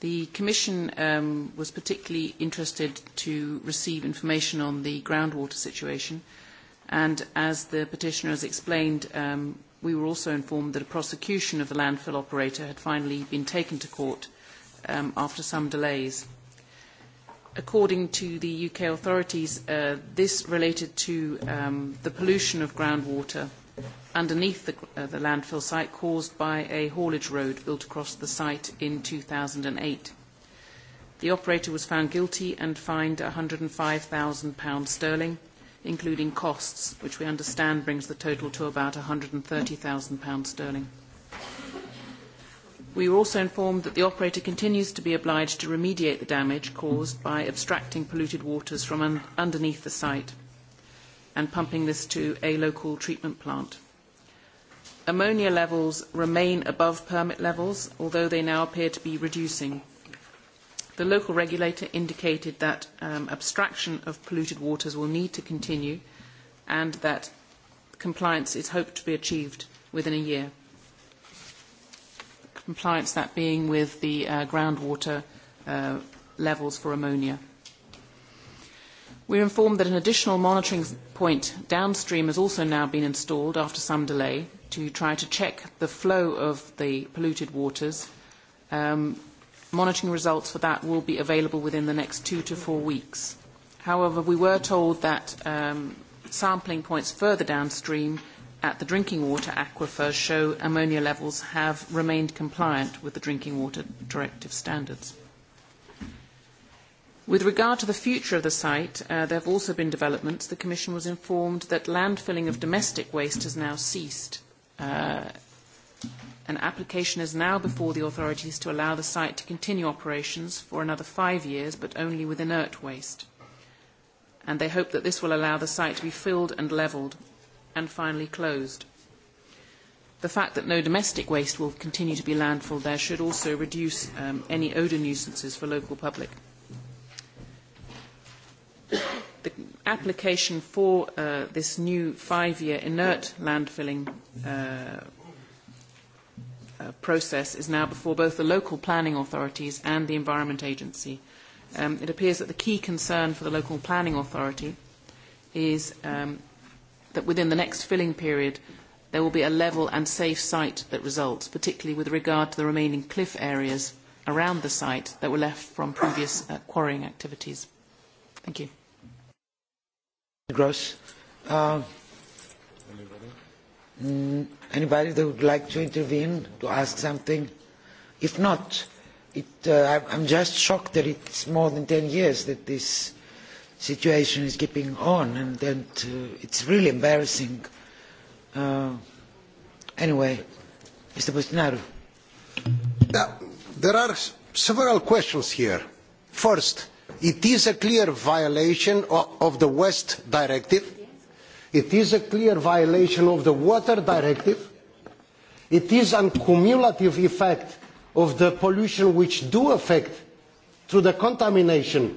The Commission um, was particularly interested to receive information on the groundwater situation, and as the petitioner has explained, um, we were also informed that a prosecution of the landfill operator had finally been taken to court um, after some delays. According to the UK authorities, uh, this related to um, the pollution of groundwater underneath the, uh, the landfill site caused by a haulage road built across the site in 2008. The operator was found guilty and fined £105,000 sterling including costs, which we understand brings the total to about £130,000 sterling. We were also informed that the operator continues to be obliged to remediate the damage caused by abstracting polluted waters from un underneath the site and pumping this to a local treatment plant. Ammonia levels remain above permit levels, although they now appear to be reducing, the local regulator indicated that um, abstraction of polluted waters will need to continue and that compliance is hoped to be achieved within a year. Compliance, that being with the uh, groundwater uh, levels for ammonia. We are informed that an additional monitoring point downstream has also now been installed after some delay to try to check the flow of the polluted waters um, Monitoring results for that will be available within the next two to four weeks. However, we were told that um, sampling points further downstream at the drinking water aquifer show ammonia levels have remained compliant with the drinking water directive standards. With regard to the future of the site, uh, there have also been developments. The Commission was informed that landfilling of domestic waste has now ceased. Uh, An application is now before the authorities to allow the site to continue operations for another five years, but only with inert waste. And they hope that this will allow the site to be filled and levelled and finally closed. The fact that no domestic waste will continue to be landfilled there should also reduce um, any odour nuisances for local public. The application for uh, this new five-year inert landfilling uh, uh, process is now before both the local planning authorities and the Environment Agency. Um, it appears that the key concern for the local planning authority is um, that within the next filling period there will be a level and safe site that results, particularly with regard to the remaining cliff areas around the site that were left from previous uh, quarrying activities. Thank you. Gross. Uh, mm, Anybody that would like to intervene, to ask something? If not, it, uh, I'm just shocked that it's more than 10 years that this situation is keeping on, and, and uh, it's really embarrassing. Uh, anyway, Mr. Bostinaru. Now, there are several questions here. First, it is a clear violation of, of the West Directive It is a clear violation of the Water Directive. It is a cumulative effect of the pollution which do affect through the contamination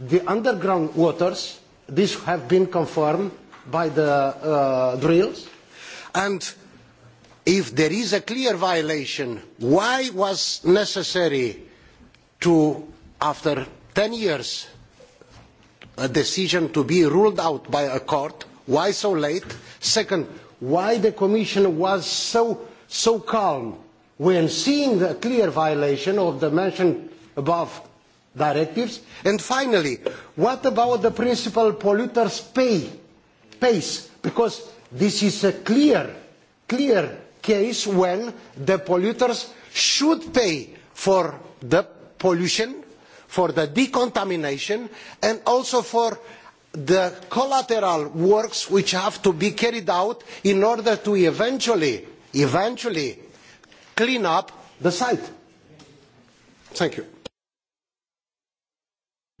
the underground waters. This have been confirmed by the uh, drills. And if there is a clear violation, why was necessary to, after 10 years, a decision to be ruled out by a court Why so late? Second, why the Commission was so, so calm when seeing the clear violation of the mentioned above directives? And finally, what about the principal polluters pay? Pays, because this is a clear, clear case when the polluters should pay for the pollution, for the decontamination, and also for the collateral works which have to be carried out in order to eventually, eventually clean up the site. Thank you.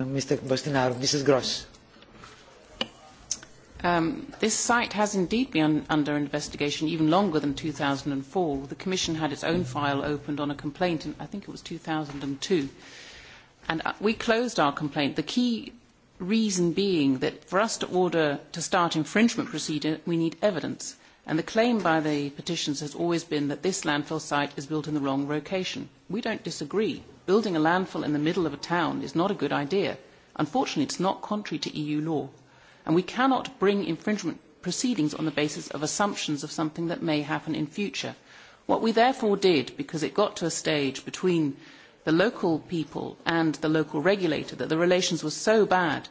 Mr. Bostinaro, Mrs. Gross. Um, this site has indeed been un under investigation even longer than 2004. The Commission had its own file opened on a complaint, in, I think it was 2002. And uh, we closed our complaint. The key reason being that for us to order to start infringement procedure, we need evidence. And the claim by the petitions has always been that this landfill site is built in the wrong location. We don't disagree. Building a landfill in the middle of a town is not a good idea. Unfortunately, it's not contrary to EU law. And we cannot bring infringement proceedings on the basis of assumptions of something that may happen in future. What we therefore did, because it got to a stage between the local people and the local regulator, that the relations were so bad.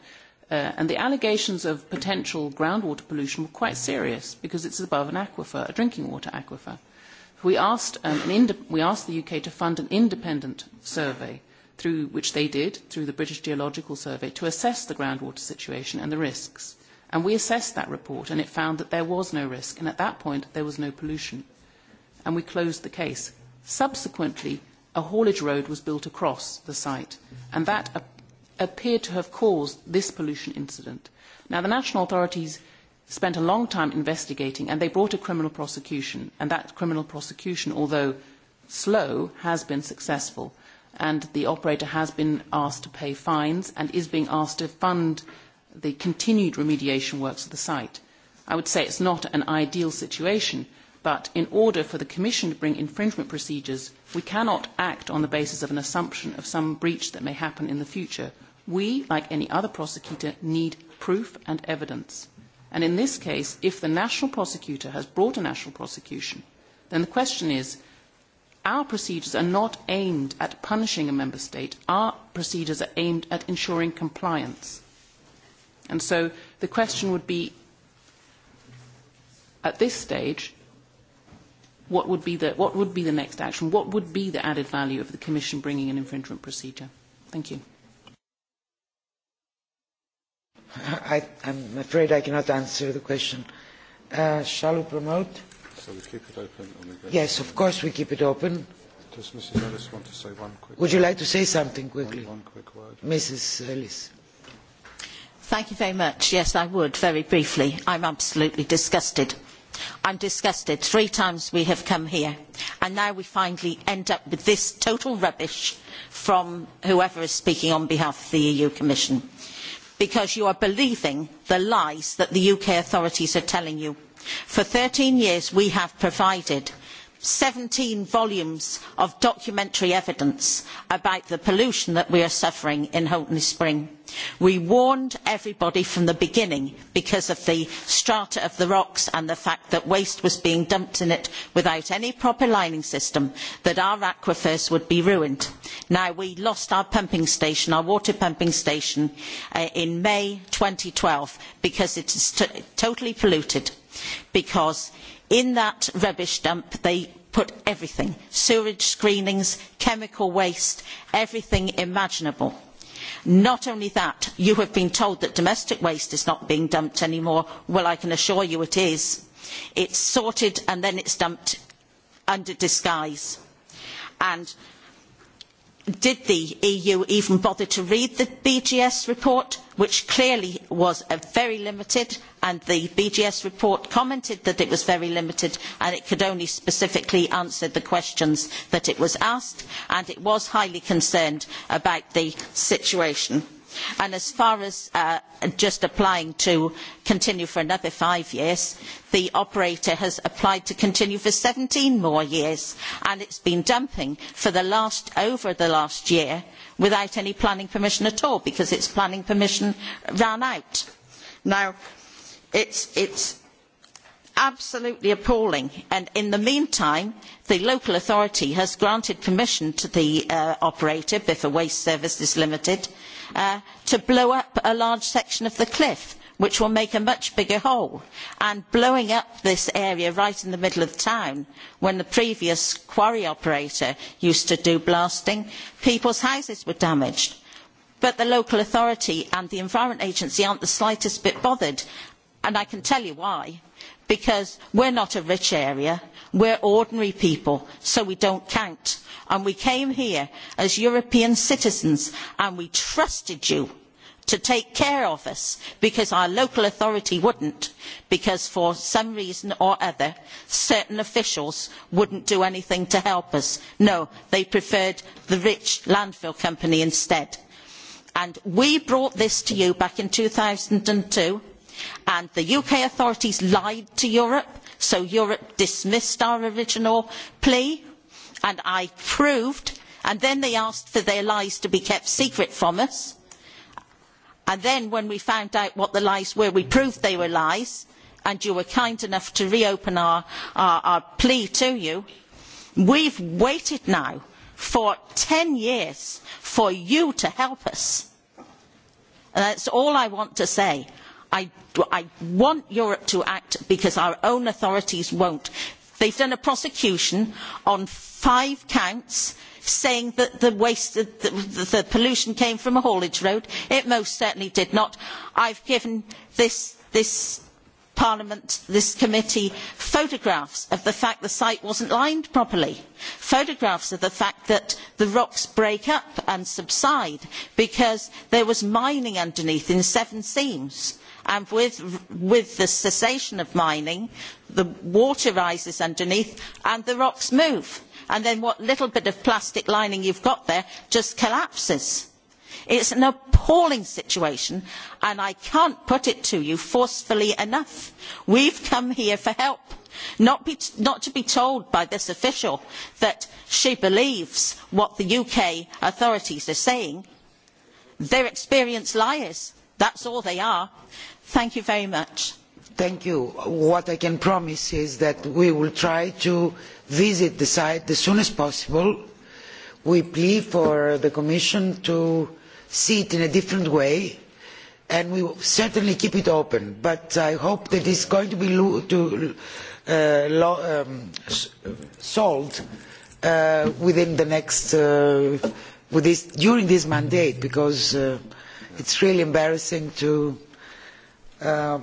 Uh, and the allegations of potential groundwater pollution were quite serious because it's above an aquifer, a drinking water aquifer. We asked, um, an ind- we asked the UK to fund an independent survey, through which they did, through the British Geological Survey, to assess the groundwater situation and the risks. And we assessed that report, and it found that there was no risk, and at that point there was no pollution. And we closed the case. Subsequently, a haulage road was built across the site, and that ap- appeared to have caused this pollution incident. Now, the national authorities spent a long time investigating, and they brought a criminal prosecution, and that criminal prosecution, although slow, has been successful. And the operator has been asked to pay fines and is being asked to fund the continued remediation works of the site. I would say it's not an ideal situation, But in order for the Commission to bring infringement procedures, we cannot act on the basis of an assumption of some breach that may happen in the future. We, like any other prosecutor, need proof and evidence. And in this case, if the national prosecutor has brought a national prosecution, then the question is, our procedures are not aimed at punishing a member state. Our procedures are aimed at ensuring compliance. And so the question would be, at this stage, what would be the, what would be the next action? What would be the added value of the Commission bringing an infringement procedure? Thank you. I, I'm afraid I cannot answer the question. Uh, shall we promote? So we keep it open? And we go yes, of course we keep it open. Does Mrs. Ellis want to say one quick Would word? you like to say something quickly? One, one quick word. Mrs. Ellis. Thank you very much. Yes, I would, very briefly. I'm absolutely disgusted. Uh, and discussed it three times we have come here and now we finally end up with this total rubbish from whoever is speaking on behalf of the EU Commission because you are believing the lies that the UK authorities are telling you. For 13 years we have provided seventeen volumes of documentary evidence about the pollution that we are suffering in Houghton Spring. We warned everybody from the beginning because of the strata of the rocks and the fact that waste was being dumped in it without any proper lining system that our aquifers would be ruined. Now, we lost our pumping station, our water pumping station, uh, in May 2012 because it is t- totally polluted because in that rubbish dump they put everything sewage screenings chemical waste everything imaginable. not only that you have been told that domestic waste is not being dumped any more well i can assure you it is it is sorted and then it is dumped under disguise and did the EU even bother to read the BGS report, which clearly was a very limited, and the BGS report commented that it was very limited and it could only specifically answer the questions that it was asked, and it was highly concerned about the situation. And as far as uh, just applying to continue for another five years, the operator has applied to continue for 17 more years, and it's been dumping for the last, over the last year without any planning permission at all because its planning permission ran out. Now, it's, it's absolutely appalling and in the meantime the local authority has granted permission to the uh, operator biffa waste services limited uh, to blow up a large section of the cliff which will make a much bigger hole and blowing up this area right in the middle of town when the previous quarry operator used to do blasting people's houses were damaged but the local authority and the environment agency aren't the slightest bit bothered and i can tell you why because we are not a rich area we are ordinary people so we do not count and we came here as european citizens and we trusted you to take care of us because our local authority would not because for some reason or other certain officials would not do anything to help us. no they preferred the rich landfill company instead. And we brought this to you back in two thousand and two and the uk authorities lied to europe so europe dismissed our original plea and i proved and then they asked for their lies to be kept secret from us and then when we found out what the lies were we proved they were lies and you were kind enough to reopen our, our, our plea to you we've waited now for 10 years for you to help us and that's all i want to say I, I want Europe to act because our own authorities won't. They've done a prosecution on five counts saying that the, waste, the, the pollution came from a haulage road. It most certainly did not. I've given this, this Parliament, this committee, photographs of the fact the site wasn't lined properly, photographs of the fact that the rocks break up and subside because there was mining underneath in seven seams and with, with the cessation of mining, the water rises underneath and the rocks move. And then what little bit of plastic lining you've got there just collapses. It's an appalling situation, and I can't put it to you forcefully enough. We've come here for help, not, be, not to be told by this official that she believes what the UK authorities are saying. They're experienced liars That's all they are. Thank you very much. Thank you. What I can promise is that we will try to visit the site as soon as possible. We plead for the Commission to see it in a different way, and we will certainly keep it open. But I hope that it's going to be lo to, uh, lo um, solved uh, within the next, uh, with this, during this mandate, because uh, it's really embarrassing to uh,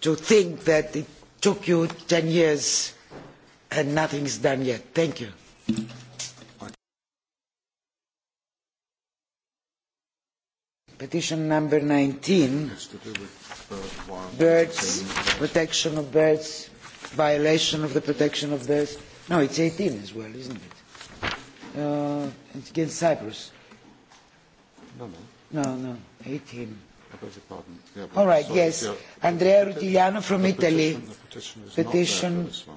to think that it took you 10 years and nothing is done yet. Thank you. Petition number 19, birds, protection of birds, violation of the protection of birds. No, it's 18 as well, isn't it? Uh, it's against Cyprus. No, no. No, no, 18. Yeah, All right, sorry, yes. Yeah, Andrea Rutigliano from the Italy. Petition, the petition. Is petition.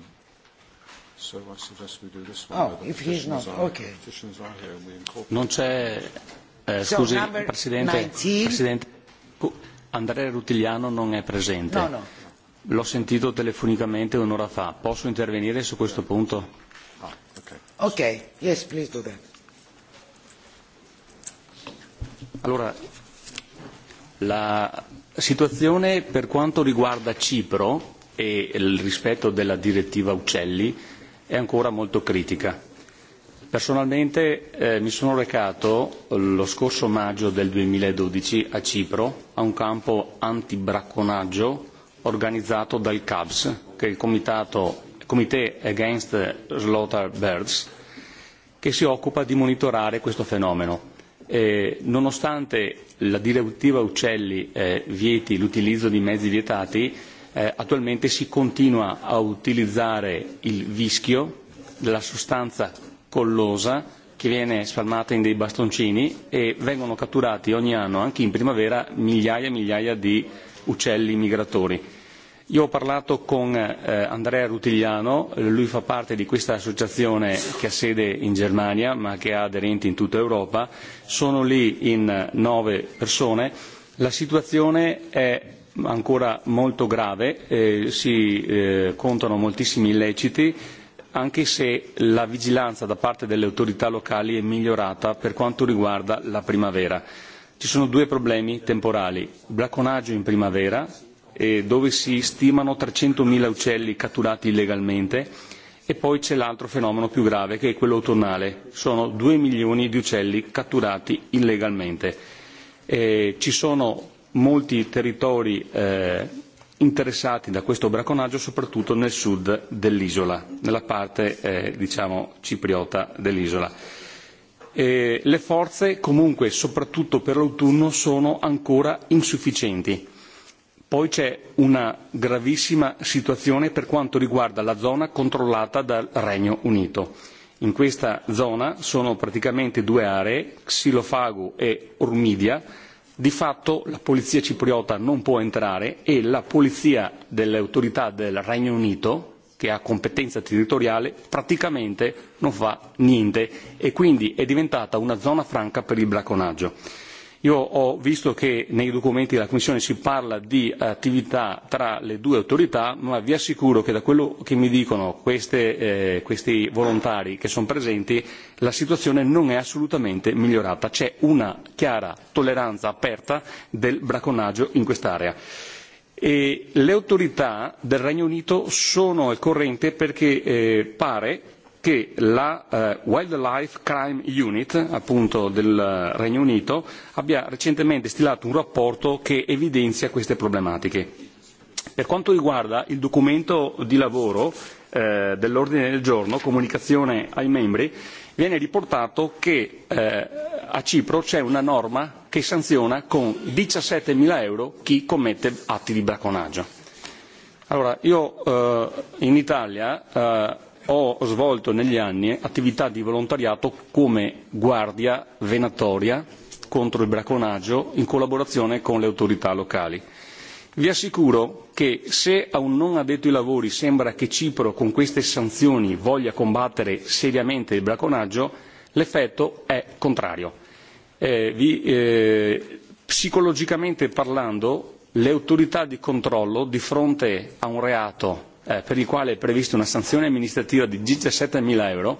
Not there for this one. So I suggest we do this one. Oh, if he's not, are, okay. Petitions are here and we incorporate. Non c'è. Eh, so, scusi, so, Presidente. 19. Presidente. Andrea Rutigliano non è presente. No, no. L'ho sentito telefonicamente un'ora fa. Posso intervenire su questo punto? Ah, okay. ok, yes, please do that. Allora, la situazione per quanto riguarda Cipro e il rispetto della direttiva uccelli è ancora molto critica. Personalmente eh, mi sono recato lo scorso maggio del 2012 a Cipro a un campo antibracconaggio organizzato dal CABS, che è il Comitato, Comité Against Slaughter Birds, che si occupa di monitorare questo fenomeno Eh, nonostante la direttiva Uccelli eh, vieti l'utilizzo di mezzi vietati, eh, attualmente si continua a utilizzare il vischio, la sostanza collosa che viene spalmata in dei bastoncini e vengono catturati ogni anno, anche in primavera, migliaia e migliaia di uccelli migratori Io ho parlato con eh, Andrea Rutigliano, lui fa parte di questa associazione che ha sede in Germania ma che ha aderenti in tutta Europa, sono lì in eh, nove persone, la situazione è ancora molto grave, eh, si eh, contano moltissimi illeciti, anche se la vigilanza da parte delle autorità locali è migliorata per quanto riguarda la primavera. Ci sono due problemi temporali, bracconaggio in primavera eh, dove si stimano 300.000 uccelli catturati illegalmente e poi c'è l'altro fenomeno più grave che è quello autunnale, sono 2 milioni di uccelli catturati illegalmente. Eh, ci sono molti territori eh, interessati da questo bracconaggio soprattutto nel sud dell'isola, nella parte eh, diciamo, cipriota dell'isola. Eh, le forze comunque soprattutto per l'autunno sono ancora insufficienti Poi c'è una gravissima situazione per quanto riguarda la zona controllata dal Regno Unito. In questa zona sono praticamente due aree, Xilofago e Ormidia, di fatto la polizia cipriota non può entrare e la polizia delle autorità del Regno Unito, che ha competenza territoriale, praticamente non fa niente e quindi è diventata una zona franca per il bracconaggio Io ho visto che nei documenti della Commissione si parla di attività tra le due autorità, ma vi assicuro che da quello che mi dicono queste, eh, questi volontari che sono presenti, la situazione non è assolutamente migliorata. C'è una chiara tolleranza aperta del bracconaggio in quest'area. E le autorità del Regno Unito sono al corrente perché eh, pare che la eh, Wildlife Crime Unit appunto del eh, Regno Unito abbia recentemente stilato un rapporto che evidenzia queste problematiche. Per quanto riguarda il documento di lavoro eh, dell'ordine del giorno, comunicazione ai membri, viene riportato che eh, a Cipro c'è una norma che sanziona con 17.000 euro chi commette atti di bracconaggio. Allora, io eh, in Italia eh, ho svolto negli anni attività di volontariato come guardia venatoria contro il bracconaggio in collaborazione con le autorità locali. Vi assicuro che se a un non addetto ai lavori sembra che Cipro con queste sanzioni voglia combattere seriamente il bracconaggio, l'effetto è contrario. Eh, vi, eh, psicologicamente parlando, le autorità di controllo di fronte a un reato eh, per il quale è prevista una sanzione amministrativa di 17.000 euro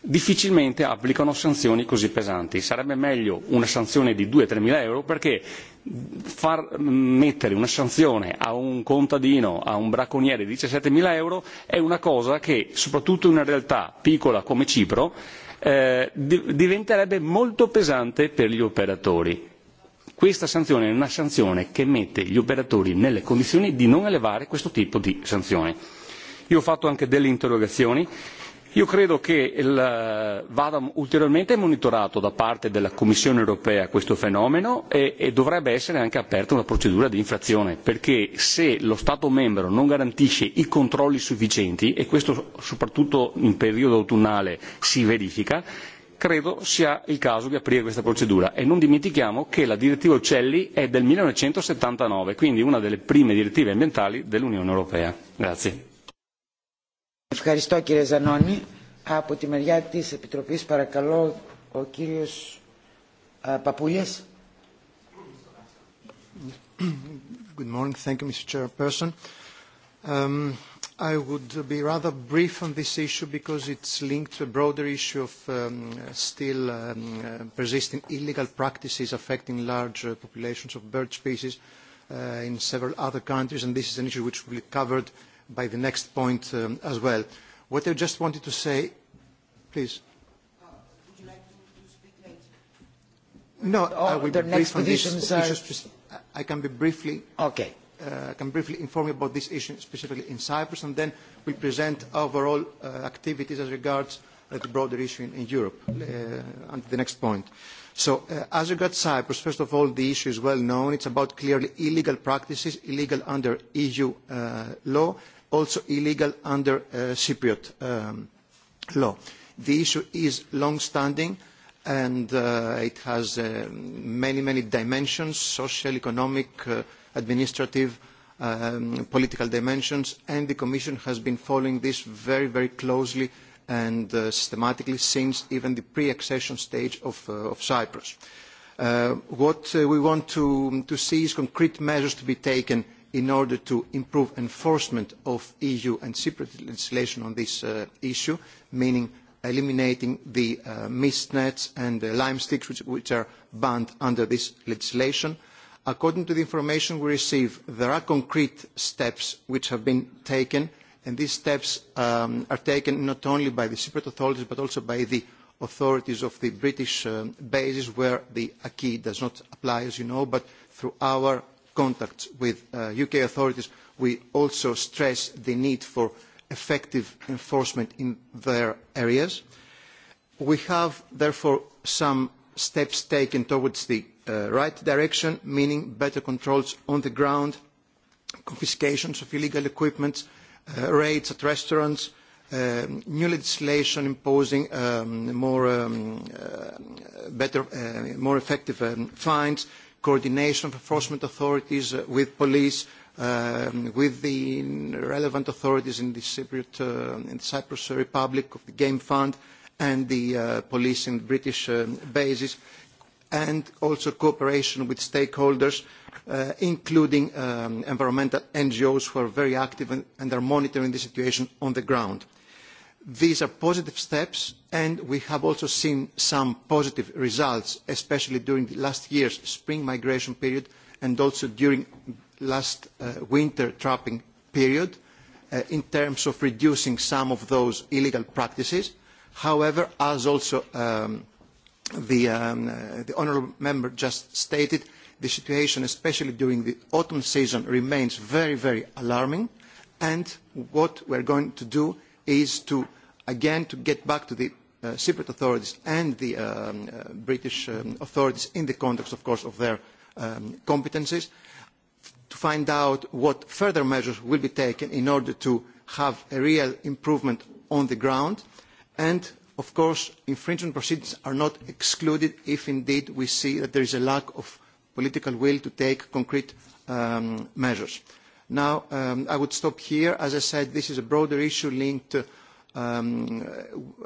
difficilmente applicano sanzioni così pesanti. Sarebbe meglio una sanzione di 2-3 mila euro perché far mettere una sanzione a un contadino, a un bracconiere di 17 mila euro è una cosa che, soprattutto in una realtà piccola come Cipro, eh, diventerebbe molto pesante per gli operatori Questa sanzione è una sanzione che mette gli operatori nelle condizioni di non elevare questo tipo di sanzione. Io ho fatto anche delle interrogazioni io credo che il, vada ulteriormente monitorato da parte della commissione europea questo fenomeno e, e dovrebbe essere anche aperta una procedura di infrazione perché se lo stato membro non garantisce i controlli sufficienti e questo soprattutto in periodo autunnale si verifica credo sia il caso di aprire questa procedura e non dimentichiamo che la direttiva uccelli è del millenovecentosettantanove quindi una delle prime direttive ambientali dell'unione europea. Grazie. Ευχαριστώ κύριε Ζανώνη. Από τη μεριά της Επιτροπής παρακαλώ ο κύριος α, Παπούλιας. Good morning. Thank you, Mr. Chairperson. Um, I would be rather brief on this issue because it's linked to a broader issue of um, still um, uh, persisting illegal practices affecting large uh, populations of bird species uh, in several other countries, and this is an issue which will be covered by the next point um, as well. What I just wanted to say, please. Would you like to speak later? No, All I oh, will the be next brief on this are... issue. I can be briefly... Okay uh, can briefly inform you about this issue specifically in Cyprus, and then we present overall uh, activities as regards uh, the broader issue in, in Europe uh, and the next point. So uh, as regards Cyprus, first of all, the issue is well known. It's about clearly illegal practices, illegal under EU uh, law, also illegal under uh, Cypriot um, law. The issue is long-standing and uh, it has uh, many, many dimensions, social, economic, uh, administrative, um, political dimensions, and the Commission has been following this very, very closely and uh, systematically since even the pre-accession stage of, uh, of Cyprus. Uh, what uh, we want to, to see is concrete measures to be taken in order to improve enforcement of EU and Cypriot legislation on this uh, issue, meaning eliminating the uh, mist nets and the lime sticks which, which are banned under this legislation. Uh, According to the information we receive, there are concrete steps which have been taken, and these steps um, are taken not only by the Cypriot authorities but also by the authorities of the British um, bases where the acquis does not apply, as you know, but through our contacts with uh, UK authorities, we also stress the need for effective enforcement in their areas. We have, therefore, some steps taken towards the uh, right direction, meaning better controls on the ground, confiscations of illegal equipment, uh, raids at restaurants, uh, new legislation imposing um, more, um, uh, better, uh, more effective um, fines, coordination of enforcement authorities uh, with police, um, with the relevant authorities in the Cypriot, uh, in the Cyprus Republic of the Game Fund, uh, and the uh, police in British um, bases, and also cooperation with stakeholders, uh, including um, environmental NGOs who are very active and, and are monitoring the situation on the ground. These are positive steps, and we have also seen some positive results, especially during the last year's spring migration period and also during last uh, winter trapping period, uh, in terms of reducing some of those illegal practices However, as also um, the, um, uh, the honourable member just stated, the situation, especially during the autumn season, remains very, very alarming. And what we're going to do is to, again, to get back to the uh, Cypriot authorities and the um, uh, British um, authorities in the context, of course, of their um, competencies to find out what further measures will be taken in order to have a real improvement on the ground and of course infringement proceedings are not excluded if indeed we see that there is a lack of political will to take concrete um, measures. Now um, I would stop here. As I said, this is a broader issue linked to um,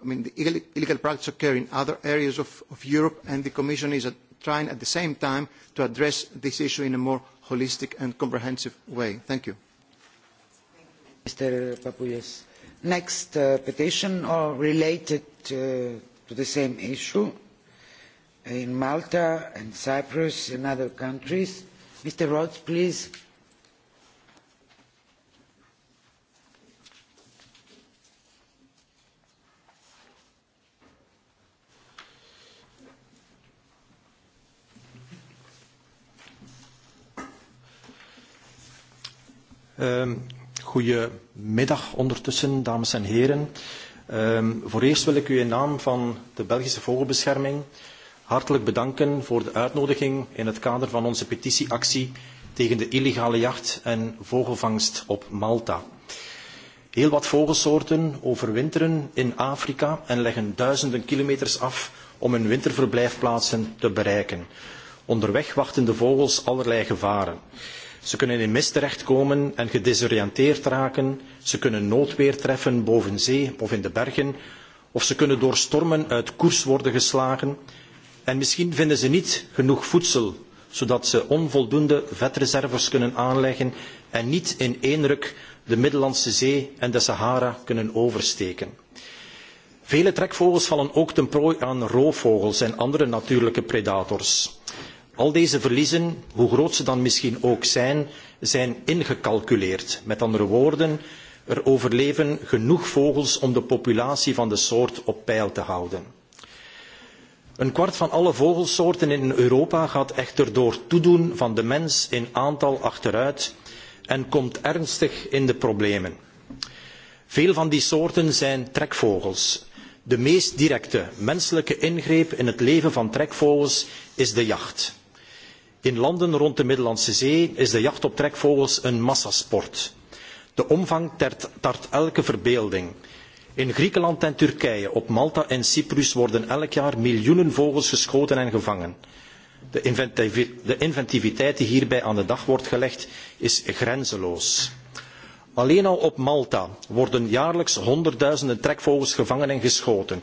I mean, the illegal, illegal practice occur in other areas of, of Europe and the Commission is at, trying at the same time to address this issue in a more holistic and comprehensive way. Thank you. Mr. Papoulias next uh, petition or related uh, to the same issue in Malta and Cyprus and other countries. Mr. Rhodes, please. Um, goeie middag ondertussen, dames en heren. Um, voor eerst wil ik u in naam van de Belgische Vogelbescherming hartelijk bedanken voor de uitnodiging in het kader van onze petitieactie tegen de illegale jacht en vogelvangst op Malta. Heel wat vogelsoorten overwinteren in Afrika en leggen duizenden kilometers af om hun winterverblijfplaatsen te bereiken. Onderweg wachten de vogels allerlei gevaren. Ze kunnen in mist terechtkomen en gedesoriënteerd raken. Ze kunnen noodweer treffen boven zee of in de bergen. Of ze kunnen door stormen uit koers worden geslagen. En misschien vinden ze niet genoeg voedsel, zodat ze onvoldoende vetreserves kunnen aanleggen en niet in één ruk de Middellandse Zee en de Sahara kunnen oversteken. Vele trekvogels vallen ook ten prooi aan roofvogels en andere natuurlijke predators. Al deze verliezen, hoe groot ze dan misschien ook zijn, zijn ingecalculeerd. Met andere woorden, er overleven genoeg vogels om de populatie van de soort op peil te houden. Een kwart van alle vogelsoorten in Europa gaat echter door toedoen van de mens in aantal achteruit en komt ernstig in de problemen. Veel van die soorten zijn trekvogels. De meest directe menselijke ingreep in het leven van trekvogels is de jacht. In landen rond de Middellandse Zee is de jacht op trekvogels een massasport. De omvang tert, tart elke verbeelding. In Griekenland en Turkije, op Malta en Cyprus worden elk jaar miljoenen vogels geschoten en gevangen. De, inventivi de inventiviteit die hierbij aan de dag wordt gelegd is grenzeloos. Alleen al op Malta worden jaarlijks honderdduizenden trekvogels gevangen en geschoten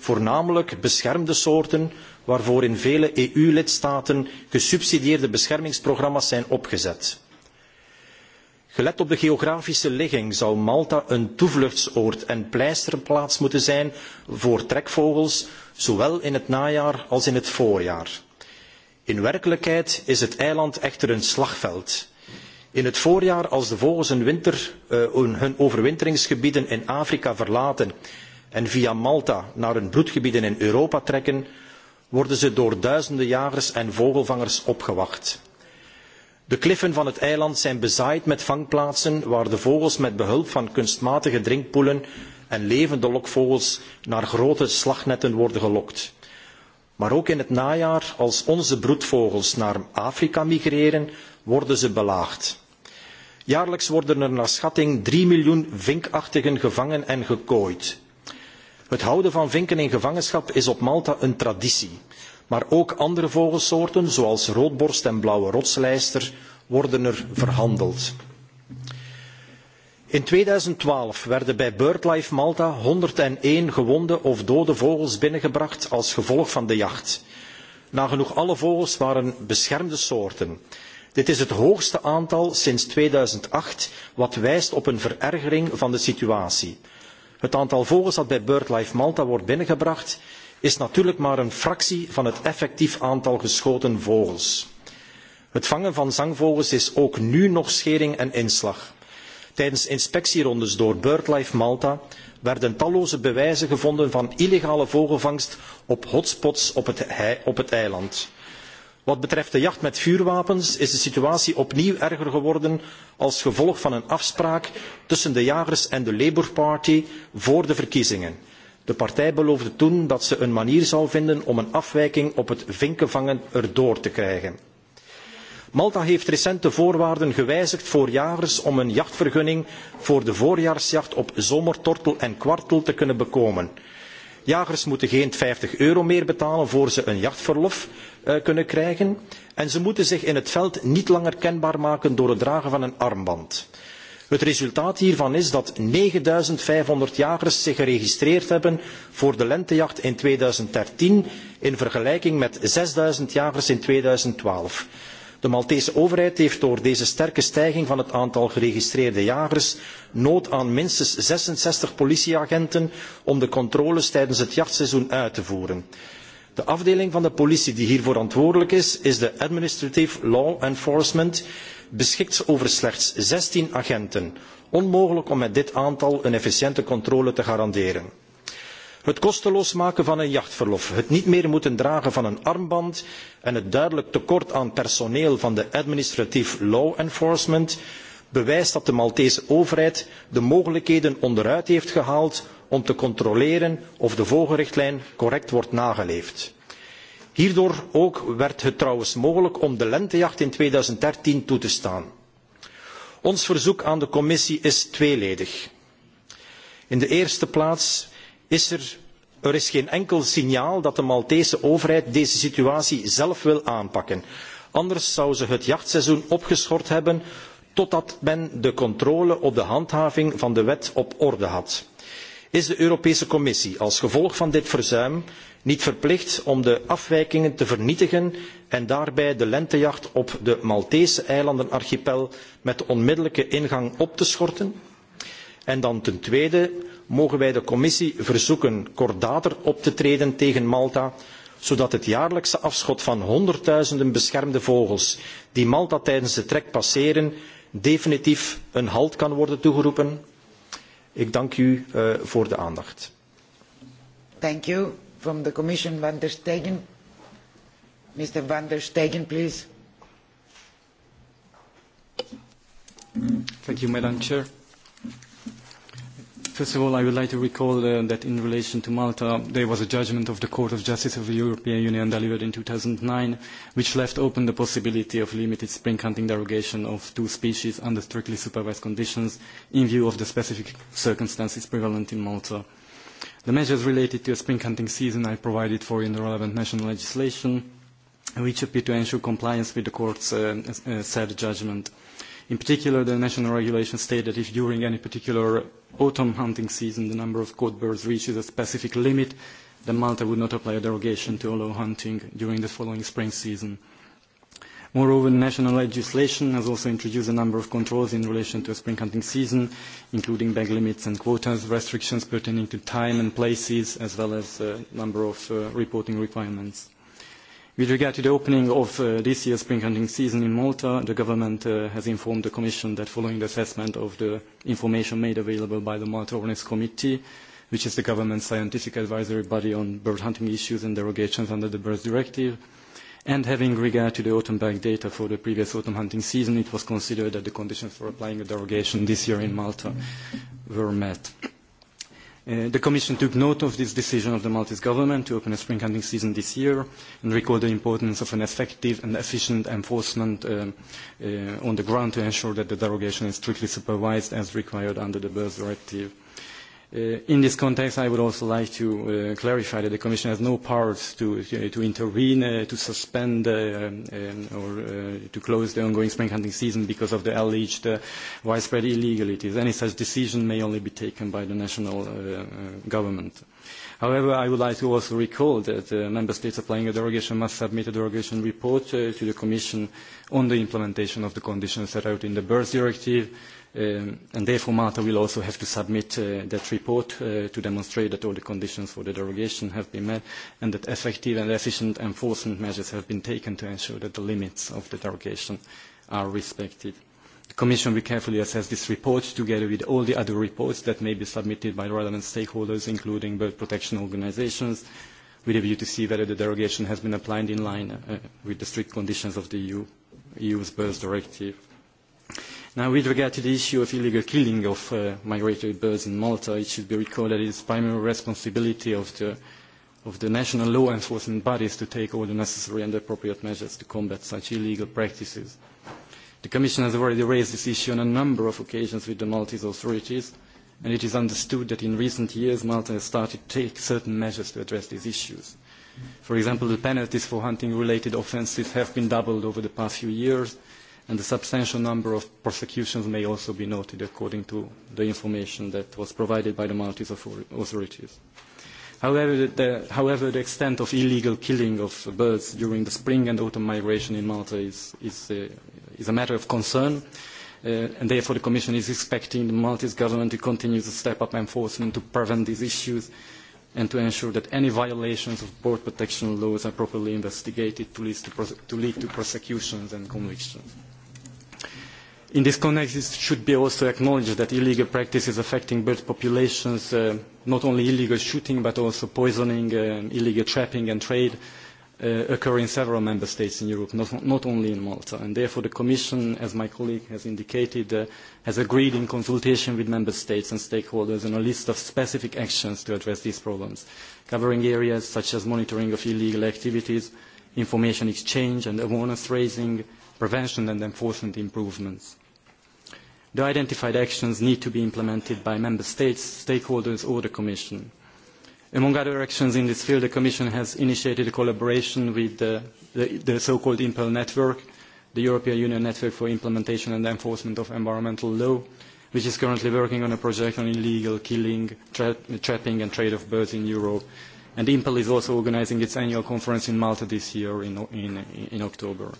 voornamelijk beschermde soorten waarvoor in vele eu lidstaten gesubsidieerde beschermingsprogramma's zijn opgezet. gelet op de geografische ligging zou malta een toevluchtsoord en pleisterplaats moeten zijn voor trekvogels zowel in het najaar als in het voorjaar. in werkelijkheid is het eiland echter een slagveld. In het voorjaar, als de vogels hun, winter, uh, hun overwinteringsgebieden in Afrika verlaten en via Malta naar hun broedgebieden in Europa trekken, worden ze door duizenden jagers en vogelvangers opgewacht. De kliffen van het eiland zijn bezaaid met vangplaatsen waar de vogels met behulp van kunstmatige drinkpoelen en levende lokvogels naar grote slagnetten worden gelokt. Maar ook in het najaar, als onze broedvogels naar Afrika migreren, worden ze belaagd. Jaarlijks worden er naar schatting 3 miljoen vinkachtigen gevangen en gekooid. Het houden van vinken in gevangenschap is op Malta een traditie. Maar ook andere vogelsoorten, zoals roodborst en blauwe rotslijster, worden er verhandeld. In 2012 werden bij BirdLife Malta 101 gewonde of dode vogels binnengebracht als gevolg van de jacht. Nagenoeg alle vogels waren beschermde soorten. Dit is het hoogste aantal sinds 2008, wat wijst op een verergering van de situatie. Het aantal vogels dat bij BirdLife Malta wordt binnengebracht is natuurlijk maar een fractie van het effectief aantal geschoten vogels. Het vangen van zangvogels is ook nu nog schering en inslag. Tijdens inspectierondes door BirdLife Malta werden talloze bewijzen gevonden van illegale vogelvangst op hotspots op het, op het eiland. Wat betreft de jacht met vuurwapens is de situatie opnieuw erger geworden als gevolg van een afspraak tussen de jagers en de Labour Party voor de verkiezingen. De partij beloofde toen dat ze een manier zou vinden om een afwijking op het vinkenvangen erdoor te krijgen. Malta heeft recent de voorwaarden gewijzigd voor jagers om een jachtvergunning voor de voorjaarsjacht op zomertortel en kwartel te kunnen bekomen. Jagers moeten geen 50 euro meer betalen voor ze een jachtverlof uh, kunnen krijgen. En ze moeten zich in het veld niet langer kenbaar maken door het dragen van een armband. Het resultaat hiervan is dat 9500 jagers zich geregistreerd hebben voor de lentejacht in 2013 in vergelijking met 6000 jagers in 2012. De Maltese overheid heeft door deze sterke stijging van het aantal geregistreerde jagers nood aan minstens 66 politieagenten om de controles tijdens het jachtseizoen uit te voeren. De afdeling van de politie die hiervoor verantwoordelijk is, is de Administrative Law Enforcement, beschikt over slechts 16 agenten. Onmogelijk om met dit aantal een efficiënte controle te garanderen. Het kosteloos maken van een jachtverlof, het niet meer moeten dragen van een armband en het duidelijk tekort aan personeel van de Administrative Law Enforcement bewijst dat de Maltese overheid de mogelijkheden onderuit heeft gehaald om te controleren of de vogelrichtlijn correct wordt nageleefd. Hierdoor ook werd het trouwens mogelijk om de lentejacht in 2013 toe te staan. Ons verzoek aan de commissie is tweeledig. In de eerste plaats is er, er is geen enkel signaal dat de Maltese overheid deze situatie zelf wil aanpakken. Anders zou ze het jachtseizoen opgeschort hebben totdat men de controle op de handhaving van de wet op orde had is de Europese Commissie als gevolg van dit verzuim niet verplicht om de afwijkingen te vernietigen en daarbij de lentejacht op de Maltese eilandenarchipel met de onmiddellijke ingang op te schorten? En dan ten tweede mogen wij de Commissie verzoeken kordater op te treden tegen Malta, zodat het jaarlijkse afschot van honderdduizenden beschermde vogels die Malta tijdens de trek passeren definitief een halt kan worden toegeroepen? Ik dank u uh, voor de aandacht. Thank you. From the Commission, Van der Stegen. Mr. Van der Stegen, please. Thank you, Madam Chair. First of all, I would like to recall uh, that in relation to Malta, there was a judgment of the Court of Justice of the European Union delivered in 2009, which left open the possibility of limited spring hunting derogation of two species under strictly supervised conditions in view of the specific circumstances prevalent in Malta. The measures related to a spring hunting season are provided for in the relevant national legislation, which appear to ensure compliance with the Court's uh, uh, said judgment. Uh, In particular, the national regulation states that if during any particular autumn hunting season the number of caught birds reaches a specific limit, then Malta would not apply a derogation to allow hunting during the following spring season. Moreover, national legislation has also introduced a number of controls in relation to a spring hunting season, including bag limits and quotas, restrictions pertaining to time and places, as well as a uh, number of uh, reporting requirements. With regard to the opening of uh, this year's spring hunting season in Malta, the government uh, has informed the Commission that following the assessment of the information made available by the Malta Ordnance Committee, which is the government's scientific advisory body on bird hunting issues and derogations under the Birds Directive, and having regard to the autumn bank data for the previous autumn hunting season, it was considered that the conditions for applying a derogation this year in Malta were met. Uh, the Commission took note of this decision of the Maltese government to open a spring hunting season this year and recalled the importance of an effective and efficient enforcement um, uh, on the ground to ensure that the derogation is strictly supervised as required under the birds directive. Uh, in this context, I would also like to uh, clarify that the Commission has no powers to, to, to intervene, uh, to suspend, uh, um, or uh, to close the ongoing spring hunting season because of the alleged uh, widespread illegalities. Any such decision may only be taken by the national uh, uh, government. However, I would like to also recall that uh, member states applying a derogation must submit a derogation report uh, to the Commission on the implementation of the conditions set out in the birth directive, Um, and therefore, Malta will also have to submit uh, that report uh, to demonstrate that all the conditions for the derogation have been met and that effective and efficient enforcement measures have been taken to ensure that the limits of the derogation are respected. The Commission will carefully assess this report together with all the other reports that may be submitted by relevant stakeholders, including bird protection organizations, with a view to see whether the derogation has been applied in line uh, with the strict conditions of the EU, EU's birds directive. Uh, Now, with regard to the issue of illegal killing of uh, migratory birds in Malta, it should be recorded it is primary responsibility of the, of the national law enforcement bodies to take all the necessary and appropriate measures to combat such illegal practices. The Commission has already raised this issue on a number of occasions with the Maltese authorities, and it is understood that in recent years Malta has started to take certain measures to address these issues. For example, the penalties for hunting-related offences have been doubled over the past few years, and the substantial number of prosecutions may also be noted according to the information that was provided by the Maltese authorities. However the, however, the extent of illegal killing of birds during the spring and autumn migration in Malta is, is, uh, is a matter of concern, uh, and therefore the Commission is expecting the Maltese government to continue to step up enforcement to prevent these issues and to ensure that any violations of bird protection laws are properly investigated to, to, to lead to prosecutions and convictions. Mm -hmm. In this context, it should be also acknowledged that illegal practices affecting bird populations, uh, not only illegal shooting but also poisoning, uh, illegal trapping and trade, uh, occur in several member states in Europe, not, not only in Malta. And therefore, the Commission, as my colleague has indicated, uh, has agreed in consultation with member states and stakeholders on a list of specific actions to address these problems, covering areas such as monitoring of illegal activities, information exchange and awareness raising, prevention and enforcement improvements. The identified actions need to be implemented by member states, stakeholders or the Commission. Among other actions in this field, the Commission has initiated a collaboration with the, the, the so-called IMPEL network, the European Union Network for Implementation and Enforcement of Environmental Law, which is currently working on a project on illegal killing, tra trapping and trade of birds in Europe. And IMPEL is also organizing its annual conference in Malta this year in, in, in October.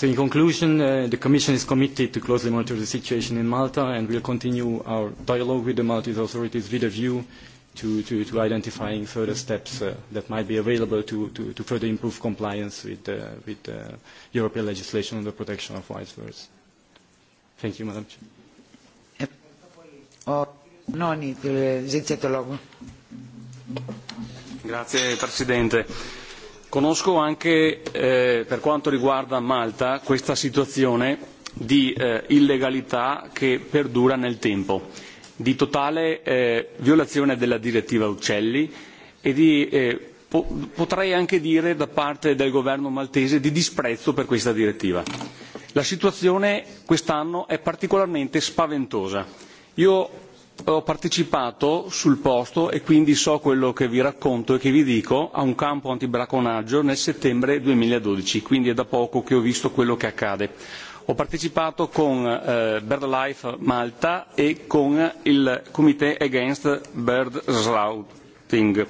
So in conclusion, uh, the Commission is committed to closely monitor the situation in Malta and will continue our dialogue with the Maltese authorities with a view to, to, to identifying further steps uh, that might be available to, to, to further improve compliance with, uh, with uh, European legislation on the protection of wild birds. Thank you, Madam Chair. Ο Νόνι ζήτησε το λόγο. Grazie Presidente. Conosco anche, eh, per quanto riguarda Malta, questa situazione di eh, illegalità che perdura nel tempo, di totale eh, violazione della direttiva Uccelli e di, eh, po- potrei anche dire da parte del governo maltese di disprezzo per questa direttiva. La situazione quest'anno è particolarmente spaventosa. Io ho partecipato sul posto e quindi so quello che vi racconto e che vi dico a un campo antibracconaggio nel settembre 2012, quindi è da poco che ho visto quello che accade. Ho partecipato con eh, BirdLife Malta e con il Comité Against Bird Slaughting.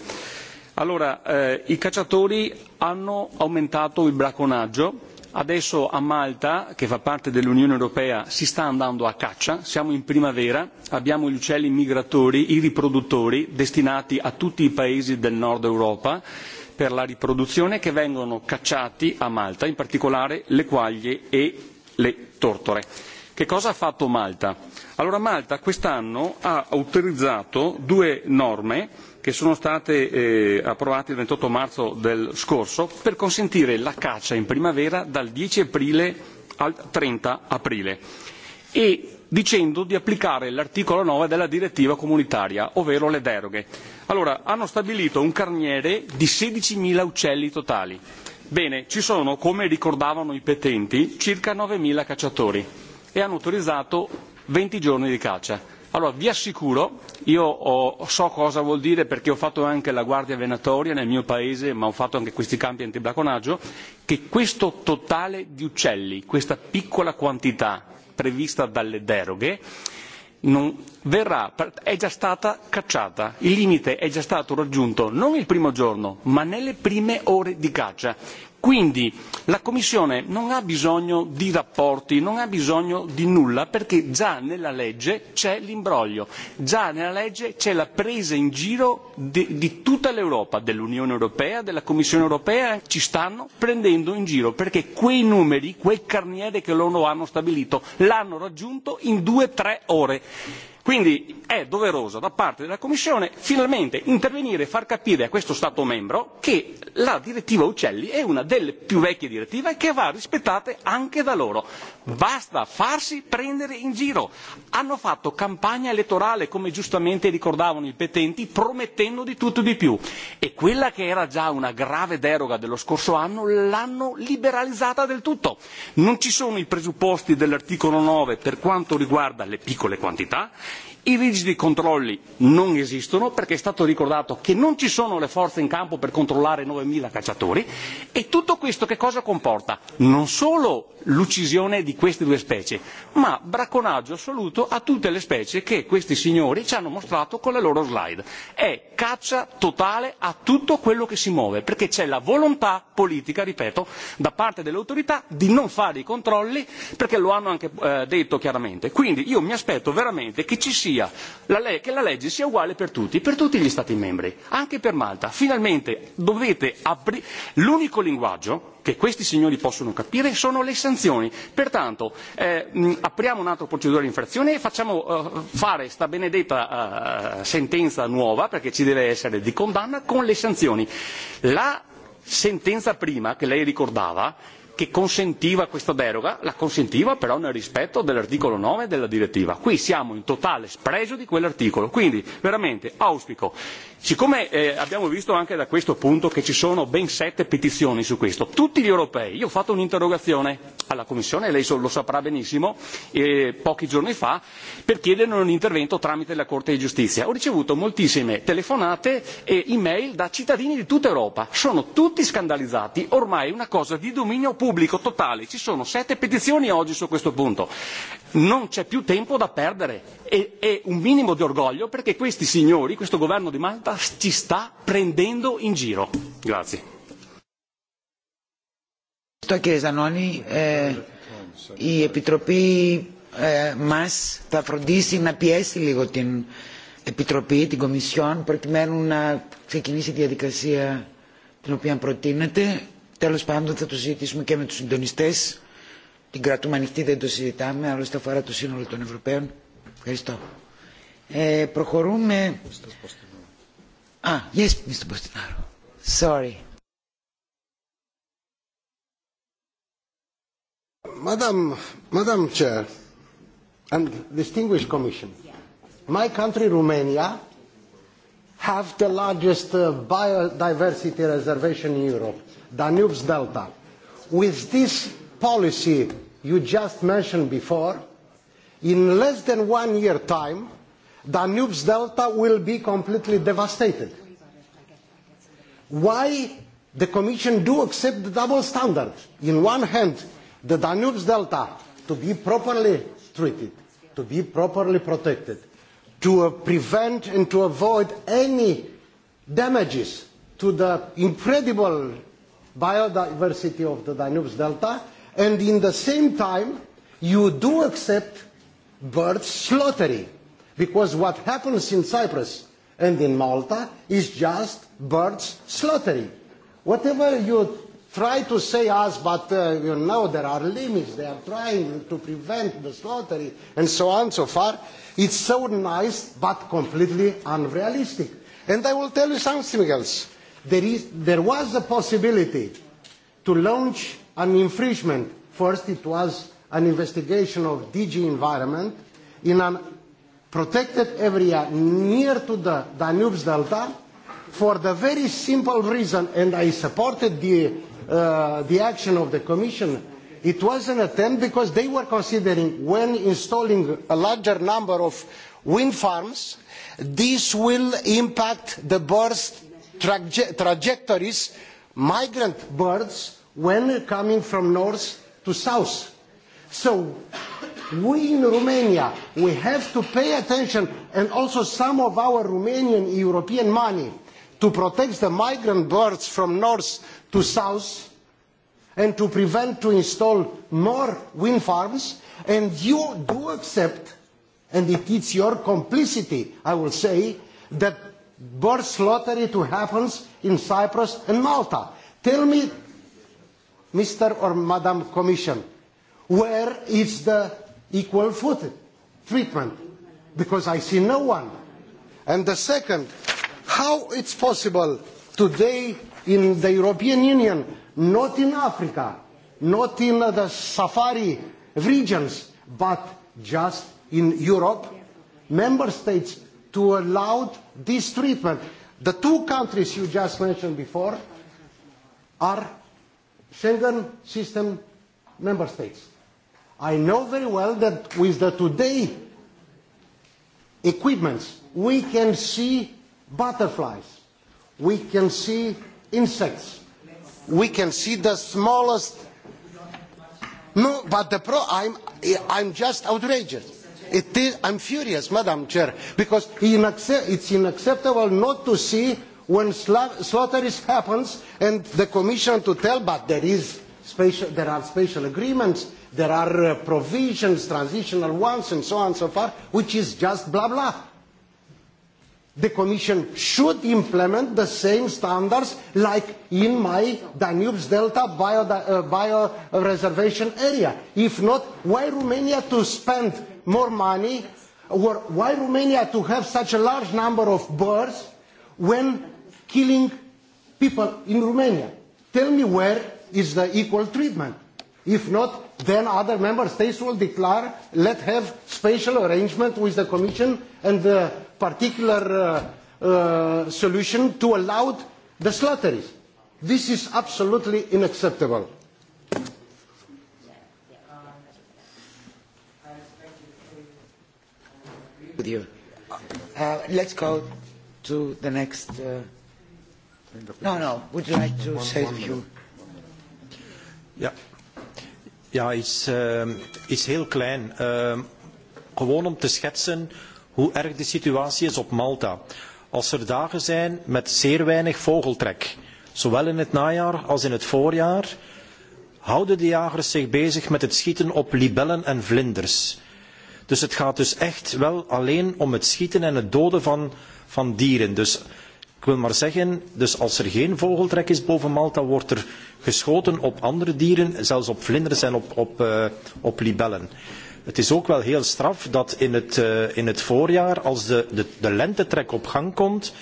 Allora, eh, i cacciatori hanno aumentato il bracconaggio Adesso a Malta, che fa parte dell'Unione Europea, si sta andando a caccia, siamo in primavera, abbiamo gli uccelli migratori, i riproduttori, destinati a tutti i paesi del nord Europa per la riproduzione che vengono cacciati a Malta, in particolare le quaglie e le tortore. Che cosa ha fatto Malta? Allora Malta quest'anno ha autorizzato due norme che sono state eh, approvate il 28 marzo del scorso per consentire la caccia in primavera dal 10 aprile al 30 aprile e dicendo di applicare l'articolo 9 della direttiva comunitaria, ovvero le deroghe. Allora, hanno stabilito un carniere di 16.000 uccelli totali. Bene, ci sono, come ricordavano i petenti, circa 9.000 cacciatori e hanno autorizzato 20 giorni di caccia Allora, vi assicuro, io ho, so cosa vuol dire perché ho fatto anche la guardia venatoria nel mio paese, ma ho fatto anche questi campi antibraconaggio, che questo totale di uccelli, questa piccola quantità prevista dalle deroghe, non verrà, è già stata cacciata. Il limite è già stato raggiunto non il primo giorno, ma nelle prime ore di caccia. Quindi la Commissione non ha bisogno di rapporti, non ha bisogno di nulla perché già nella legge c'è l'imbroglio, già nella legge c'è la presa in giro di, di tutta l'Europa, dell'Unione Europea, della Commissione Europea, e ci stanno prendendo in giro perché quei numeri, quel carniere che loro hanno stabilito l'hanno raggiunto in due o tre ore quindi è doveroso da parte della commissione finalmente intervenire e far capire a questo stato membro che la direttiva uccelli è una delle più vecchie direttive che va rispettata anche da loro basta farsi prendere in giro hanno fatto campagna elettorale come giustamente ricordavano i petenti promettendo di tutto e di più e quella che era già una grave deroga dello scorso anno l'hanno liberalizzata del tutto non ci sono i presupposti dell'articolo nove per quanto riguarda le piccole quantità I rigidi controlli non esistono perché è stato ricordato che non ci sono le forze in campo per controllare 9.000 cacciatori e tutto questo che cosa comporta? Non solo l'uccisione di queste due specie, ma bracconaggio assoluto a tutte le specie che questi signori ci hanno mostrato con le loro slide. È caccia totale a tutto quello che si muove perché c'è la volontà politica, ripeto, da parte delle autorità di non fare i controlli perché lo hanno anche eh, detto chiaramente. Quindi io mi aspetto veramente che ci sia sia la le- che la legge sia uguale per tutti, per tutti gli Stati membri, anche per Malta. Finalmente dovete aprire l'unico linguaggio che questi signori possono capire sono le sanzioni. Pertanto eh, mh, apriamo un'altra procedura di infrazione e facciamo eh, fare sta benedetta eh, sentenza nuova, perché ci deve essere di condanna, con le sanzioni. La sentenza prima che lei ricordava che consentiva questa deroga, la consentiva però nel rispetto dell'articolo 9 della direttiva. Qui siamo in totale spregio di quell'articolo, quindi veramente auspico Siccome eh, abbiamo visto anche da questo punto che ci sono ben sette petizioni su questo, tutti gli europei, io ho fatto un'interrogazione alla Commissione, lei lo saprà benissimo, eh, pochi giorni fa, per chiedere un intervento tramite la Corte di Giustizia. Ho ricevuto moltissime telefonate e email da cittadini di tutta Europa, sono tutti scandalizzati, ormai è una cosa di dominio pubblico totale, ci sono sette petizioni oggi su questo punto. Non c'è più tempo da perdere e, e un minimo di orgoglio perché questi signori, questo governo di Malta, Europa ci sta prendendo in giro. Grazie. Ευχαριστώ κύριε Ζανώνη. Ε, η Επιτροπή ε, μας θα φροντίσει να πιέσει λίγο την Επιτροπή, την Κομισιόν, προκειμένου να ξεκινήσει η διαδικασία την οποία προτείνεται. Τέλος πάντων θα το συζητήσουμε και με τους συντονιστές. Την κρατούμε ανοιχτή, δεν το συζητάμε, άλλωστε αφορά το σύνολο των Ευρωπαίων. Ευχαριστώ. Ε, προχωρούμε Ah, yes, Mr. Bolsonaro. Sorry. Madam, Madam Chair and distinguished Commission, my country, Romania, have the largest uh, biodiversity reservation in Europe, Danube's Delta. With this policy you just mentioned before, in less than one year time, Danube's delta will be completely devastated. Why the Commission do accept the double standard? In one hand, the Danube's delta to be properly treated, to be properly protected, to uh, prevent and to avoid any damages to the incredible biodiversity of the Danube's delta, and in the same time, you do accept birds slaughtering Because what happens in Cyprus and in Malta is just birds slaughtering. Whatever you try to say us, but uh, you know there are limits. They are trying to prevent the slaughtering and so on so far. It's so nice, but completely unrealistic. And I will tell you something else. There, is, there was a possibility to launch an infringement. First, it was an investigation of DG Environment in an protected area near to the Danube's delta for the very simple reason, and I supported the, uh, the action of the Commission, it was an attempt because they were considering when installing a larger number of wind farms, this will impact the birds' traje trajectories, migrant birds, when coming from north to south. So we in Romania, we have to pay attention and also some of our Romanian European money to protect the migrant birds from north to south and to prevent to install more wind farms and you do accept and it is your complicity, I will say, that bird slaughtery to happens in Cyprus and Malta. Tell me, Mr. or Madam Commission, where is the equal footed treatment because I see no one. And the second, how it's possible today in the European Union, not in Africa, not in the safari regions, but just in Europe, member states to allow this treatment. The two countries you just mentioned before are Schengen system member states. I know very well that with the today equipments, we can see butterflies, we can see insects, we can see the smallest. No, but the pro, I'm, I'm just outrageous. It is, I'm furious, Madam Chair, because it's unacceptable not to see when slaughter is happens and the Commission to tell, but there is spatial, there are spatial agreements There are uh, provisions, transitional ones, and so on and so forth, which is just blah blah. The Commission should implement the same standards like in my Danube's Delta bio, uh, bio reservation area. If not, why Romania to spend more money or why Romania to have such a large number of birds when killing people in Romania? Tell me where is the equal treatment. If not, then other member states will declare, let's have special arrangement with the Commission and the particular uh, uh, solution to allow the slaughteries. This is absolutely unacceptable. With you. Uh, let's go to the next. Uh... No, no. Would you like to one, say a few? Yeah ja, is, uh, is heel klein. Uh, gewoon om te schetsen hoe erg de situatie is op Malta. Als er dagen zijn met zeer weinig vogeltrek, zowel in het najaar als in het voorjaar, houden de jagers zich bezig met het schieten op libellen en vlinders. Dus het gaat dus echt wel alleen om het schieten en het doden van, van dieren. Dus Ik wil maar zeggen, dus als er geen vogeltrek is boven Malta, wordt er geschoten op andere dieren, zelfs op vlinders en op, op, uh, op libellen. Het is ook wel heel straf dat in het, uh, in het voorjaar, als de, de, de lentetrek op gang komt,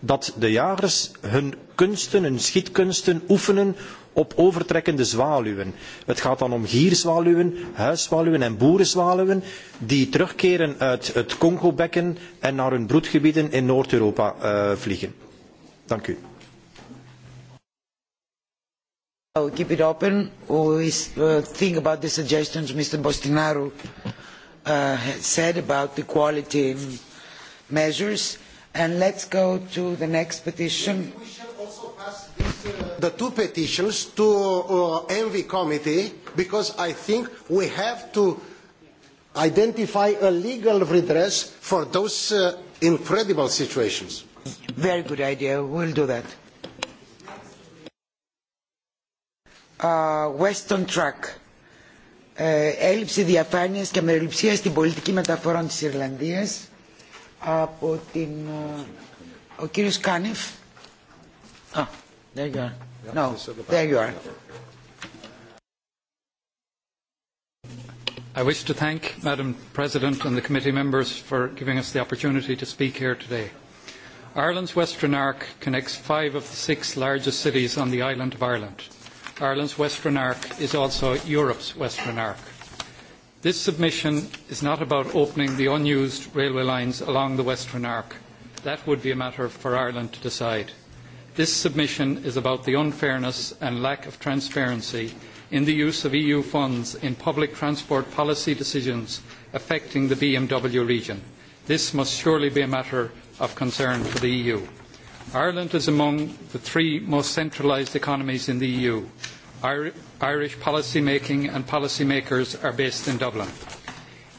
dat de jagers hun kunsten, hun schietkunsten oefenen op overtrekkende zwaluwen. Het gaat dan om gierzwaluwen, huiszwaluwen en boerenzwaluwen die terugkeren uit het Congobekken en naar hun broedgebieden in Noord-Europa uh, vliegen. Dank u. I'll keep it open. We uh, think about the suggestions Mr. Bostinaru uh, said about the quality measures. And let's go to the next petition. Yes, ask this, uh, the two petitions to uh, envy committee because I think we have to identify a legal redress for those uh, incredible situations. Very good idea. We'll do that. Uh, Western Track. Ε, uh, έλλειψη διαφάνειας και αμεροληψίας στην πολιτική μεταφορών της Ιρλανδίας από την... Uh, ο κύριος Κάνεφ. Ah, there you are. Yeah, no, there you are. I wish to thank Madam President and the committee members for giving us the opportunity to speak here today. Ireland's Western Arc connects five of the six largest cities on the island of Ireland. Ireland's Western Arc is also Europe's Western Arc. This submission is not about opening the unused railway lines along the Western Arc. That would be a matter for Ireland to decide. This submission is about the unfairness and lack of transparency in the use of EU funds in public transport policy decisions affecting the BMW region. This must surely be a matter of concern for the EU. Ireland is among the three most centralised economies in the EU. Irish policymaking and policymakers are based in Dublin.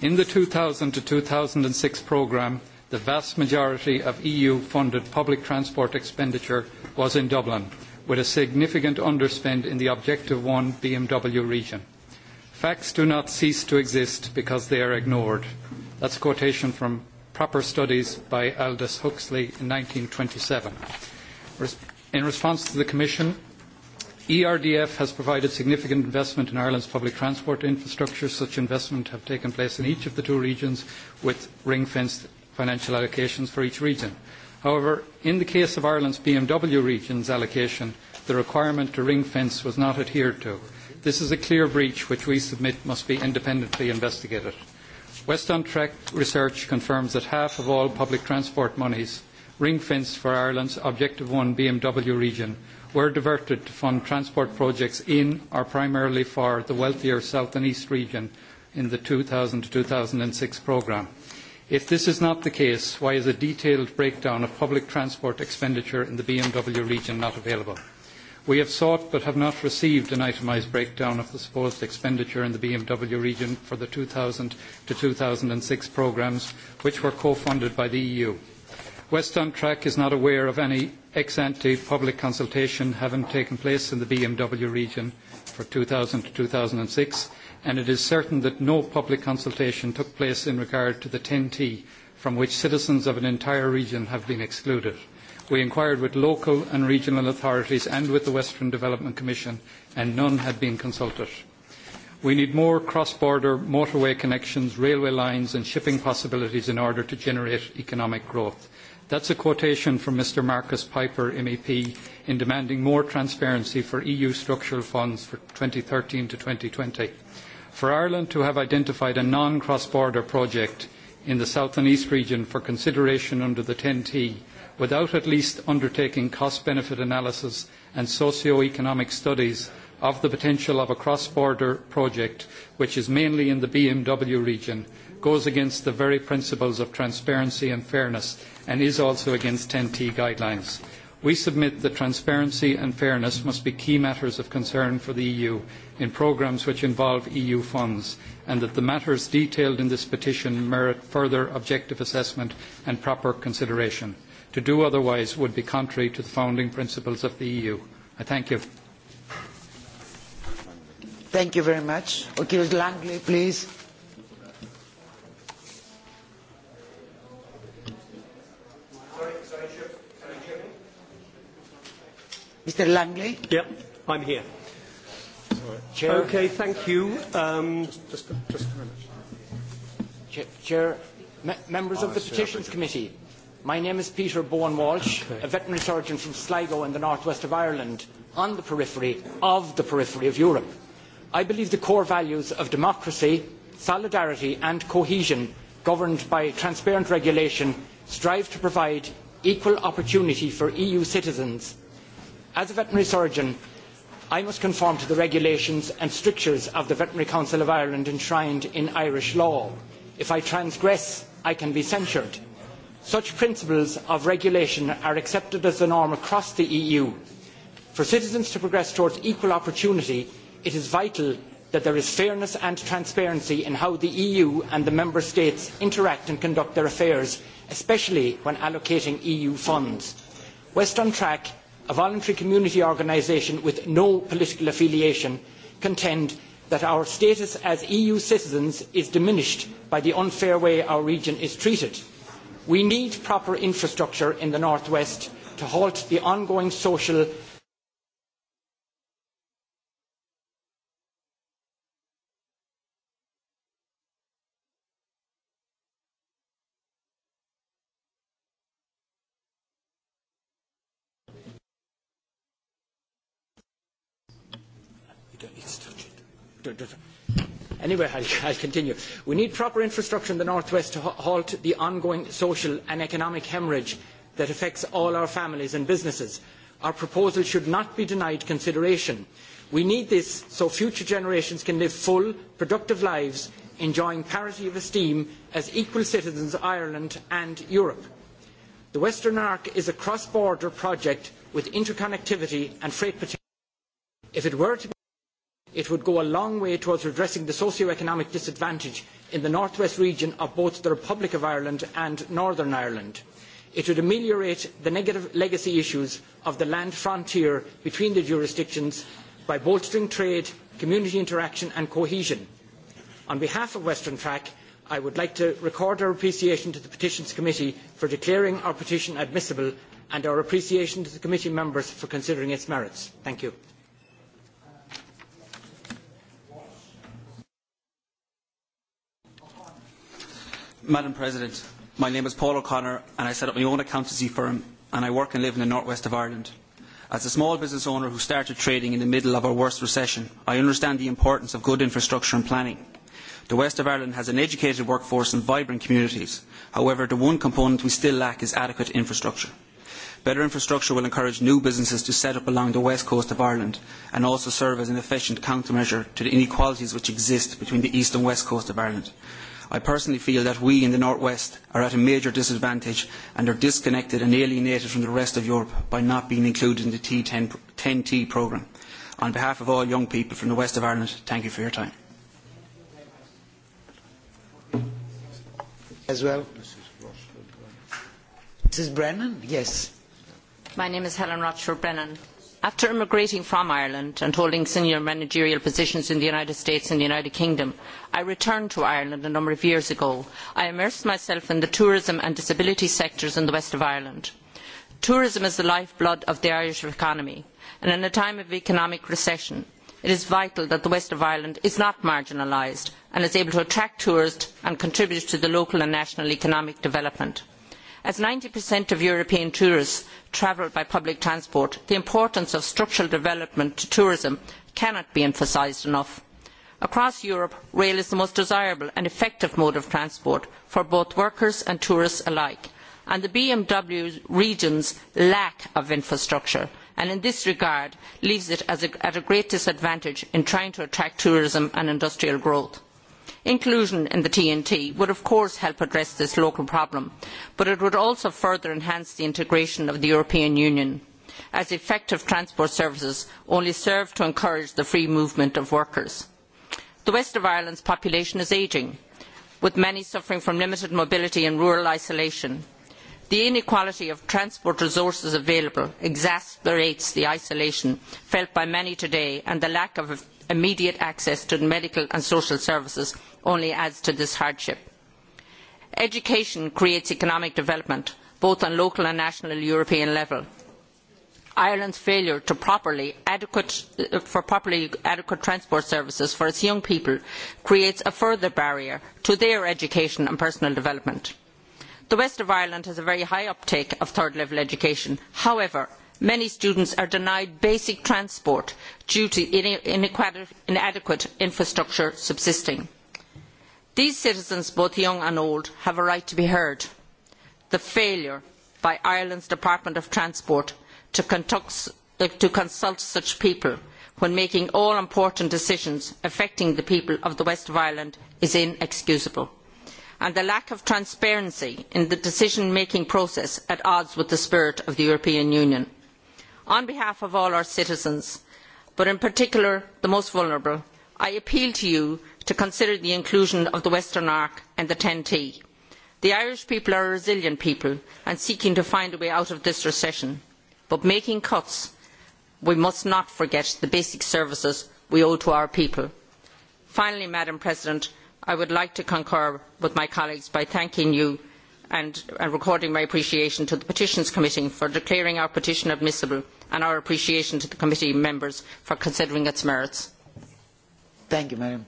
In the 2000 to 2006 programme, the vast majority of EU-funded public transport expenditure was in Dublin, with a significant underspend in the Objective 1 BMW region. Facts do not cease to exist because they are ignored. That's a quotation from Proper Studies by Aldous Huxley in 1927. In response to the Commission, ERDF has provided significant investment in Ireland's public transport infrastructure. Such investment have taken place in each of the two regions with ring-fenced financial allocations for each region. However, in the case of Ireland's BMW region's allocation, the requirement to ring fence was not adhered to. This is a clear breach which we submit must be independently investigated. West on Track research confirms that half of all public transport monies ring fenced for Ireland's Objective 1 BMW region were diverted to fund transport projects in or primarily for the wealthier South and East region in the 2000 to 2006 programme. If this is not the case, why is a detailed breakdown of public transport expenditure in the BMW region not available? We have sought but have not received an itemised breakdown of the supposed expenditure in the BMW region for the 2000 to 2006 programmes, which were co-funded by the EU. West on Track is not aware of any ex-ante public consultation having taken place in the BMW region for 2000 to 2006, and it is certain that no public consultation took place in regard to the 10T, from which citizens of an entire region have been excluded. We inquired with local and regional authorities and with the Western Development Commission, and none had been consulted. We need more cross-border motorway connections, railway lines and shipping possibilities in order to generate economic growth. That's a quotation from Mr Marcus Piper, MEP, in demanding more transparency for EU structural funds for 2013 to 2020 for Ireland to have identified a non-cross-border project in the South and East region for consideration under the 10T without at least undertaking cost-benefit analysis and socio-economic studies of the potential of a cross-border project, which is mainly in the BMW region, goes against the very principles of transparency and fairness and is also against 10T guidelines. We submit that transparency and fairness must be key matters of concern for the EU in programmes which involve EU funds and that the matters detailed in this petition merit further objective assessment and proper consideration. To do otherwise would be contrary to the founding principles of the EU. I thank you. Thank you very much. Ο κύριος Langley, please. Mr. Langley? Yep, I'm here. Chair. Okay, thank you. Um, just, just, just a minute. Chair, Chair me members of oh, the Petitions Committee, my name is Peter Bowen Walsh, okay. a veterinary surgeon from Sligo in the northwest of Ireland, on the periphery of the periphery of Europe. I believe the core values of democracy, solidarity and cohesion, governed by transparent regulation, strive to provide equal opportunity for EU citizens. As a veterinary surgeon, I must conform to the regulations and strictures of the Veterinary Council of Ireland enshrined in Irish law. If I transgress, I can be censured. Such principles of regulation are accepted as the norm across the EU. For citizens to progress towards equal opportunity, it is vital that there is fairness and transparency in how the EU and the Member States interact and conduct their affairs, especially when allocating EU funds. West on Track a voluntary community organisation with no political affiliation, contend that our status as EU citizens is diminished by the unfair way our region is treated. We need proper infrastructure in the northwest to halt the ongoing social Anyway, I'll, I'll continue. We need proper infrastructure in the northwest to halt the ongoing social and economic hemorrhage that affects all our families and businesses. Our proposal should not be denied consideration. We need this so future generations can live full, productive lives, enjoying parity of esteem as equal citizens of Ireland and Europe. The Western Arc is a cross-border project with interconnectivity and freight potential. If it were to be It would go a long way towards redressing the socio-economic disadvantage in the northwest region of both the Republic of Ireland and Northern Ireland. It would ameliorate the negative legacy issues of the land frontier between the jurisdictions by bolstering trade, community interaction and cohesion. On behalf of Western Track, I would like to record our appreciation to the Petitions Committee for declaring our petition admissible and our appreciation to the committee members for considering its merits. Thank you. Madam President, my name is Paul O'Connor and I set up my own accountancy firm and I work and live in the northwest of Ireland. As a small business owner who started trading in the middle of our worst recession, I understand the importance of good infrastructure and planning. The west of Ireland has an educated workforce and vibrant communities. However, the one component we still lack is adequate infrastructure. Better infrastructure will encourage new businesses to set up along the west coast of Ireland and also serve as an efficient countermeasure to the inequalities which exist between the east and west coast of Ireland. I personally feel that we in the Northwest are at a major disadvantage and are disconnected and alienated from the rest of Europe by not being included in the T10, 10T programme. On behalf of all young people from the west of Ireland, thank you for your time. As well. Mrs Brennan, yes. My name is Helen Rochford Brennan After immigrating from Ireland and holding senior managerial positions in the United States and the United Kingdom, I returned to Ireland a number of years ago. I immersed myself in the tourism and disability sectors in the west of Ireland. Tourism is the lifeblood of the Irish economy, and in a time of economic recession, it is vital that the west of Ireland is not marginalised and is able to attract tourists and contribute to the local and national economic development as ninety of european tourists travel by public transport the importance of structural development to tourism cannot be emphasised enough. across europe rail is the most desirable and effective mode of transport for both workers and tourists alike and the bmw region's lack of infrastructure and in this regard leaves it at a great disadvantage in trying to attract tourism and industrial growth. Inclusion in the TNT would of course help address this local problem, but it would also further enhance the integration of the European Union, as effective transport services only serve to encourage the free movement of workers. The west of Ireland's population is ageing, with many suffering from limited mobility and rural isolation. The inequality of transport resources available exacerbates the isolation felt by many today and the lack of immediate access to medical and social services only adds to this hardship. Education creates economic development, both on local and national European level. Ireland's failure to properly adequate, uh, for properly adequate transport services for its young people creates a further barrier to their education and personal development. The west of Ireland has a very high uptake of third level education. However, many students are denied basic transport due to inadequate infrastructure subsisting. These citizens, both young and old, have a right to be heard. The failure by Ireland's Department of Transport to, conduct, uh, to consult such people when making all important decisions affecting the people of the West of Ireland is inexcusable. And the lack of transparency in the decision-making process at odds with the spirit of the European Union on behalf of all our citizens but in particular the most vulnerable i appeal to you to consider the inclusion of the western arc and the ten t. the irish people are a resilient people and seeking to find a way out of this recession but making cuts we must not forget the basic services we owe to our people. finally madam president i would like to concur with my colleagues by thanking you and uh, recording my appreciation to the Petitions Committee for declaring our petition admissible and our appreciation to the committee members for considering its merits. Thank you, Madam.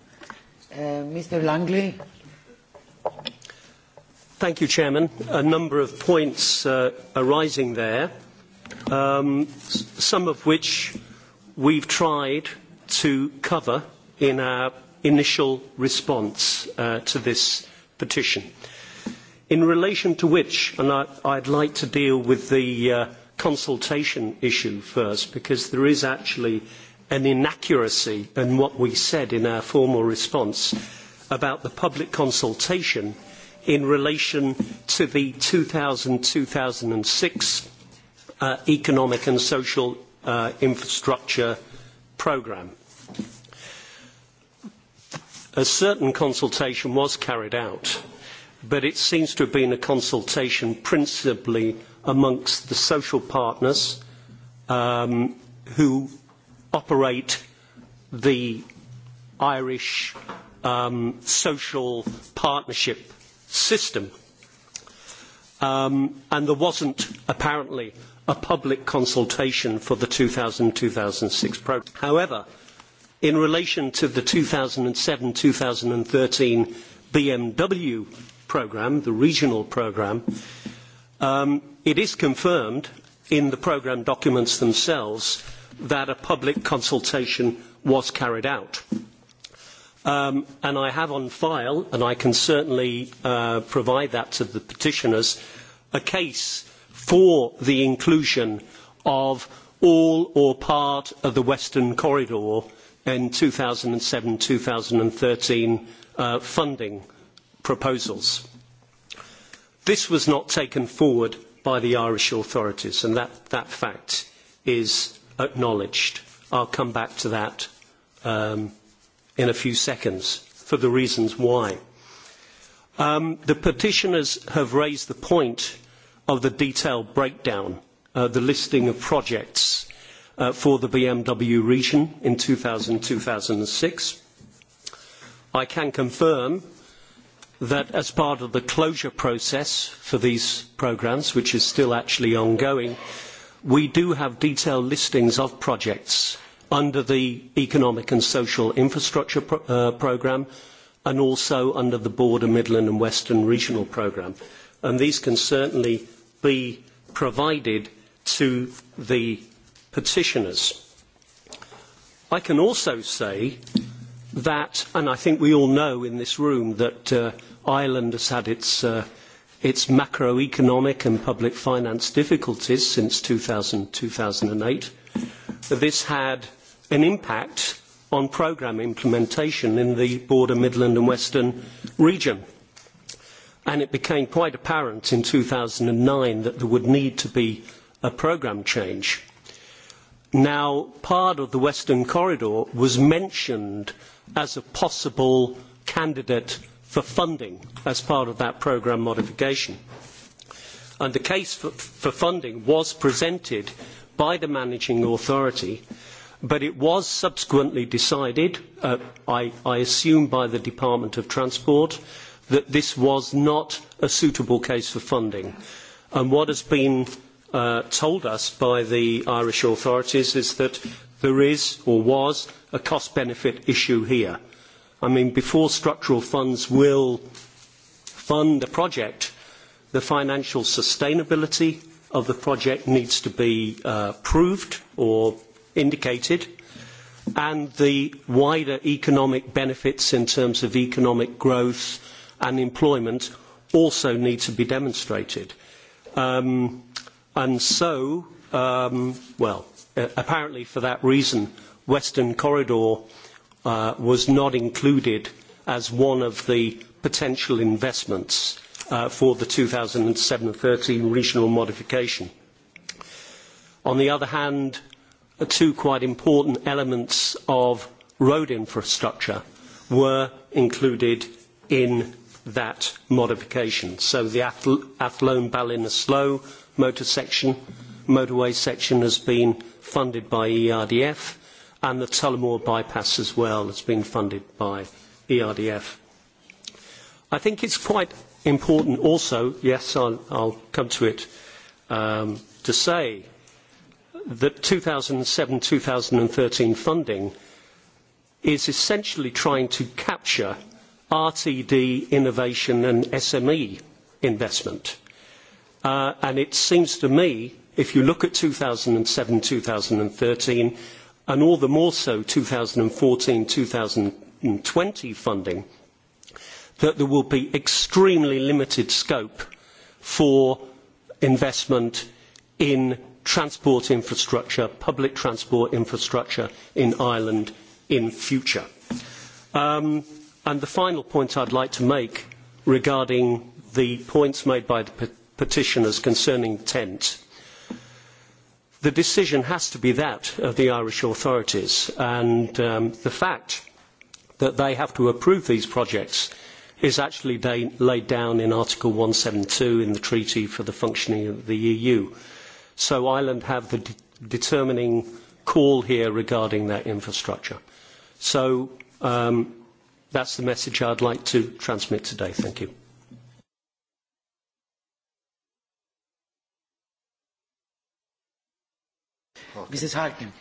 Uh, Mr Langley. Thank you, Chairman. A number of points uh, arising there, um, some of which we've tried to cover in our initial response uh, to this petition. Uh, in relation to which, and I, I'd like to deal with the uh, consultation issue first, because there is actually an inaccuracy in what we said in our formal response about the public consultation in relation to the 2000-2006 uh, economic and social uh, infrastructure programme. A certain consultation was carried out uh, but it seems to have been a consultation principally amongst the social partners um, who operate the Irish um, social partnership system. Um, and there wasn't apparently a public consultation for the 2000-2006 programme. However, in relation to the 2007-2013 BMW programme, the regional programme, um, it is confirmed in the programme documents themselves that a public consultation was carried out. Um, and I have on file, and I can certainly uh, provide that to the petitioners, a case for the inclusion of all or part of the Western Corridor in 2007-2013 uh, funding proposals. This was not taken forward by the Irish authorities, and that, that fact is acknowledged. I'll come back to that um, in a few seconds for the reasons why. Um, the petitioners have raised the point of the detailed breakdown, uh, the listing of projects uh, for the BMW region in 2000-2006. I can confirm that as part of the closure process for these programs, which is still actually ongoing, we do have detailed listings of projects under the Economic and Social Infrastructure pro uh, Programme and also under the Border Midland and Western Regional Programme. And these can certainly be provided to the petitioners. I can also say that, and I think we all know in this room that uh, Ireland has had its, uh, its macroeconomic and public finance difficulties since 2000, 2008. This had an impact on programme implementation in the border Midland and Western region. And it became quite apparent in 2009 that there would need to be a programme change. Uh, Now, part of the Western Corridor was mentioned as a possible candidate for funding as part of that programme modification. And the case for, for funding was presented by the managing authority, but it was subsequently decided, uh, I, I assume by the Department of Transport, that this was not a suitable case for funding. And what has been uh, told us by the Irish authorities is that there is or was a cost benefit issue here. I mean, before structural funds will fund a project, the financial sustainability of the project needs to be uh, proved or indicated, and the wider economic benefits in terms of economic growth and employment also need to be demonstrated. Um, And so, um, well, uh, apparently for that reason, Western Corridor uh, was not included as one of the potential investments uh, for the 2007-13 regional modification. On the other hand, uh, two quite important elements of road infrastructure were included in that modification. So the Athlone-Ballinasloe motor section, motorway section has been funded by ERDF and the Tullamore bypass as well has been funded by ERDF. I think it's quite important also, yes, I'll, I'll come to it, um, to say that 2007-2013 funding is essentially trying to capture RTD innovation and SME investment. Uh, and it seems to me, if you look at 2007, 2013, and all the more so 2014, 2020 funding, that there will be extremely limited scope for investment in transport infrastructure, public transport infrastructure in Ireland in future. Um, and the final point I'd like to make regarding the points made by the petitioners concerning tent, the decision has to be that of the Irish authorities. And um, the fact that they have to approve these projects is actually da- laid down in Article 172 in the Treaty for the Functioning of the EU. So Ireland have the de- determining call here regarding that infrastructure. So um, that's the message I'd like to transmit today. Thank you. Mrs. Harkin.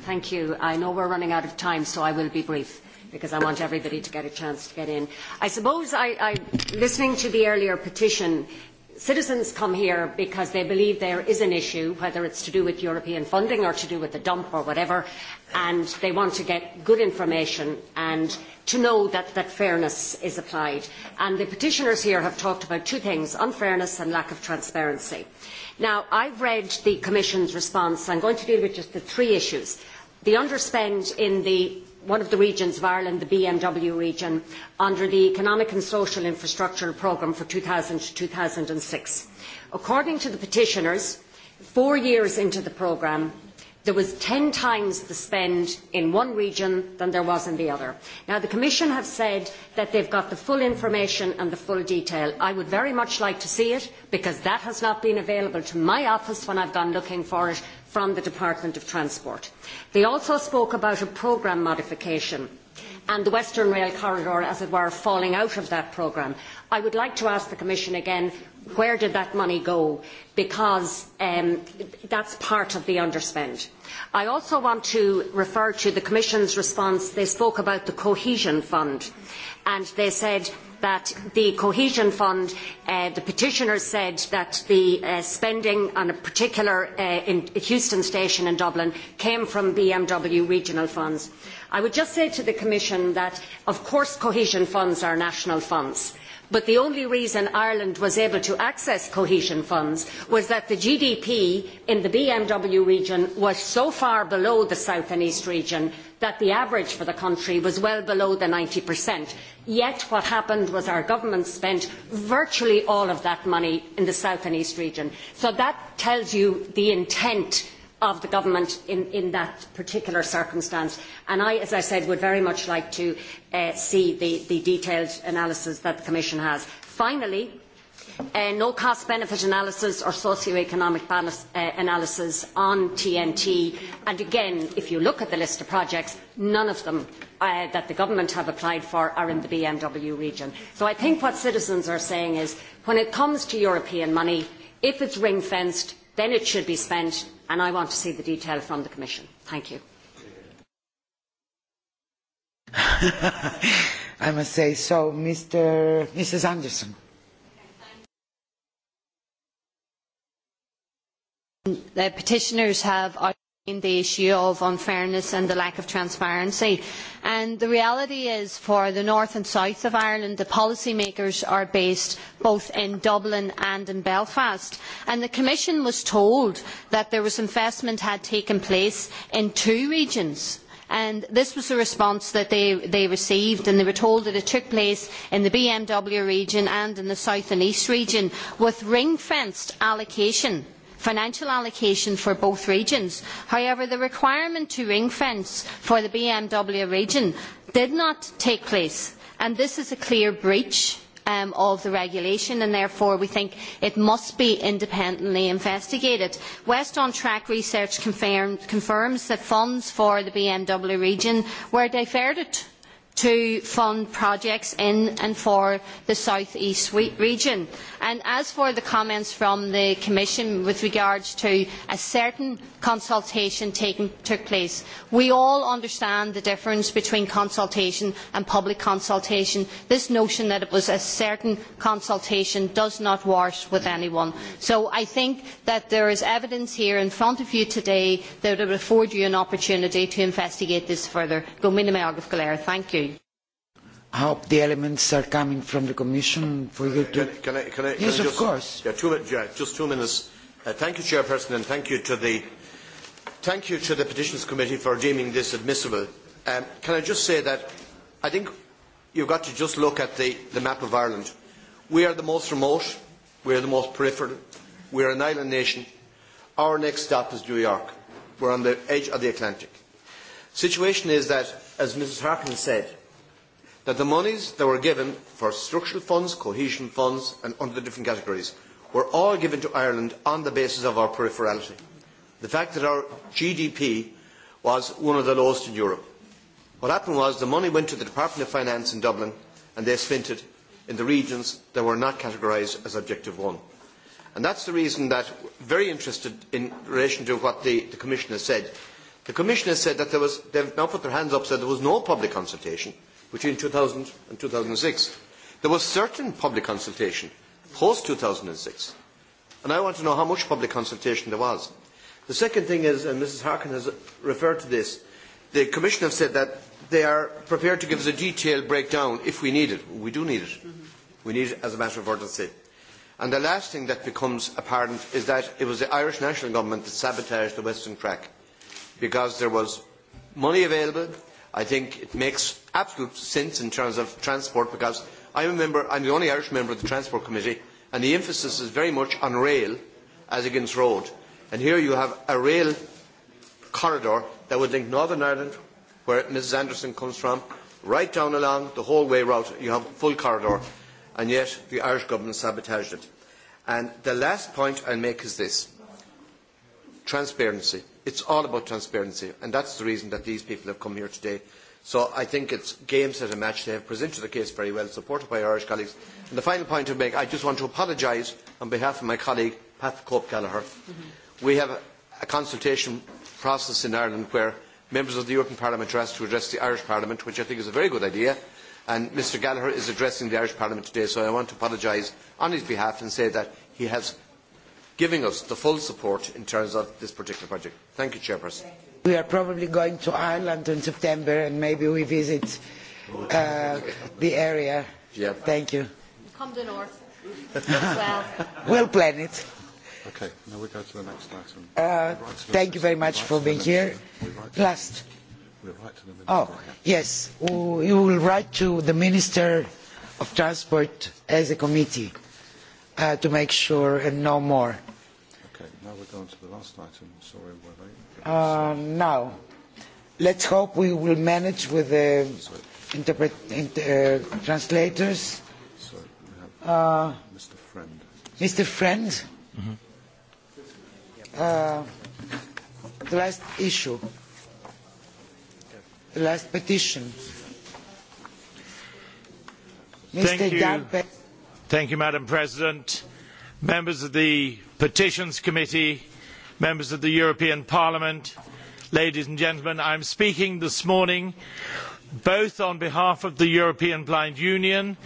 Thank you. I know we're running out of time, so I will be brief because I want everybody to get a chance to get in. I suppose I, I listening to the earlier petition, citizens come here because they believe there is an issue, whether it's to do with European funding or to do with the dump or whatever, and they want to get good information and to know that, that fairness is applied. And the petitioners here have talked about two things, unfairness and lack of transparency. Uh, Now, I've read the Commission's response. I'm going to deal with just the three issues. The underspend in the one of the regions of Ireland, the BMW region, under the Economic and Social Infrastructural Programme for 2000 to 2006. According to the petitioners, four years into the programme, there was 10 times the spend in one region than there was in the other. Now, the Commission have said that they've got the full information and the full detail. I would very much like to see it because that has not been available to my office when I've gone looking for it from the Department of Transport. They also spoke about a programme modification and the Western Rail Corridor, as it were, falling out of that programme. I would like to ask the Commission again where did that money go? Because um, that's part of the underspend. I also want to refer to the Commission's response. They spoke about the Cohesion Fund and they said that the Cohesion Fund, uh, the petitioners said that the uh, spending on a particular uh, in Houston station in Dublin came from BMW regional funds. I would just say to the Commission that of course cohesion funds are national funds. Uh, But the only reason Ireland was able to access cohesion funds was that the GDP in the BMW region was so far below the South and East region that the average for the country was well below the 90%. Yet what happened was our government spent virtually all of that money in the South and East region. So that tells you the intent of the government in, in that particular circumstance. And I, as I said, would very much like to uh, see the, the detailed analysis that the Commission has. Finally, uh, no cost benefit analysis or socio-economic balance, uh, analysis on TNT. And again, if you look at the list of projects, none of them uh, that the government have applied for are in the BMW region. So I think what citizens are saying is, when it comes to European money, if it's ring-fenced, then it should be spent, and I want to see the detail from the Commission. Thank you. I must say so, Mr. Mrs. Anderson. The petitioners have in the issue of unfairness and the lack of transparency. And the reality is for the north and south of Ireland, the policymakers are based both in Dublin and in Belfast. And the Commission was told that there was investment had taken place in two regions. And this was the response that they, they received, and they were told that it took place in the BMW region and in the South and East region with ring-fenced allocation financial allocation for both regions. However, the requirement to ring fence for the BMW region did not take place, and this is a clear breach um, of the regulation and therefore we think it must be independently investigated. West on Track research confirmed, confirms that funds for the BMW region were diverted to fund projects in and for the South East region. And as for the comments from the Commission with regards to a certain consultation taken, took place, we all understand the difference between consultation and public consultation. This notion that it was a certain consultation does not wash with anyone. So I think that there is evidence here in front of you today that would afford you an opportunity to investigate this further. Thank you hope the elements are coming from the Commission for you to... Can I, can I, can I, yes, can I just, of course. Yeah, two, yeah, just two minutes. Uh, thank you, Chairperson, and thank you to the, thank you to the Petitions Committee for deeming this admissible. Um, can I just say that I think you've got to just look at the, the map of Ireland. We are the most remote, we are the most peripheral, we are an island nation. Our next stop is New York. We're on the edge of the Atlantic. The situation is that, as Mrs Harkin said, that the monies that were given for structural funds, cohesion funds and under the different categories were all given to Ireland on the basis of our peripherality. The fact that our GDP was one of the lowest in Europe. What happened was the money went to the Department of Finance in Dublin and they spent it in the regions that were not categorised as Objective 1. And that's the reason that I'm very interested in relation to what the, the Commissioner said. The Commissioner said that there was, they've now put their hands up and said there was no public consultation between 2000 and 2006. There was certain public consultation post 2006, and I want to know how much public consultation there was. The second thing is, and Mrs. Harkin has referred to this, the Commission have said that they are prepared to give us a detailed breakdown if we need it. We do need it. Mm-hmm. We need it as a matter of urgency. And the last thing that becomes apparent is that it was the Irish National Government that sabotaged the Western Track because there was money available. I think it makes absolute sense in terms of transport because I'm a member, I'm the only Irish member of the Transport Committee and the emphasis is very much on rail as against road. And here you have a rail corridor that would link Northern Ireland, where Mrs Anderson comes from, right down along the whole way route. You have full corridor and yet the Irish government sabotaged it. And the last point I'll make is this. Transparency. It's all about transparency and that's the reason that these people have come here today So I think it's game, set and match. They have presented the case very well, supported by Irish colleagues. And the final point to make, I just want to apologise on behalf of my colleague, Pat Cope Gallagher. Mm-hmm. We have a consultation process in Ireland where members of the European Parliament are asked to address the Irish Parliament, which I think is a very good idea. And Mr Gallagher is addressing the Irish Parliament today, so I want to apologise on his behalf and say that he has giving us the full support in terms of this particular project. Thank you, Chairperson. Thank you we are probably going to Ireland in September and maybe we visit uh, the area. Yep. Thank you. Come to north. well. we'll plan it. Okay, now we go to the next item. Uh, right the thank you very much right for being here. Right Last. We'll write to the minister. Oh, yes. You will write to the Minister of Transport as a committee uh, to make sure and know more we're going to the last item. Sorry, we're late. Uh, now, let's hope we will manage with the interpret, inter, uh, translators. So we have uh, Mr. Friend. Mr. Friend? Mm-hmm. Uh, the last issue. The last petition. Mr. Thank you. Dampe. Thank you, Madam President. Uh, members of the Petitions Committee, members of the European Parliament, ladies and gentlemen, I am speaking this morning both on behalf of the European Blind Union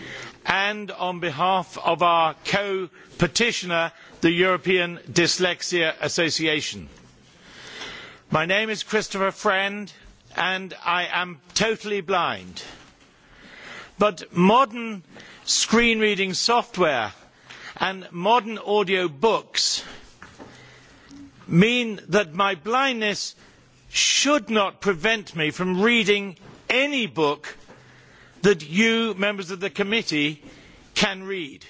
and on behalf of our co-petitioner, the European Dyslexia Association. My name is Christopher Friend and I am totally blind. But modern screen reading software and modern audio books mean that my blindness should not prevent me from reading any book that you, members of the committee, can read.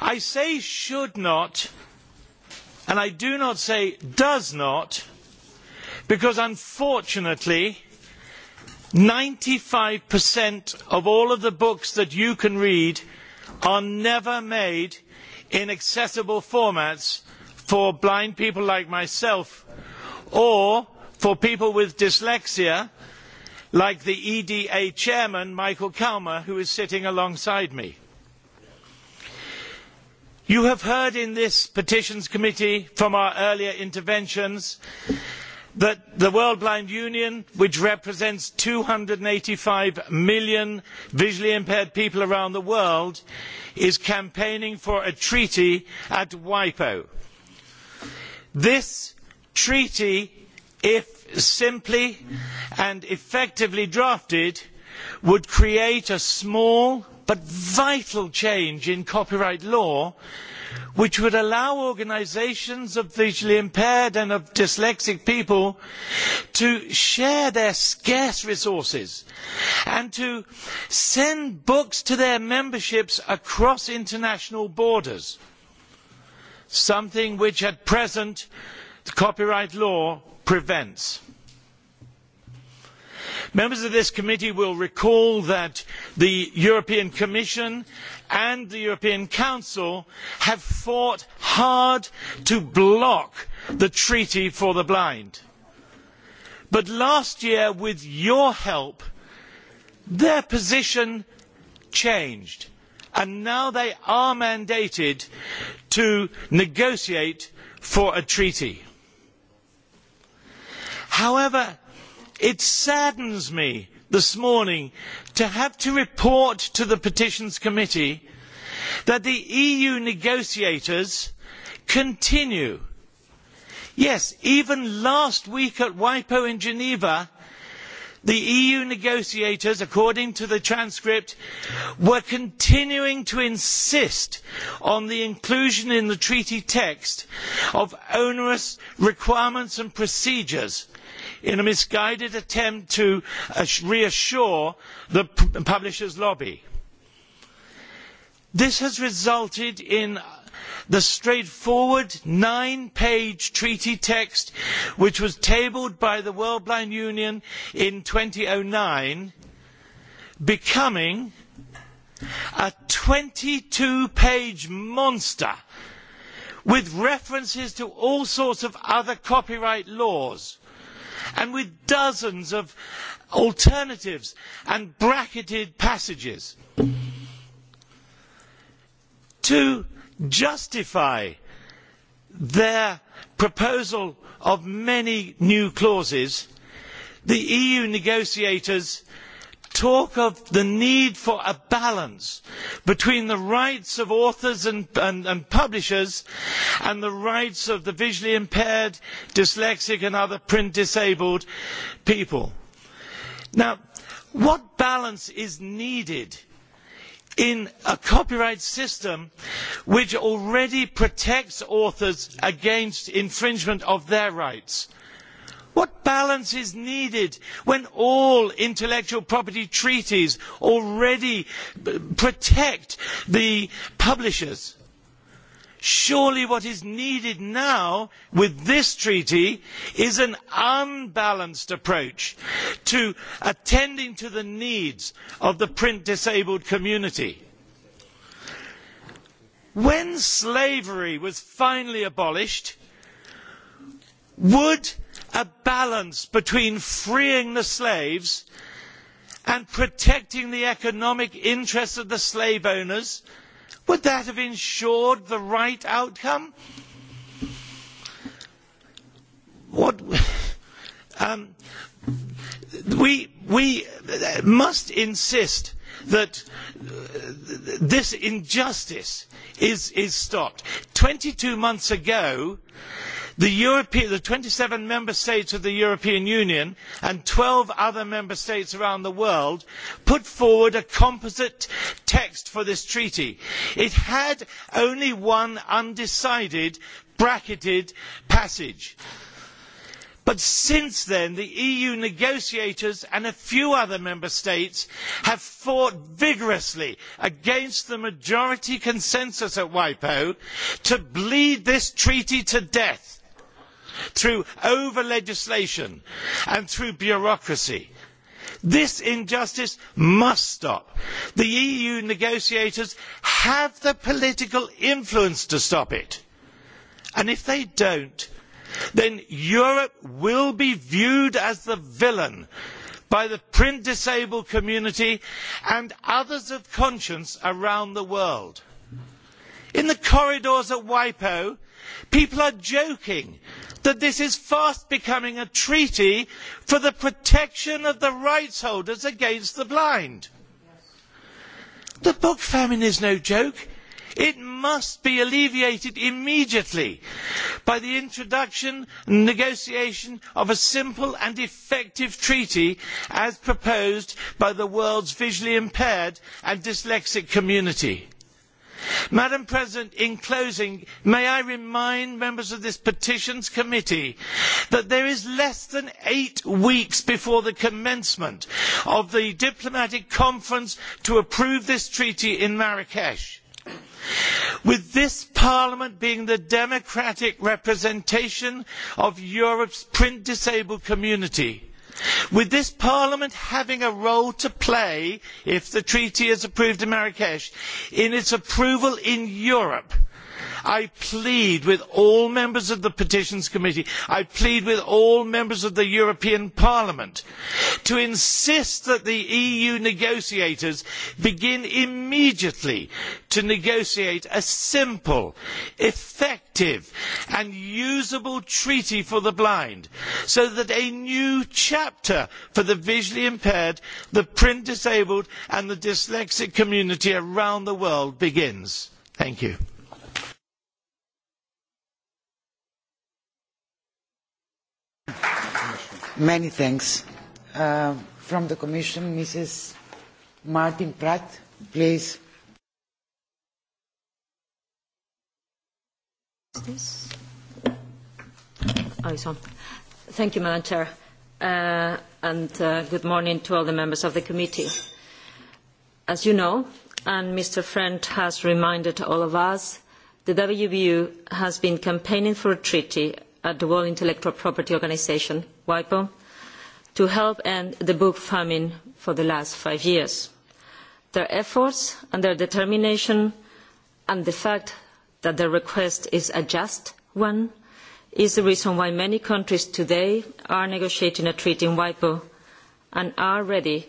I say should not, and I do not say does not, because unfortunately, 95% of all of the books that you can read are never made in accessible formats for blind people like myself or for people with dyslexia like the EDA chairman, Michael Kalmer, who is sitting alongside me. You have heard in this petitions committee from our earlier interventions that the world blind union which represents two hundred and eighty five million visually impaired people around the world is campaigning for a treaty at wipo. this treaty if simply and effectively drafted would create a small but vital change in copyright law which would allow organisations of visually impaired and of dyslexic people to share their scarce resources and to send books to their memberships across international borders, something which at present copyright law prevents members of this committee will recall that the european commission and the european council have fought hard to block the treaty for the blind but last year with your help their position changed and now they are mandated to negotiate for a treaty. however it saddens me this morning to have to report to the petitions committee that the eu negotiators continue. yes even last week at wipo in geneva the eu negotiators according to the transcript were continuing to insist on the inclusion in the treaty text of onerous requirements and procedures in a misguided attempt to uh, reassure the publishers' lobby. This has resulted in the straightforward nine page treaty text which was tabled by the World Blind Union in 2009 becoming a 22 page monster with references to all sorts of other copyright laws and with dozens of alternatives and bracketed passages to justify their proposal of many new clauses the eu negotiators talk of the need for a balance between the rights of authors and, and, and publishers and the rights of the visually impaired, dyslexic and other print disabled people. Now, what balance is needed in a copyright system which already protects authors against infringement of their rights? What balance is needed when all intellectual property treaties already uh, protect the publishers? Surely what is needed now with this treaty is an unbalanced approach to attending to the needs of the print disabled community. When slavery was finally abolished, would a balance between freeing the slaves and protecting the economic interests of the slave owners, would that have ensured the right outcome? What, um, we, we must insist that uh, this injustice is, is stopped. Twenty two months ago, the, European, the 27 member states of the European Union and 12 other member states around the world put forward a composite text for this treaty. It had only one undecided bracketed passage but since then the eu negotiators and a few other member states have fought vigorously against the majority consensus at wipo to bleed this treaty to death through over legislation and through bureaucracy. This injustice must stop. The EU negotiators have the political influence to stop it. And if they don't, then Europe will be viewed as the villain by the print disabled community and others of conscience around the world. In the corridors at WIPO, people are joking that this is fast becoming a treaty for the protection of the rights holders against the blind. The book famine is no joke. It must be alleviated immediately by the introduction and negotiation of a simple and effective treaty as proposed by the world's visually impaired and dyslexic community. Madam President, in closing, may I remind members of this Petitions Committee that there is less than eight weeks before the commencement of the diplomatic conference to approve this treaty in Marrakesh With this Parliament being the democratic representation of Europe's print disabled community, with this Parliament having a role to play, if the treaty is approved in Marrakesh, in its approval in Europe, I plead with all members of the Petitions Committee, I plead with all members of the European Parliament to insist that the EU negotiators begin immediately to negotiate a simple, effective and usable treaty for the blind so that a new chapter for the visually impaired, the print disabled and the dyslexic community around the world begins. Thank you. Many thanks. Uh, from the Commission, Mrs. Martin Pratt, please. This? Oh, it's on. Thank you, Madam Chair, uh, and uh, good morning to all the members of the committee. As you know, and Mr. Friend has reminded all of us, the WBU has been campaigning for a treaty at the World Intellectual Property Organization, WIPO, to help end the book famine for the last five years. Their efforts and their determination and the fact that their request is a just one is the reason why many countries today are negotiating a treaty in WIPO and are ready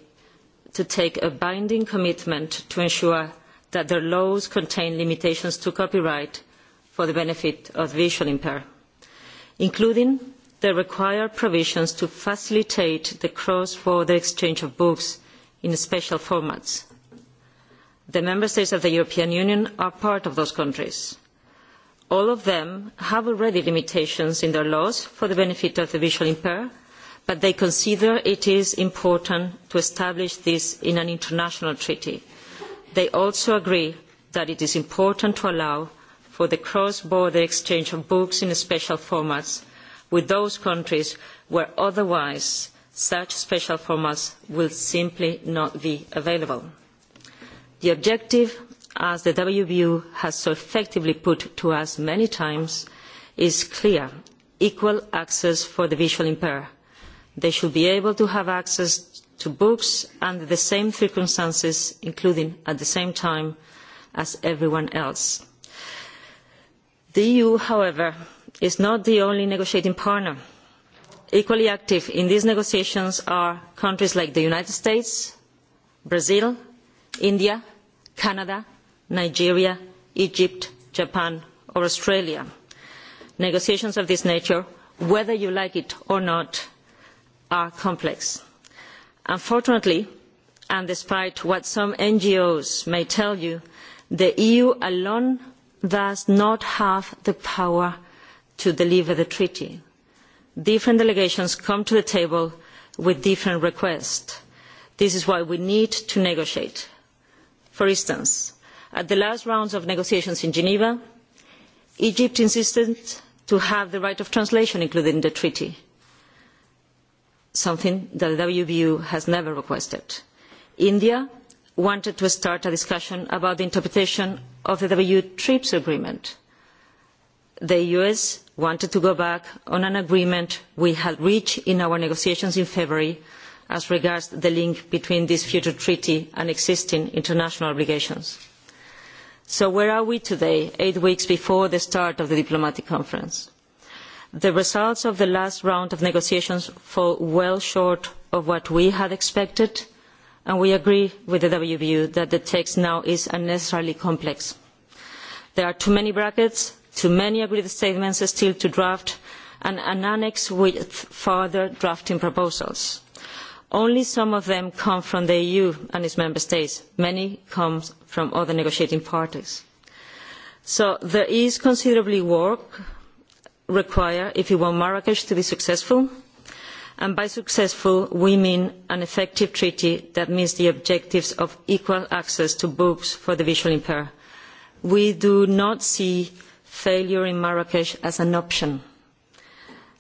to take a binding commitment to ensure that their laws contain limitations to copyright for the benefit of the visually impaired including the required provisions to facilitate the cross-border exchange of books in special formats. The Member States of the European Union are part of those countries. All of them have already limitations in their laws for the benefit of the visually impaired, but they consider it is important to establish this in an international treaty. They also agree that it is important to allow for the cross-border exchange of books in special formats with those countries where otherwise such special formats will simply not be available. The objective, as the WBU has so effectively put to us many times, is clear, equal access for the visually impaired. They should be able to have access to books under the same circumstances, including at the same time, as everyone else the eu however is not the only negotiating partner. equally active in these negotiations are countries like the united states brazil india canada nigeria egypt japan or australia. negotiations of this nature whether you like it or not are complex. unfortunately and despite what some ngos may tell you the eu alone does not have the power to deliver the treaty. Different delegations come to the table with different requests. This is why we need to negotiate. For instance, at the last rounds of negotiations in Geneva, Egypt insisted to have the right of translation included in the treaty, something that the WBU has never requested. India wanted to start a discussion about the interpretation of the WTRIPS agreement. The US wanted to go back on an agreement we had reached in our negotiations in February as regards the link between this future treaty and existing international obligations. So where are we today, eight weeks before the start of the diplomatic conference? The results of the last round of negotiations fall well short of what we had expected and we agree with the WBU that the text now is unnecessarily complex. There are too many brackets, too many agreed statements still to draft, and an annex with further drafting proposals. Only some of them come from the EU and its member states. Many come from other negotiating parties. So there is considerably work required if we want Marrakesh to be successful and by successful we mean an effective treaty that meets the objectives of equal access to books for the visually impaired. We do not see failure in Marrakesh as an option.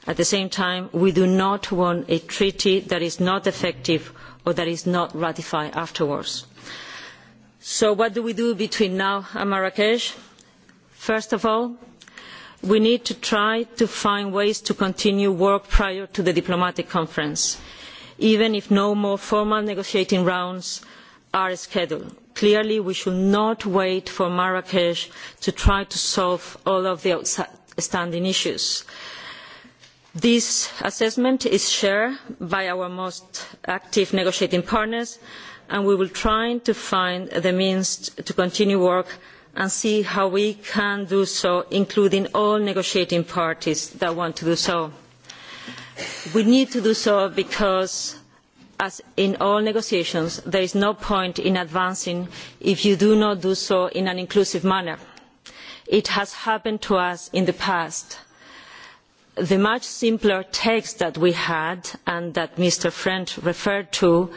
At the same time, we do not want a treaty that is not effective or that is not ratified afterwards. So what do we do between now and Marrakesh? First of all, we need to try to find ways to continue work prior to the diplomatic conference, even if no more formal negotiating rounds are scheduled. Clearly, we should not wait for Marrakesh to try to solve all of the outstanding issues. This assessment is shared by our most active negotiating partners, and we will try to find the means to continue work and see how we can do so, including all negotiating parties that want to do so. We need to do so because, as in all negotiations, there is no point in advancing if you do not do so in an inclusive manner. It has happened to us in the past. The much simpler text that we had and that Mr. French referred to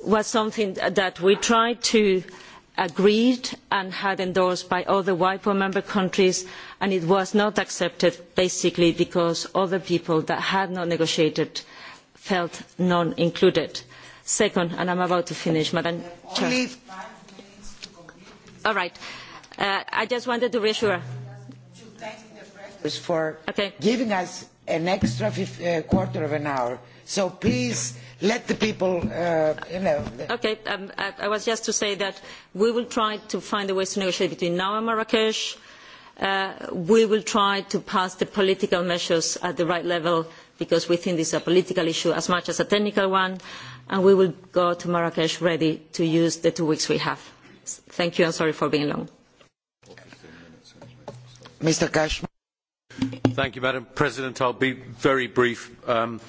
was something that we tried to uh, agreed and had endorsed by other WIPO member countries, and it was not accepted basically because other people that had not negotiated felt not included. Second, and I'm about to finish, Madam Chair. Only five minutes to complete. All right. Uh, I just wanted to reassure. To thank the presenters for okay. giving us an extra fifth, uh, quarter of an hour. So please let the people, uh, you know. Okay, um, I, uh, I was just to say that we will try to find a way to negotiate between now and Marrakesh. Uh, we will try to pass the political measures at the right level because we think this is a political issue as much as a technical one, and we will go to Marrakesh ready to use the two weeks we have. Thank you, and sorry for being long. Mr. Cashman. Thank you, Madam President. I'll be very brief. Um,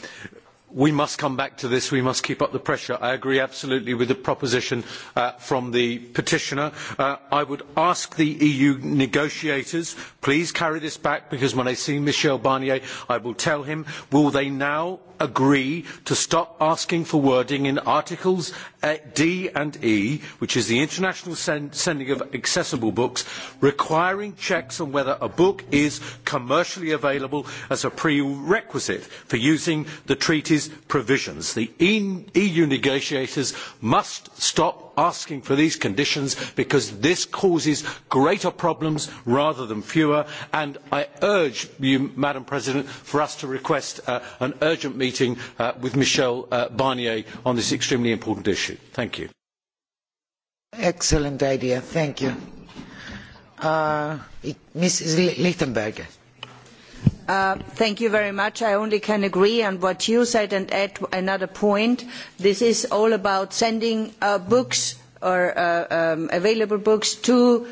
we must come back to this. We must keep up the pressure. I agree absolutely with the proposition uh, from the petitioner. Uh, I would ask the EU negotiators, please carry this back, because when I see Michel Barnier, I will tell him, will they now agree to stop asking for wording in Articles uh, D and E, which is the international send sending of accessible books, requiring checks on whether a book is commercially available as a prerequisite for using the treaty's provisions. The e EU negotiators must stop asking for these conditions because this causes greater problems rather than fewer and I urge you, Madam President, for us to request uh, an urgent meeting uh, with Michel uh, Barnier on this extremely important issue issue. Thank you. Excellent idea. Thank you. Uh, Mrs. Lichtenberger. Uh, thank you very much. i only can agree on what you said and add another point this is all about sending uh, books or uh, um, available books to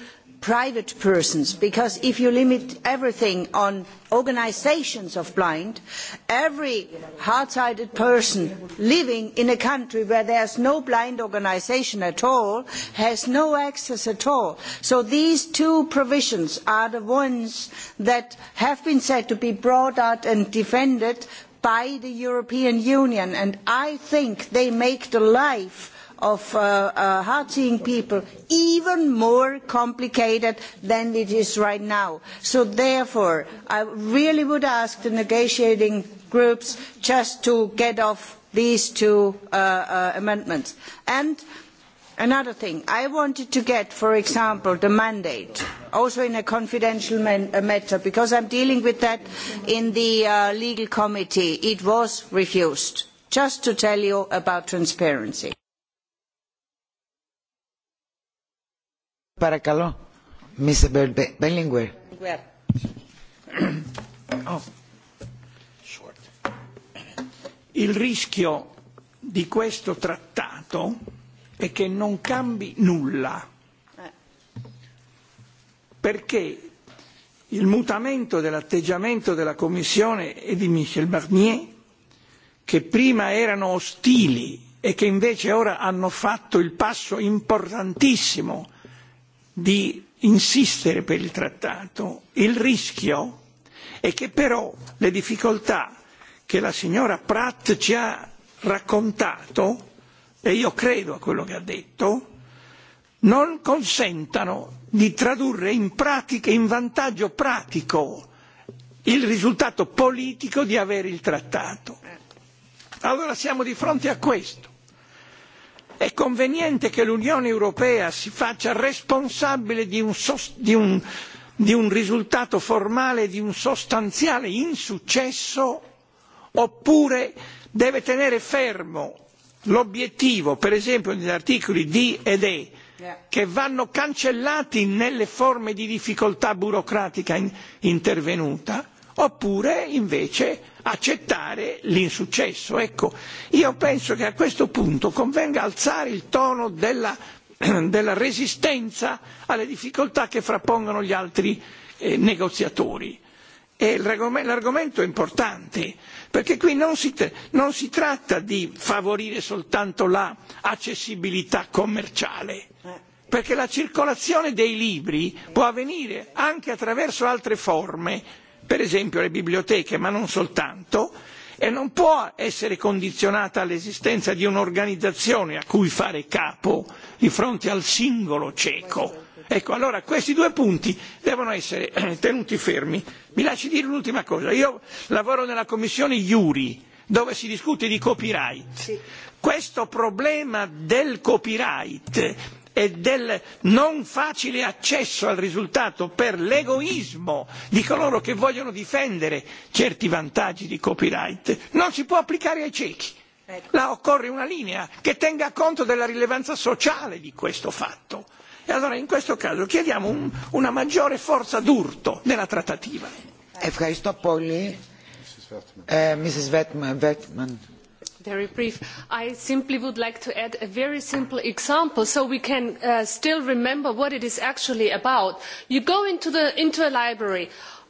private persons because if you limit everything on organisations of blind every hard sighted person living in a country where there is no blind organisation at all has no access at all so these two provisions are the ones that have been said to be brought out and defended by the european union and i think they make the life of uh, uh, hard-seeing people even more complicated than it is right now. So therefore, I really would ask the negotiating groups just to get off these two uh, uh, amendments. And another thing, I wanted to get, for example, the mandate, also in a confidential man- uh, matter, because I'm dealing with that in the uh, legal committee. It was refused, just to tell you about transparency. Παρακαλώ, Mr. Berlinguer. Oh. Short. Il rischio di questo trattato è che non cambi nulla, perché il mutamento dell'atteggiamento della Commissione e di Michel Barnier, che prima erano ostili e che invece ora hanno fatto il passo importantissimo di insistere per il trattato. Il rischio è che però le difficoltà che la signora Pratt ci ha raccontato, e io credo a quello che ha detto, non consentano di tradurre in pratica, in vantaggio pratico, il risultato politico di avere il trattato. Allora siamo di fronte a questo È conveniente che l'Unione Europea si faccia responsabile di un, di un, di un risultato formale, di un sostanziale insuccesso, oppure deve tenere fermo l'obiettivo, per esempio negli articoli D ed E, che vanno cancellati nelle forme di difficoltà burocratica in, intervenuta oppure invece accettare l'insuccesso. Ecco, io penso che a questo punto convenga alzare il tono della, della resistenza alle difficoltà che frappongono gli altri eh, negoziatori. E l'argomento è importante perché qui non si, non si tratta di favorire soltanto l'accessibilità commerciale perché la circolazione dei libri può avvenire anche attraverso altre forme per esempio le biblioteche, ma non soltanto, e non può essere condizionata all'esistenza di un'organizzazione a cui fare capo di fronte al singolo cieco. Ecco, allora questi due punti devono essere eh, tenuti fermi. Mi lasci dire un'ultima cosa. Io lavoro nella commissione Iuri, dove si discute di copyright. Sì. Questo problema del copyright e del non facile accesso al risultato per l'egoismo di coloro che vogliono difendere certi vantaggi di copyright non si può applicare ai ciechi. Là occorre una linea che tenga conto della rilevanza sociale di questo fatto. E allora in questo caso chiediamo un, una maggiore forza d'urto nella trattativa. Ευχαριστώ πολύ. Ε, Mrs. Vetman, Vetman very brief. I simply would like to add a very simple example so we can uh, still remember what it is actually about. You go into, the, into a library.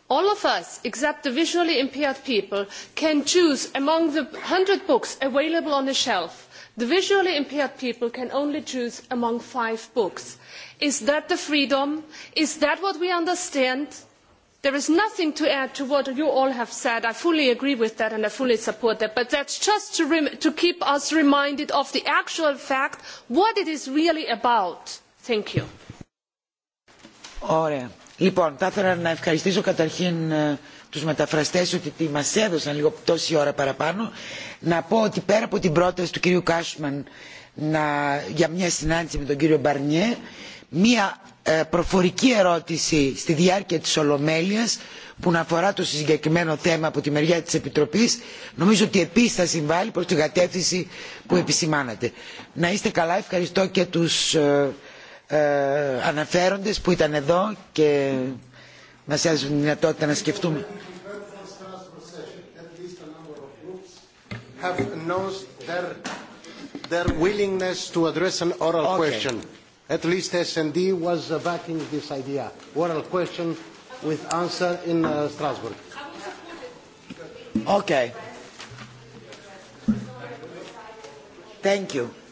All of us, except the visually impaired people, can choose among the 100 books available on the shelf. The visually impaired people can only choose among five books. Is that the freedom? Is that what we understand? there is nothing to add to what you all have said i fully agree with that and i fully support that but that is just to, to keep us reminded of the actual fact what it is really about. thank you. Ωραία. Λοιπόν, θα ήθελα να ευχαριστήσω καταρχήν τους μεταφραστές ότι μας έδωσαν λίγο τόση ώρα παραπάνω. Να πω ότι πέρα από την πρόταση του κυρίου Κάσμαν να, για μια συνάντηση με τον κύριο Μπαρνιέ, μία προφορική ερώτηση στη διάρκεια της Ολομέλειας που να αφορά το συγκεκριμένο θέμα από τη μεριά της Επιτροπής νομίζω ότι επίσης θα συμβάλλει προς την κατεύθυνση που επισημάνατε. Να είστε καλά, ευχαριστώ και τους ε, ε, αναφέροντες που ήταν εδώ και μας έδωσαν τη δυνατότητα να σκεφτούμε. Have announced their, their willingness to address an oral okay. question. At least S&D was uh, backing this idea. Oral question with answer in uh, Strasbourg. Okay. Thank you.